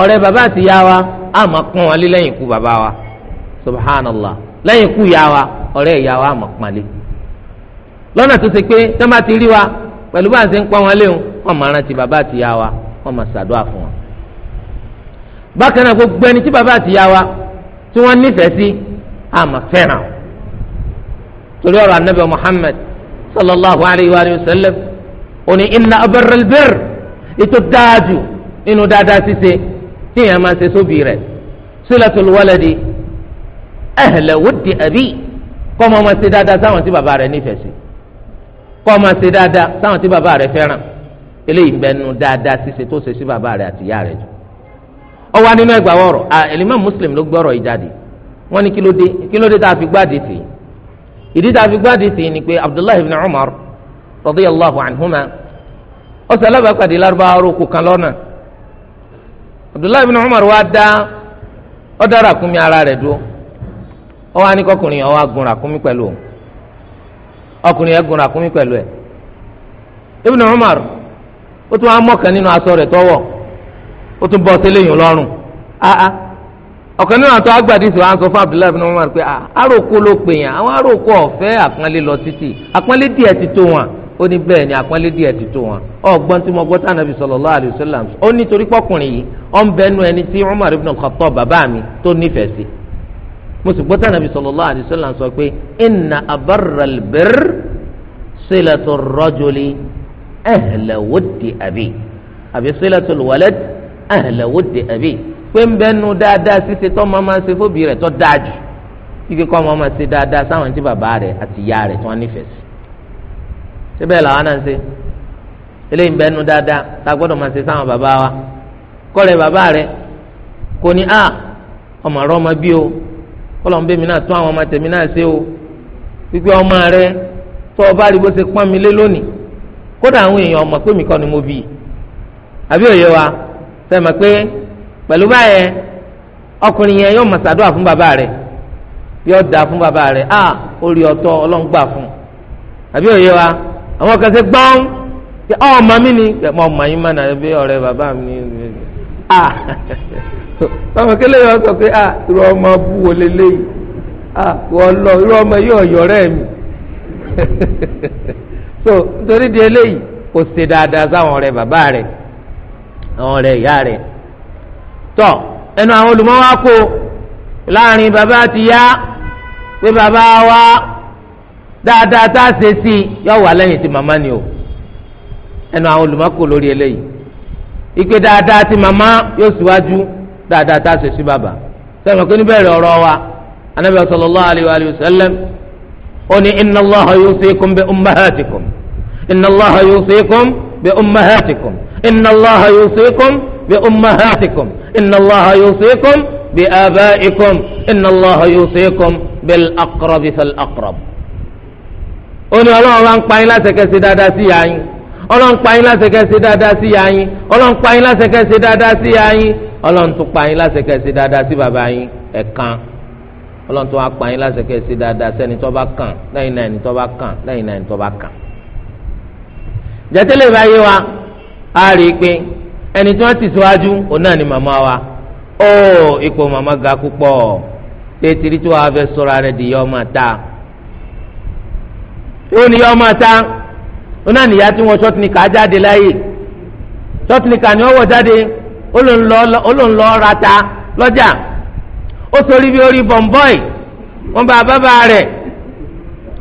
ọ̀rẹ́ bàbá àti ìyá wa á máa pọ́n wọn lé lẹ́yìn ikú bàbá wa subhanallah lẹ́yìn ikú ìyá wa ọ̀rẹ́ ìyá wa á máa pọ́n lé. lọ́nà tó ṣe pé tẹ́ ti rí wa pẹ̀lú bá a ṣe ń pọ́n wọn lé wọ́n máa rántí bàbá àti ìyá wa wọ́n máa ṣàdúrà fún wọn. bákan náà gbogbo ẹni tí bàbá àti ìyá wa tí wọ́n nífẹ̀ẹ́ sí àmọ́ fẹ́ràn o torí ọ̀rọ̀ anabi muhammed sallallahu alayhi wa sallam ó ní inna abẹ́rẹ́ bẹ́rẹ̀ ètò dáájú inú dáadáa ṣíṣe tí yẹn máa ṣe sóbì rẹ̀ silatul waladi ahla wuddi abi kọ́ ọmọ máa ṣe dáadáa sáwọn tí bàbá rẹ̀ nífẹ̀ẹ́ sí kọ́ ọmọ ṣe dáadáa sáwọn tí bàbá rẹ̀ fẹ́ràn eléyìí bẹ́ẹ̀ nu dáadáa ṣíṣe tó ṣe sí bàbá rẹ̀ àti ìyá rẹ̀ jù ó wà nínú ẹgbàá ọ̀rọ̀ ẹlẹmọ muslim ló gbọ́rọ̀ ìjáde wọ́n ní kílódé kílódé tá a fi gbáàdì sí ìdí tá a fi gbáàdì sí ni pé abdullahi ibn umar radiyallahu anhuma ó ṣe alábàápàdé lárúbáwá roko kan lọ́nà abdullahi ibn umar wa dá ó ara rẹ̀ dúró ọkùnrin ibn umar ó tún wá ó tún bọ́ sílé yìí lọ́rùn áá ah, ah. ọ̀kan nínú àtọ́ agbàdìsí wa ń sọ fún Abdullahi bin Umar pé àròkó ah, ló pè yàn àwọn àròkó ọ̀fẹ́ àpọ́nlé lọ títì àpọ́nlé díẹ̀ ti tó wọn ó ní bẹ́ẹ̀ ni àpọ́nlé díẹ̀ ti tó wọn ọgbọ́n tí mo gbọ́ tí anabi sallallahu alaihi wasallam ó ní torí pọ́kùnrin yìí ó ń bẹnu ẹni tí Umar ibn Khattab bàbá mi tó nífẹ̀ẹ́ sí mo sì gbọ́ tí anabi sallallahu alaihi sọ pé inna abarral birr silatu rajuli ahla wuddi abi pé ń bẹ́ nu dáadáa ṣíṣe tó máa máa ṣe fóbi rẹ̀ tó dáa jù kíkẹ́ kọ́ máa máa ṣe dáadáa sáwọn tí bàbá rẹ̀ àti ìyá rẹ̀ tí wọ́n nífẹ̀ẹ́ sí. síbẹ̀ làwọn náà ń ṣe dáadáa tá a gbọ́dọ̀ máa ṣe sáwọn bàbá wa kọ́rẹ́ bàbá rẹ̀ kò ní a ah, ọmọ rẹ ọmọ o kọ́lọ́n bẹ́ẹ̀ mi náà tún àwọn ọmọ o pípẹ́ ọmọ rẹ tó o bá ṣe pọ́n mi lé lónìí kódà àwọn èèyàn ni mo sẹ́mi pé pẹ̀lú báyẹn ọkùnrin yẹn yóò mọ̀sádùá fún bàbá rẹ̀ yóò dà fún bàbá rẹ̀ a orí ọ̀tọ̀ ọlọ́run gbà fún àbí òye wa àwọn kan ṣe gbọ́n ọmọ mi ni mo mọ̀ yín mọ̀nà ẹbí ọ̀rẹ́ bàbá mi ni a ọmọ kele yọ sọ pé a irú ọmọ bú wo leléyìí a wọ́n lọ irú ọmọ yìí ọ̀yọ́ mi so nítorí di eléyìí kò ṣe dáadáa sáwọn ọ̀rẹ́ bàbá rẹ̀ àwọn rẹ̀ ìyá rẹ̀ tọ́ ẹnu àwọn olùmọ́wá kó láàrin bàbá àti ìyá pé bàbá wa dáadáa tá a ṣe sí yọ wà lẹ́yìn tí màmá ni o ẹnu àwọn olùmọ́ kó lórí eléyìí ìpè dáadáa tí màmá yóò síwájú dáadáa tá a ṣe sí bàbá sẹ́wọ̀n kí ni bẹ́ẹ̀ rẹ̀ ọ̀rọ̀ wa anabi sallallahu alayhi wa sallam ó ní inna bi ummahatikum inna Allaha bi ummahatikum. إن الله يوصيكم بأمهاتكم إن الله يوصيكم بآبائكم إن الله يوصيكم بالأقرب فالأقرب ó ní ọlọ́run bá ń pa yín lásẹ̀kẹ́ ṣe dáadáa sí ìyá yín ọlọ́run pa yín lásẹ̀kẹ́ ṣe dáadáa sí ìyá yín ọlọ́run pa yín lásẹ̀kẹ́ ṣe dáadáa sí ìyá yín ọlọ́run tún pa yín lásẹ̀kẹ́ ṣe dáadáa sí bàbá yín ẹ̀kan ọlọ́run tún wá pa yín lásẹ̀kẹ́ ṣe dáadáa sẹ́ni tó bá kàn lẹ́yìn náà ẹni tó bá kàn lẹ́yìn náà ẹni tó bá kàn. jẹ́tẹ́lẹ̀ báyé wa a rí i pé ẹni tí wọ́n ti síwájú òun náà wa ó ipò màmá ga púpọ̀ pétiri tí wàá fẹ́ sọ̀rọ̀ rẹ̀ di yọ́ọ́ máa ta ó ní yọ́ọ́ máa ta òun náà nìyá tí wọ́n ṣọ́tìníkà jáde ni wọ́n wọ̀ jáde ó ló ń lọ rata lọ́jà ó sorí bí orí bá bàbá rẹ̀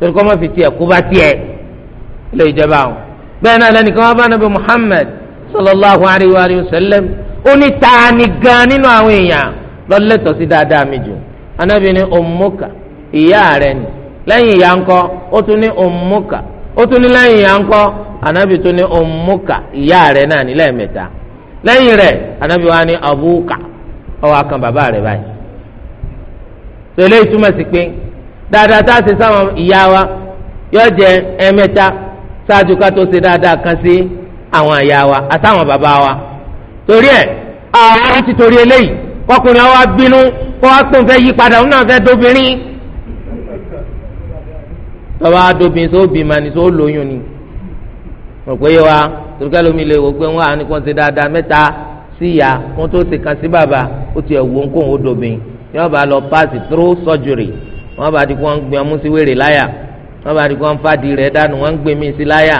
torí kọ́ mọ́ fi tiẹ̀ kó bá tiẹ̀ lè jẹba àwọn. bẹ́ẹ̀ náà lẹ́nu kan wá bá nàbẹ Muhammad sallallahu alayhi wa sallam ó ní taani gan nínú àwọn èèyàn lọ́lẹ́tọ̀ sí dáadáa mi jù anábì ní ummuka ìyá rẹ̀ ni lẹ́yìn ìyá ńkọ́ ó tún ní ummuka ó tún ní lẹ́yìn ìyá ńkọ́ anábì tún ní ummuka ìyá rẹ̀ náà ní lẹ́ẹ̀mẹ́ta lẹ́yìn rẹ̀ anábì wá ní abuka ó wá bàbá rẹ̀ báyìí. tẹ̀lé ìtumọ̀ sí pé dáadáa tá a ṣe sáwọn ìyá wa yóò jẹ ẹ̀mẹ́ta ṣáájú ká tó ṣe dáadáa kan sí àwọn ìyá wa àtàwọn bàbá wa torí ẹ àwọn ti torí eléyìí kọkùnrin wa bínú kó wa pòun fẹ́ yí padà òun náà fẹ́ dóbìnrin tó bímọ ni tó ni mo wa torúkẹ́ lómi lè wò pé wọ́n á ní kó ṣe dáadáa mẹ́ta sí ìyá tó ṣe kan sí bàbá ó ti ẹ̀ lọ pass through surgery. wọ́n bá di kó wọ́n gbé ọmú sí wèrè láyà wọ́n bá di kó wọ́n fàdí rẹ̀ dànù wọ́n gbé mi sí láyà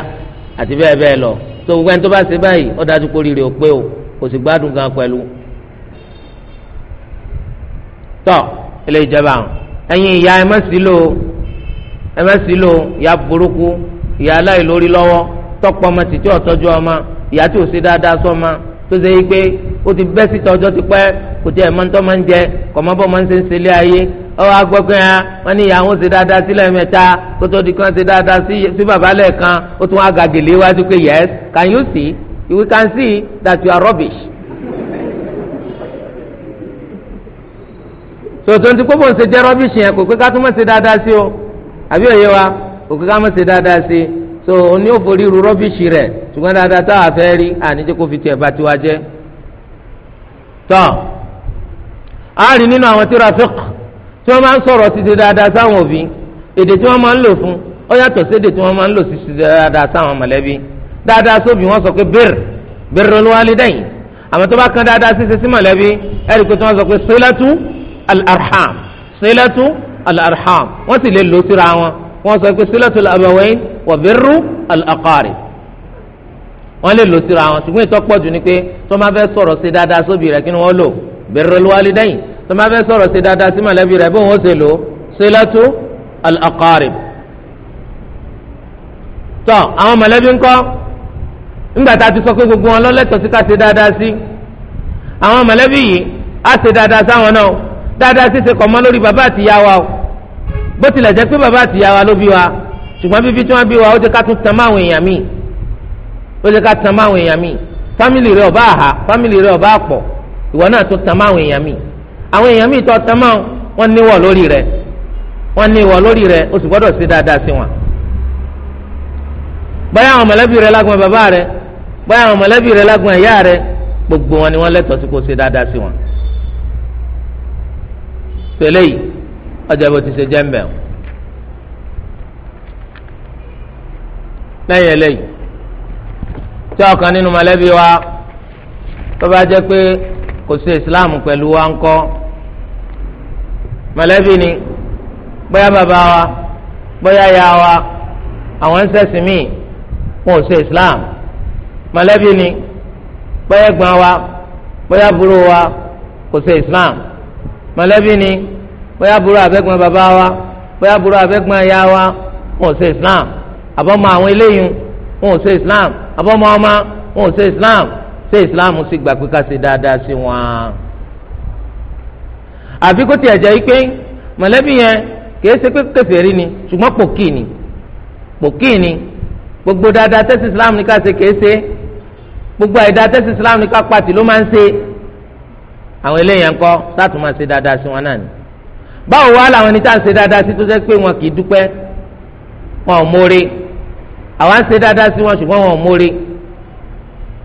àti bẹ́ẹ̀ bẹ́ẹ̀ lọ tó gbogbo ẹni tó bá ṣe báyìí ó dájú kó rírì ó pé o kò sì gbádùn gan pẹ̀lú. tọ́ ilé ìjọba ẹ̀yin ìyá ẹ má ẹ má ìyá burúkú ìyá aláìlórí lọ́wọ́ tọ́pọ̀ ọmọ títí ọ̀tọ́jú ọmọ ìyá tí ò ṣe dáadáa sọ́mọ tó ṣe yí pé ó ti bẹ́ síta ọjọ́ ti pẹ́ kò tí ẹ̀ mọ́ tó máa ń jẹ kò mọ́ bọ́ máa ń ṣe ń ṣẹlẹ̀ ayé ọ wá gbọ́ pé ah, wọ́n ní ìyàwó ṣe dáadáa sílẹ̀ mẹ́ta kó tó di kan ṣe dáadáa sí bàbá lẹ́ẹ̀kan ó tún wá gàgèlè wájú pé yes can you see we can see that you are rubbish. tòtò tí kókò ń ṣe jẹ́ rubbish yẹn kò pé ká tún mọ̀ ṣe dáadáa sí o àbí òye wa kò pé ká mọ̀ ṣe dáadáa sí i so oní òfòrí ru rọ́bìṣì rẹ̀ ṣùgbọ́n dáadáa tá a fẹ́ rí àníjẹ́ kó fi tiẹ̀ bá tiwa jẹ́ tọ́ a rí nínú àwọn tíra fiqh tí wọ́n máa ń sọ̀rọ̀ títí dáadáa sáwọn òbí èdè tí wọ́n máa ń lò fún ó yàtọ̀ sédè tí wọ́n máa ń lò títí dáadáa sáwọn mọ̀lẹ́bí dáadáa sóbì wọ́n sọ pé bir birrul walidayn àmọ́ tó bá kan dáadáa sí sísí mọ̀lẹ́bí ẹ̀rí pé tí wọ́n sọ pé silatu al-arham silatu al-arham wọ́n sì lè lò síra wọn wọ́n sọ pé sílẹ̀tù àbẹ̀wẹ̀yìn wọ̀bẹ̀rù àkàrẹ̀ wọ́n lè lò síra wọn ṣùgbọ́n ìtọ́pọ̀ jù ni pé tó máa fẹ́ sọ̀rọ̀ sí dáadáa sóbì rẹ̀ kí ni wọ́n lò bẹ̀rẹ̀ lọ́wọ́lì dẹ́yìn tó sọ̀rọ̀ sí dáadáa sí mọ̀lẹ́bí rẹ̀ bó wọ́n ṣe lò sílẹ̀tù àkàrẹ̀ tọ́ àwọn mọ̀lẹ́bí ńkọ́ ńgbà tá a ti sọ pé gbogbo wọn lọ́lẹ́tọ̀ọ́ sí ká ṣe dáadáa sí àwọn mọ̀lẹ́bí yìí á ṣe dáadáa sáwọn náà dáadáa sí ṣe kọ̀ mọ́ lórí bàbá àti o bó tilẹ̀ jẹ́ pé bàbá àti ìyá wa ló bí wa ṣùgbọ́n bíbí tí wọ́n bí wa ó jẹ́ ká tún tan máwọn èèyàn míì ó jẹ́ ká tan máwọn èèyàn míì fámìlì rẹ̀ ọba àhà fámìlì rẹ̀ ọba àpọ̀ ìwọ náà tún tan máwọn èèyàn míì àwọn èèyàn míì tó tan máwọn wọ́n níwọ̀ lórí rẹ̀ wọ́n níwọ̀ lórí rẹ̀ o sì gbọ́dọ̀ ṣe dáadáa sí wọn. báyà àwọn mọ̀lẹ́bí rẹ̀ lágbọ́n bàbá rẹ̀ báyà àwọn mọ̀lẹ́bí rẹ̀ lágbọ́n ìyá rẹ̀ gbogbo wọn ni wọ́n lẹ́tọ̀ọ́ sí kó ṣe dáadáa sí wọn. tẹ̀lé ọjọ́ bó ti ṣe jẹ́ mbẹ́ o. lẹ́yìn eléyìí tí ọ̀kan nínú mọ̀lẹ́bí wa tó bá jẹ́ pé kò sí islam pẹ̀lú wa ń mọ̀lẹ́bí ni bóyá bàbá wa bóyá ya wa àwọn ń míì wọn ò sí islam mọ̀lẹ́bí ni bóyá ẹ̀gbọ́n wa bóyá àbúrò wa kò sí islam mọ̀lẹ́bí ni bóyá àbúrò abẹ́gbọ́n bàbá wa bóyá àbúrò abẹ́gbọ́n ìyá wa wọn ò ṣe islam àbọ̀mọ àwọn eléyìí wọn ò ṣe islam àbọ̀mọ ọmọ wọn ò ṣe islam ṣe islam sì gbà pé ká ṣe dáadáa sí wọn. àfi kó tiẹ̀ jẹ́ pé mọ̀lẹ́bí yẹn kìí ṣe pé kèfèrí ni ṣùgbọ́n pòkì ni pòkì ni gbogbo dáadáa tẹ́sí islam ni ká ṣe kìí ṣe gbogbo àìdá tẹ́sí islam ní ká pàtì ló máa ń ṣe àwọn eléyìí ńkọ́ sátùmọ̀ ṣe dáadáa sí wọn náà ni báwo wá làwọn ẹni tá à ń ṣe dáadáa sí tó jẹ́ pé wọn kì í dúpẹ́ wọn ò mórí àwa ń ṣe dáadáa sí wọn ṣùgbọ́n wọn ò mórí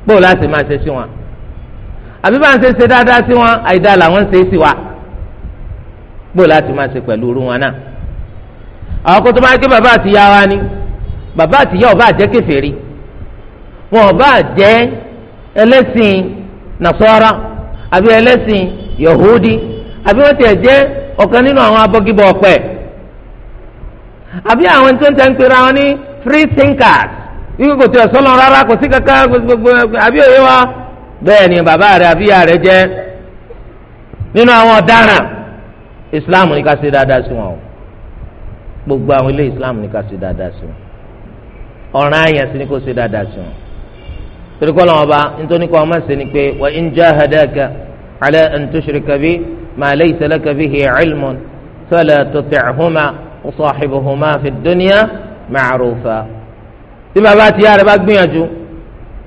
bó láti máa ṣe sí wọn àbí bá ń ṣe ṣe dáadáa sí wọn àìdá làwọn ń ṣe sí wa bó láti máa ṣe pẹ̀lú irú wọn náà àwọn kó tó máa gé bàbá àtìyá wa ni bàbá àtìyá ọba àjẹ́ kèfèrí wọn ọba àjẹ́ ẹlẹ́sìn nasara àbí ẹlẹ́sìn yahudi àbí wọ́n tiẹ̀ jẹ́ ọ̀kan nínú àwọn abọ́gibọ̀ ọ̀pẹ àbí àwọn tó ń tẹ́ wọn ní free thinkers wíwí kò tẹ̀ sọ́lọ́ rárá kò sí kankan gbogbo àbí òye wa bẹ́ẹ̀ ni bàbá rẹ̀ àbí ìyá rẹ̀ jẹ́ nínú àwọn ọ̀daràn Islam ní ká ṣe dáadáa sí wọn o gbogbo àwọn ilé Islam ní ká ṣe dáadáa sí wọn ọ̀ràn àyàn sí ni kò ṣe dáadáa sí wọn torí kọ́ lọ́wọ́ bá nítorí kọ́ ọmọ ṣe ni pé wa in jahadaka ala an tushrika bi. ما ليس لك به علم فلا تطعهما وصاحبهما في الدنيا معروفا tí bàbá àti ìyá rẹ bá gbìyànjú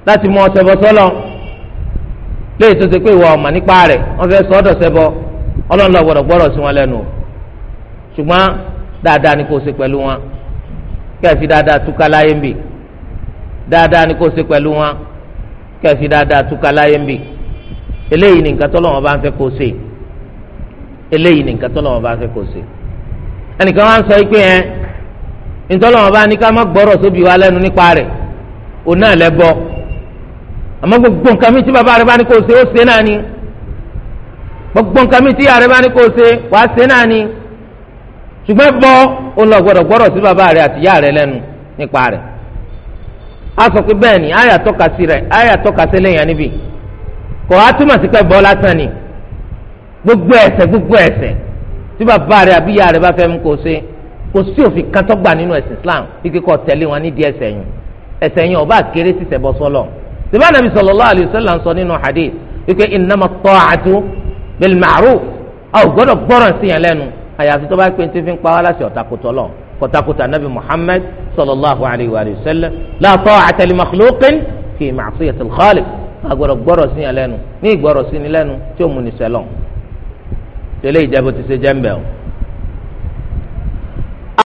láti mú ọsẹ bọ sọlọ léyìí tó ṣe pé ìwà ọmọ nípa rẹ wọn fẹẹ sọ ọdọ sẹbọ Ọlọ́run ló gbọ́dọ̀ gbọ́rọ̀ sí wọn lẹ́nu ṣùgbọ́n dáadáa ni kò ṣe pẹ̀lú wọn kẹfì dáadáa túká láyé ń bì dáadáa ni kò ṣe pẹ̀lú wọn kẹfì dáadáa túká láyé ń bì eléyìí ni nǹkan tọ́lọ́wọ́n bá ń fẹ́ kó ṣe yìí. eléyìí ni nǹkan tọ́lọ́wọ́n bá fẹ́ kó ṣe ẹnìkan wá ń sọ pé ẹ ntọ́lọ́wọ́n bá ní ká má gbọ́rọ̀ sóbi wa lẹ́nu nípa rẹ̀ òun náà lẹ́ bọ́ àmọ́ gbogbo nǹkan mi tí bàbá bá ní kó ó náà ni gbogbo nǹkan mi tí ìyá rẹ̀ bá ní kó wàá náà ni ṣùgbọ́n bọ́ òun lọ gbọ́dọ̀ gbọ́rọ̀ sí bàbá rẹ̀ àti ìyá lẹ́nu nípa rẹ̀ a sọ pé bẹ́ẹ̀ gbogbo ẹ̀ṣẹ̀ gbogbo ẹ̀ṣẹ̀ tí bàbá rẹ àbí ìyá rẹ bá fẹ́ mú kó ṣe kò sí òfin kan tó gbà nínú ẹ̀sìn Islam kíkẹ́ kọ́ tẹ̀lé wọn nídìí ẹ̀ṣẹ̀ yìí ẹ̀ṣẹ̀ yìí ọba kéré sí ṣẹbọ sọlọ sìbá nàbí sallallahu alaihi wasallam sọ nínú hadith wípé innama ta'atu bil ma'ruf a ò gbọ́dọ̀ gbọ́ràn sí yẹn lẹ́nu àyàfi tó bá pé tí fi ń pa wá láti ọ̀takùtọ̀ lọ kọ̀takùtà nàbí Muhammad sallallahu alaihi tẹ́lẹ̀ ìjẹ́bù ti ṣe jẹ́ńbẹ̀ o.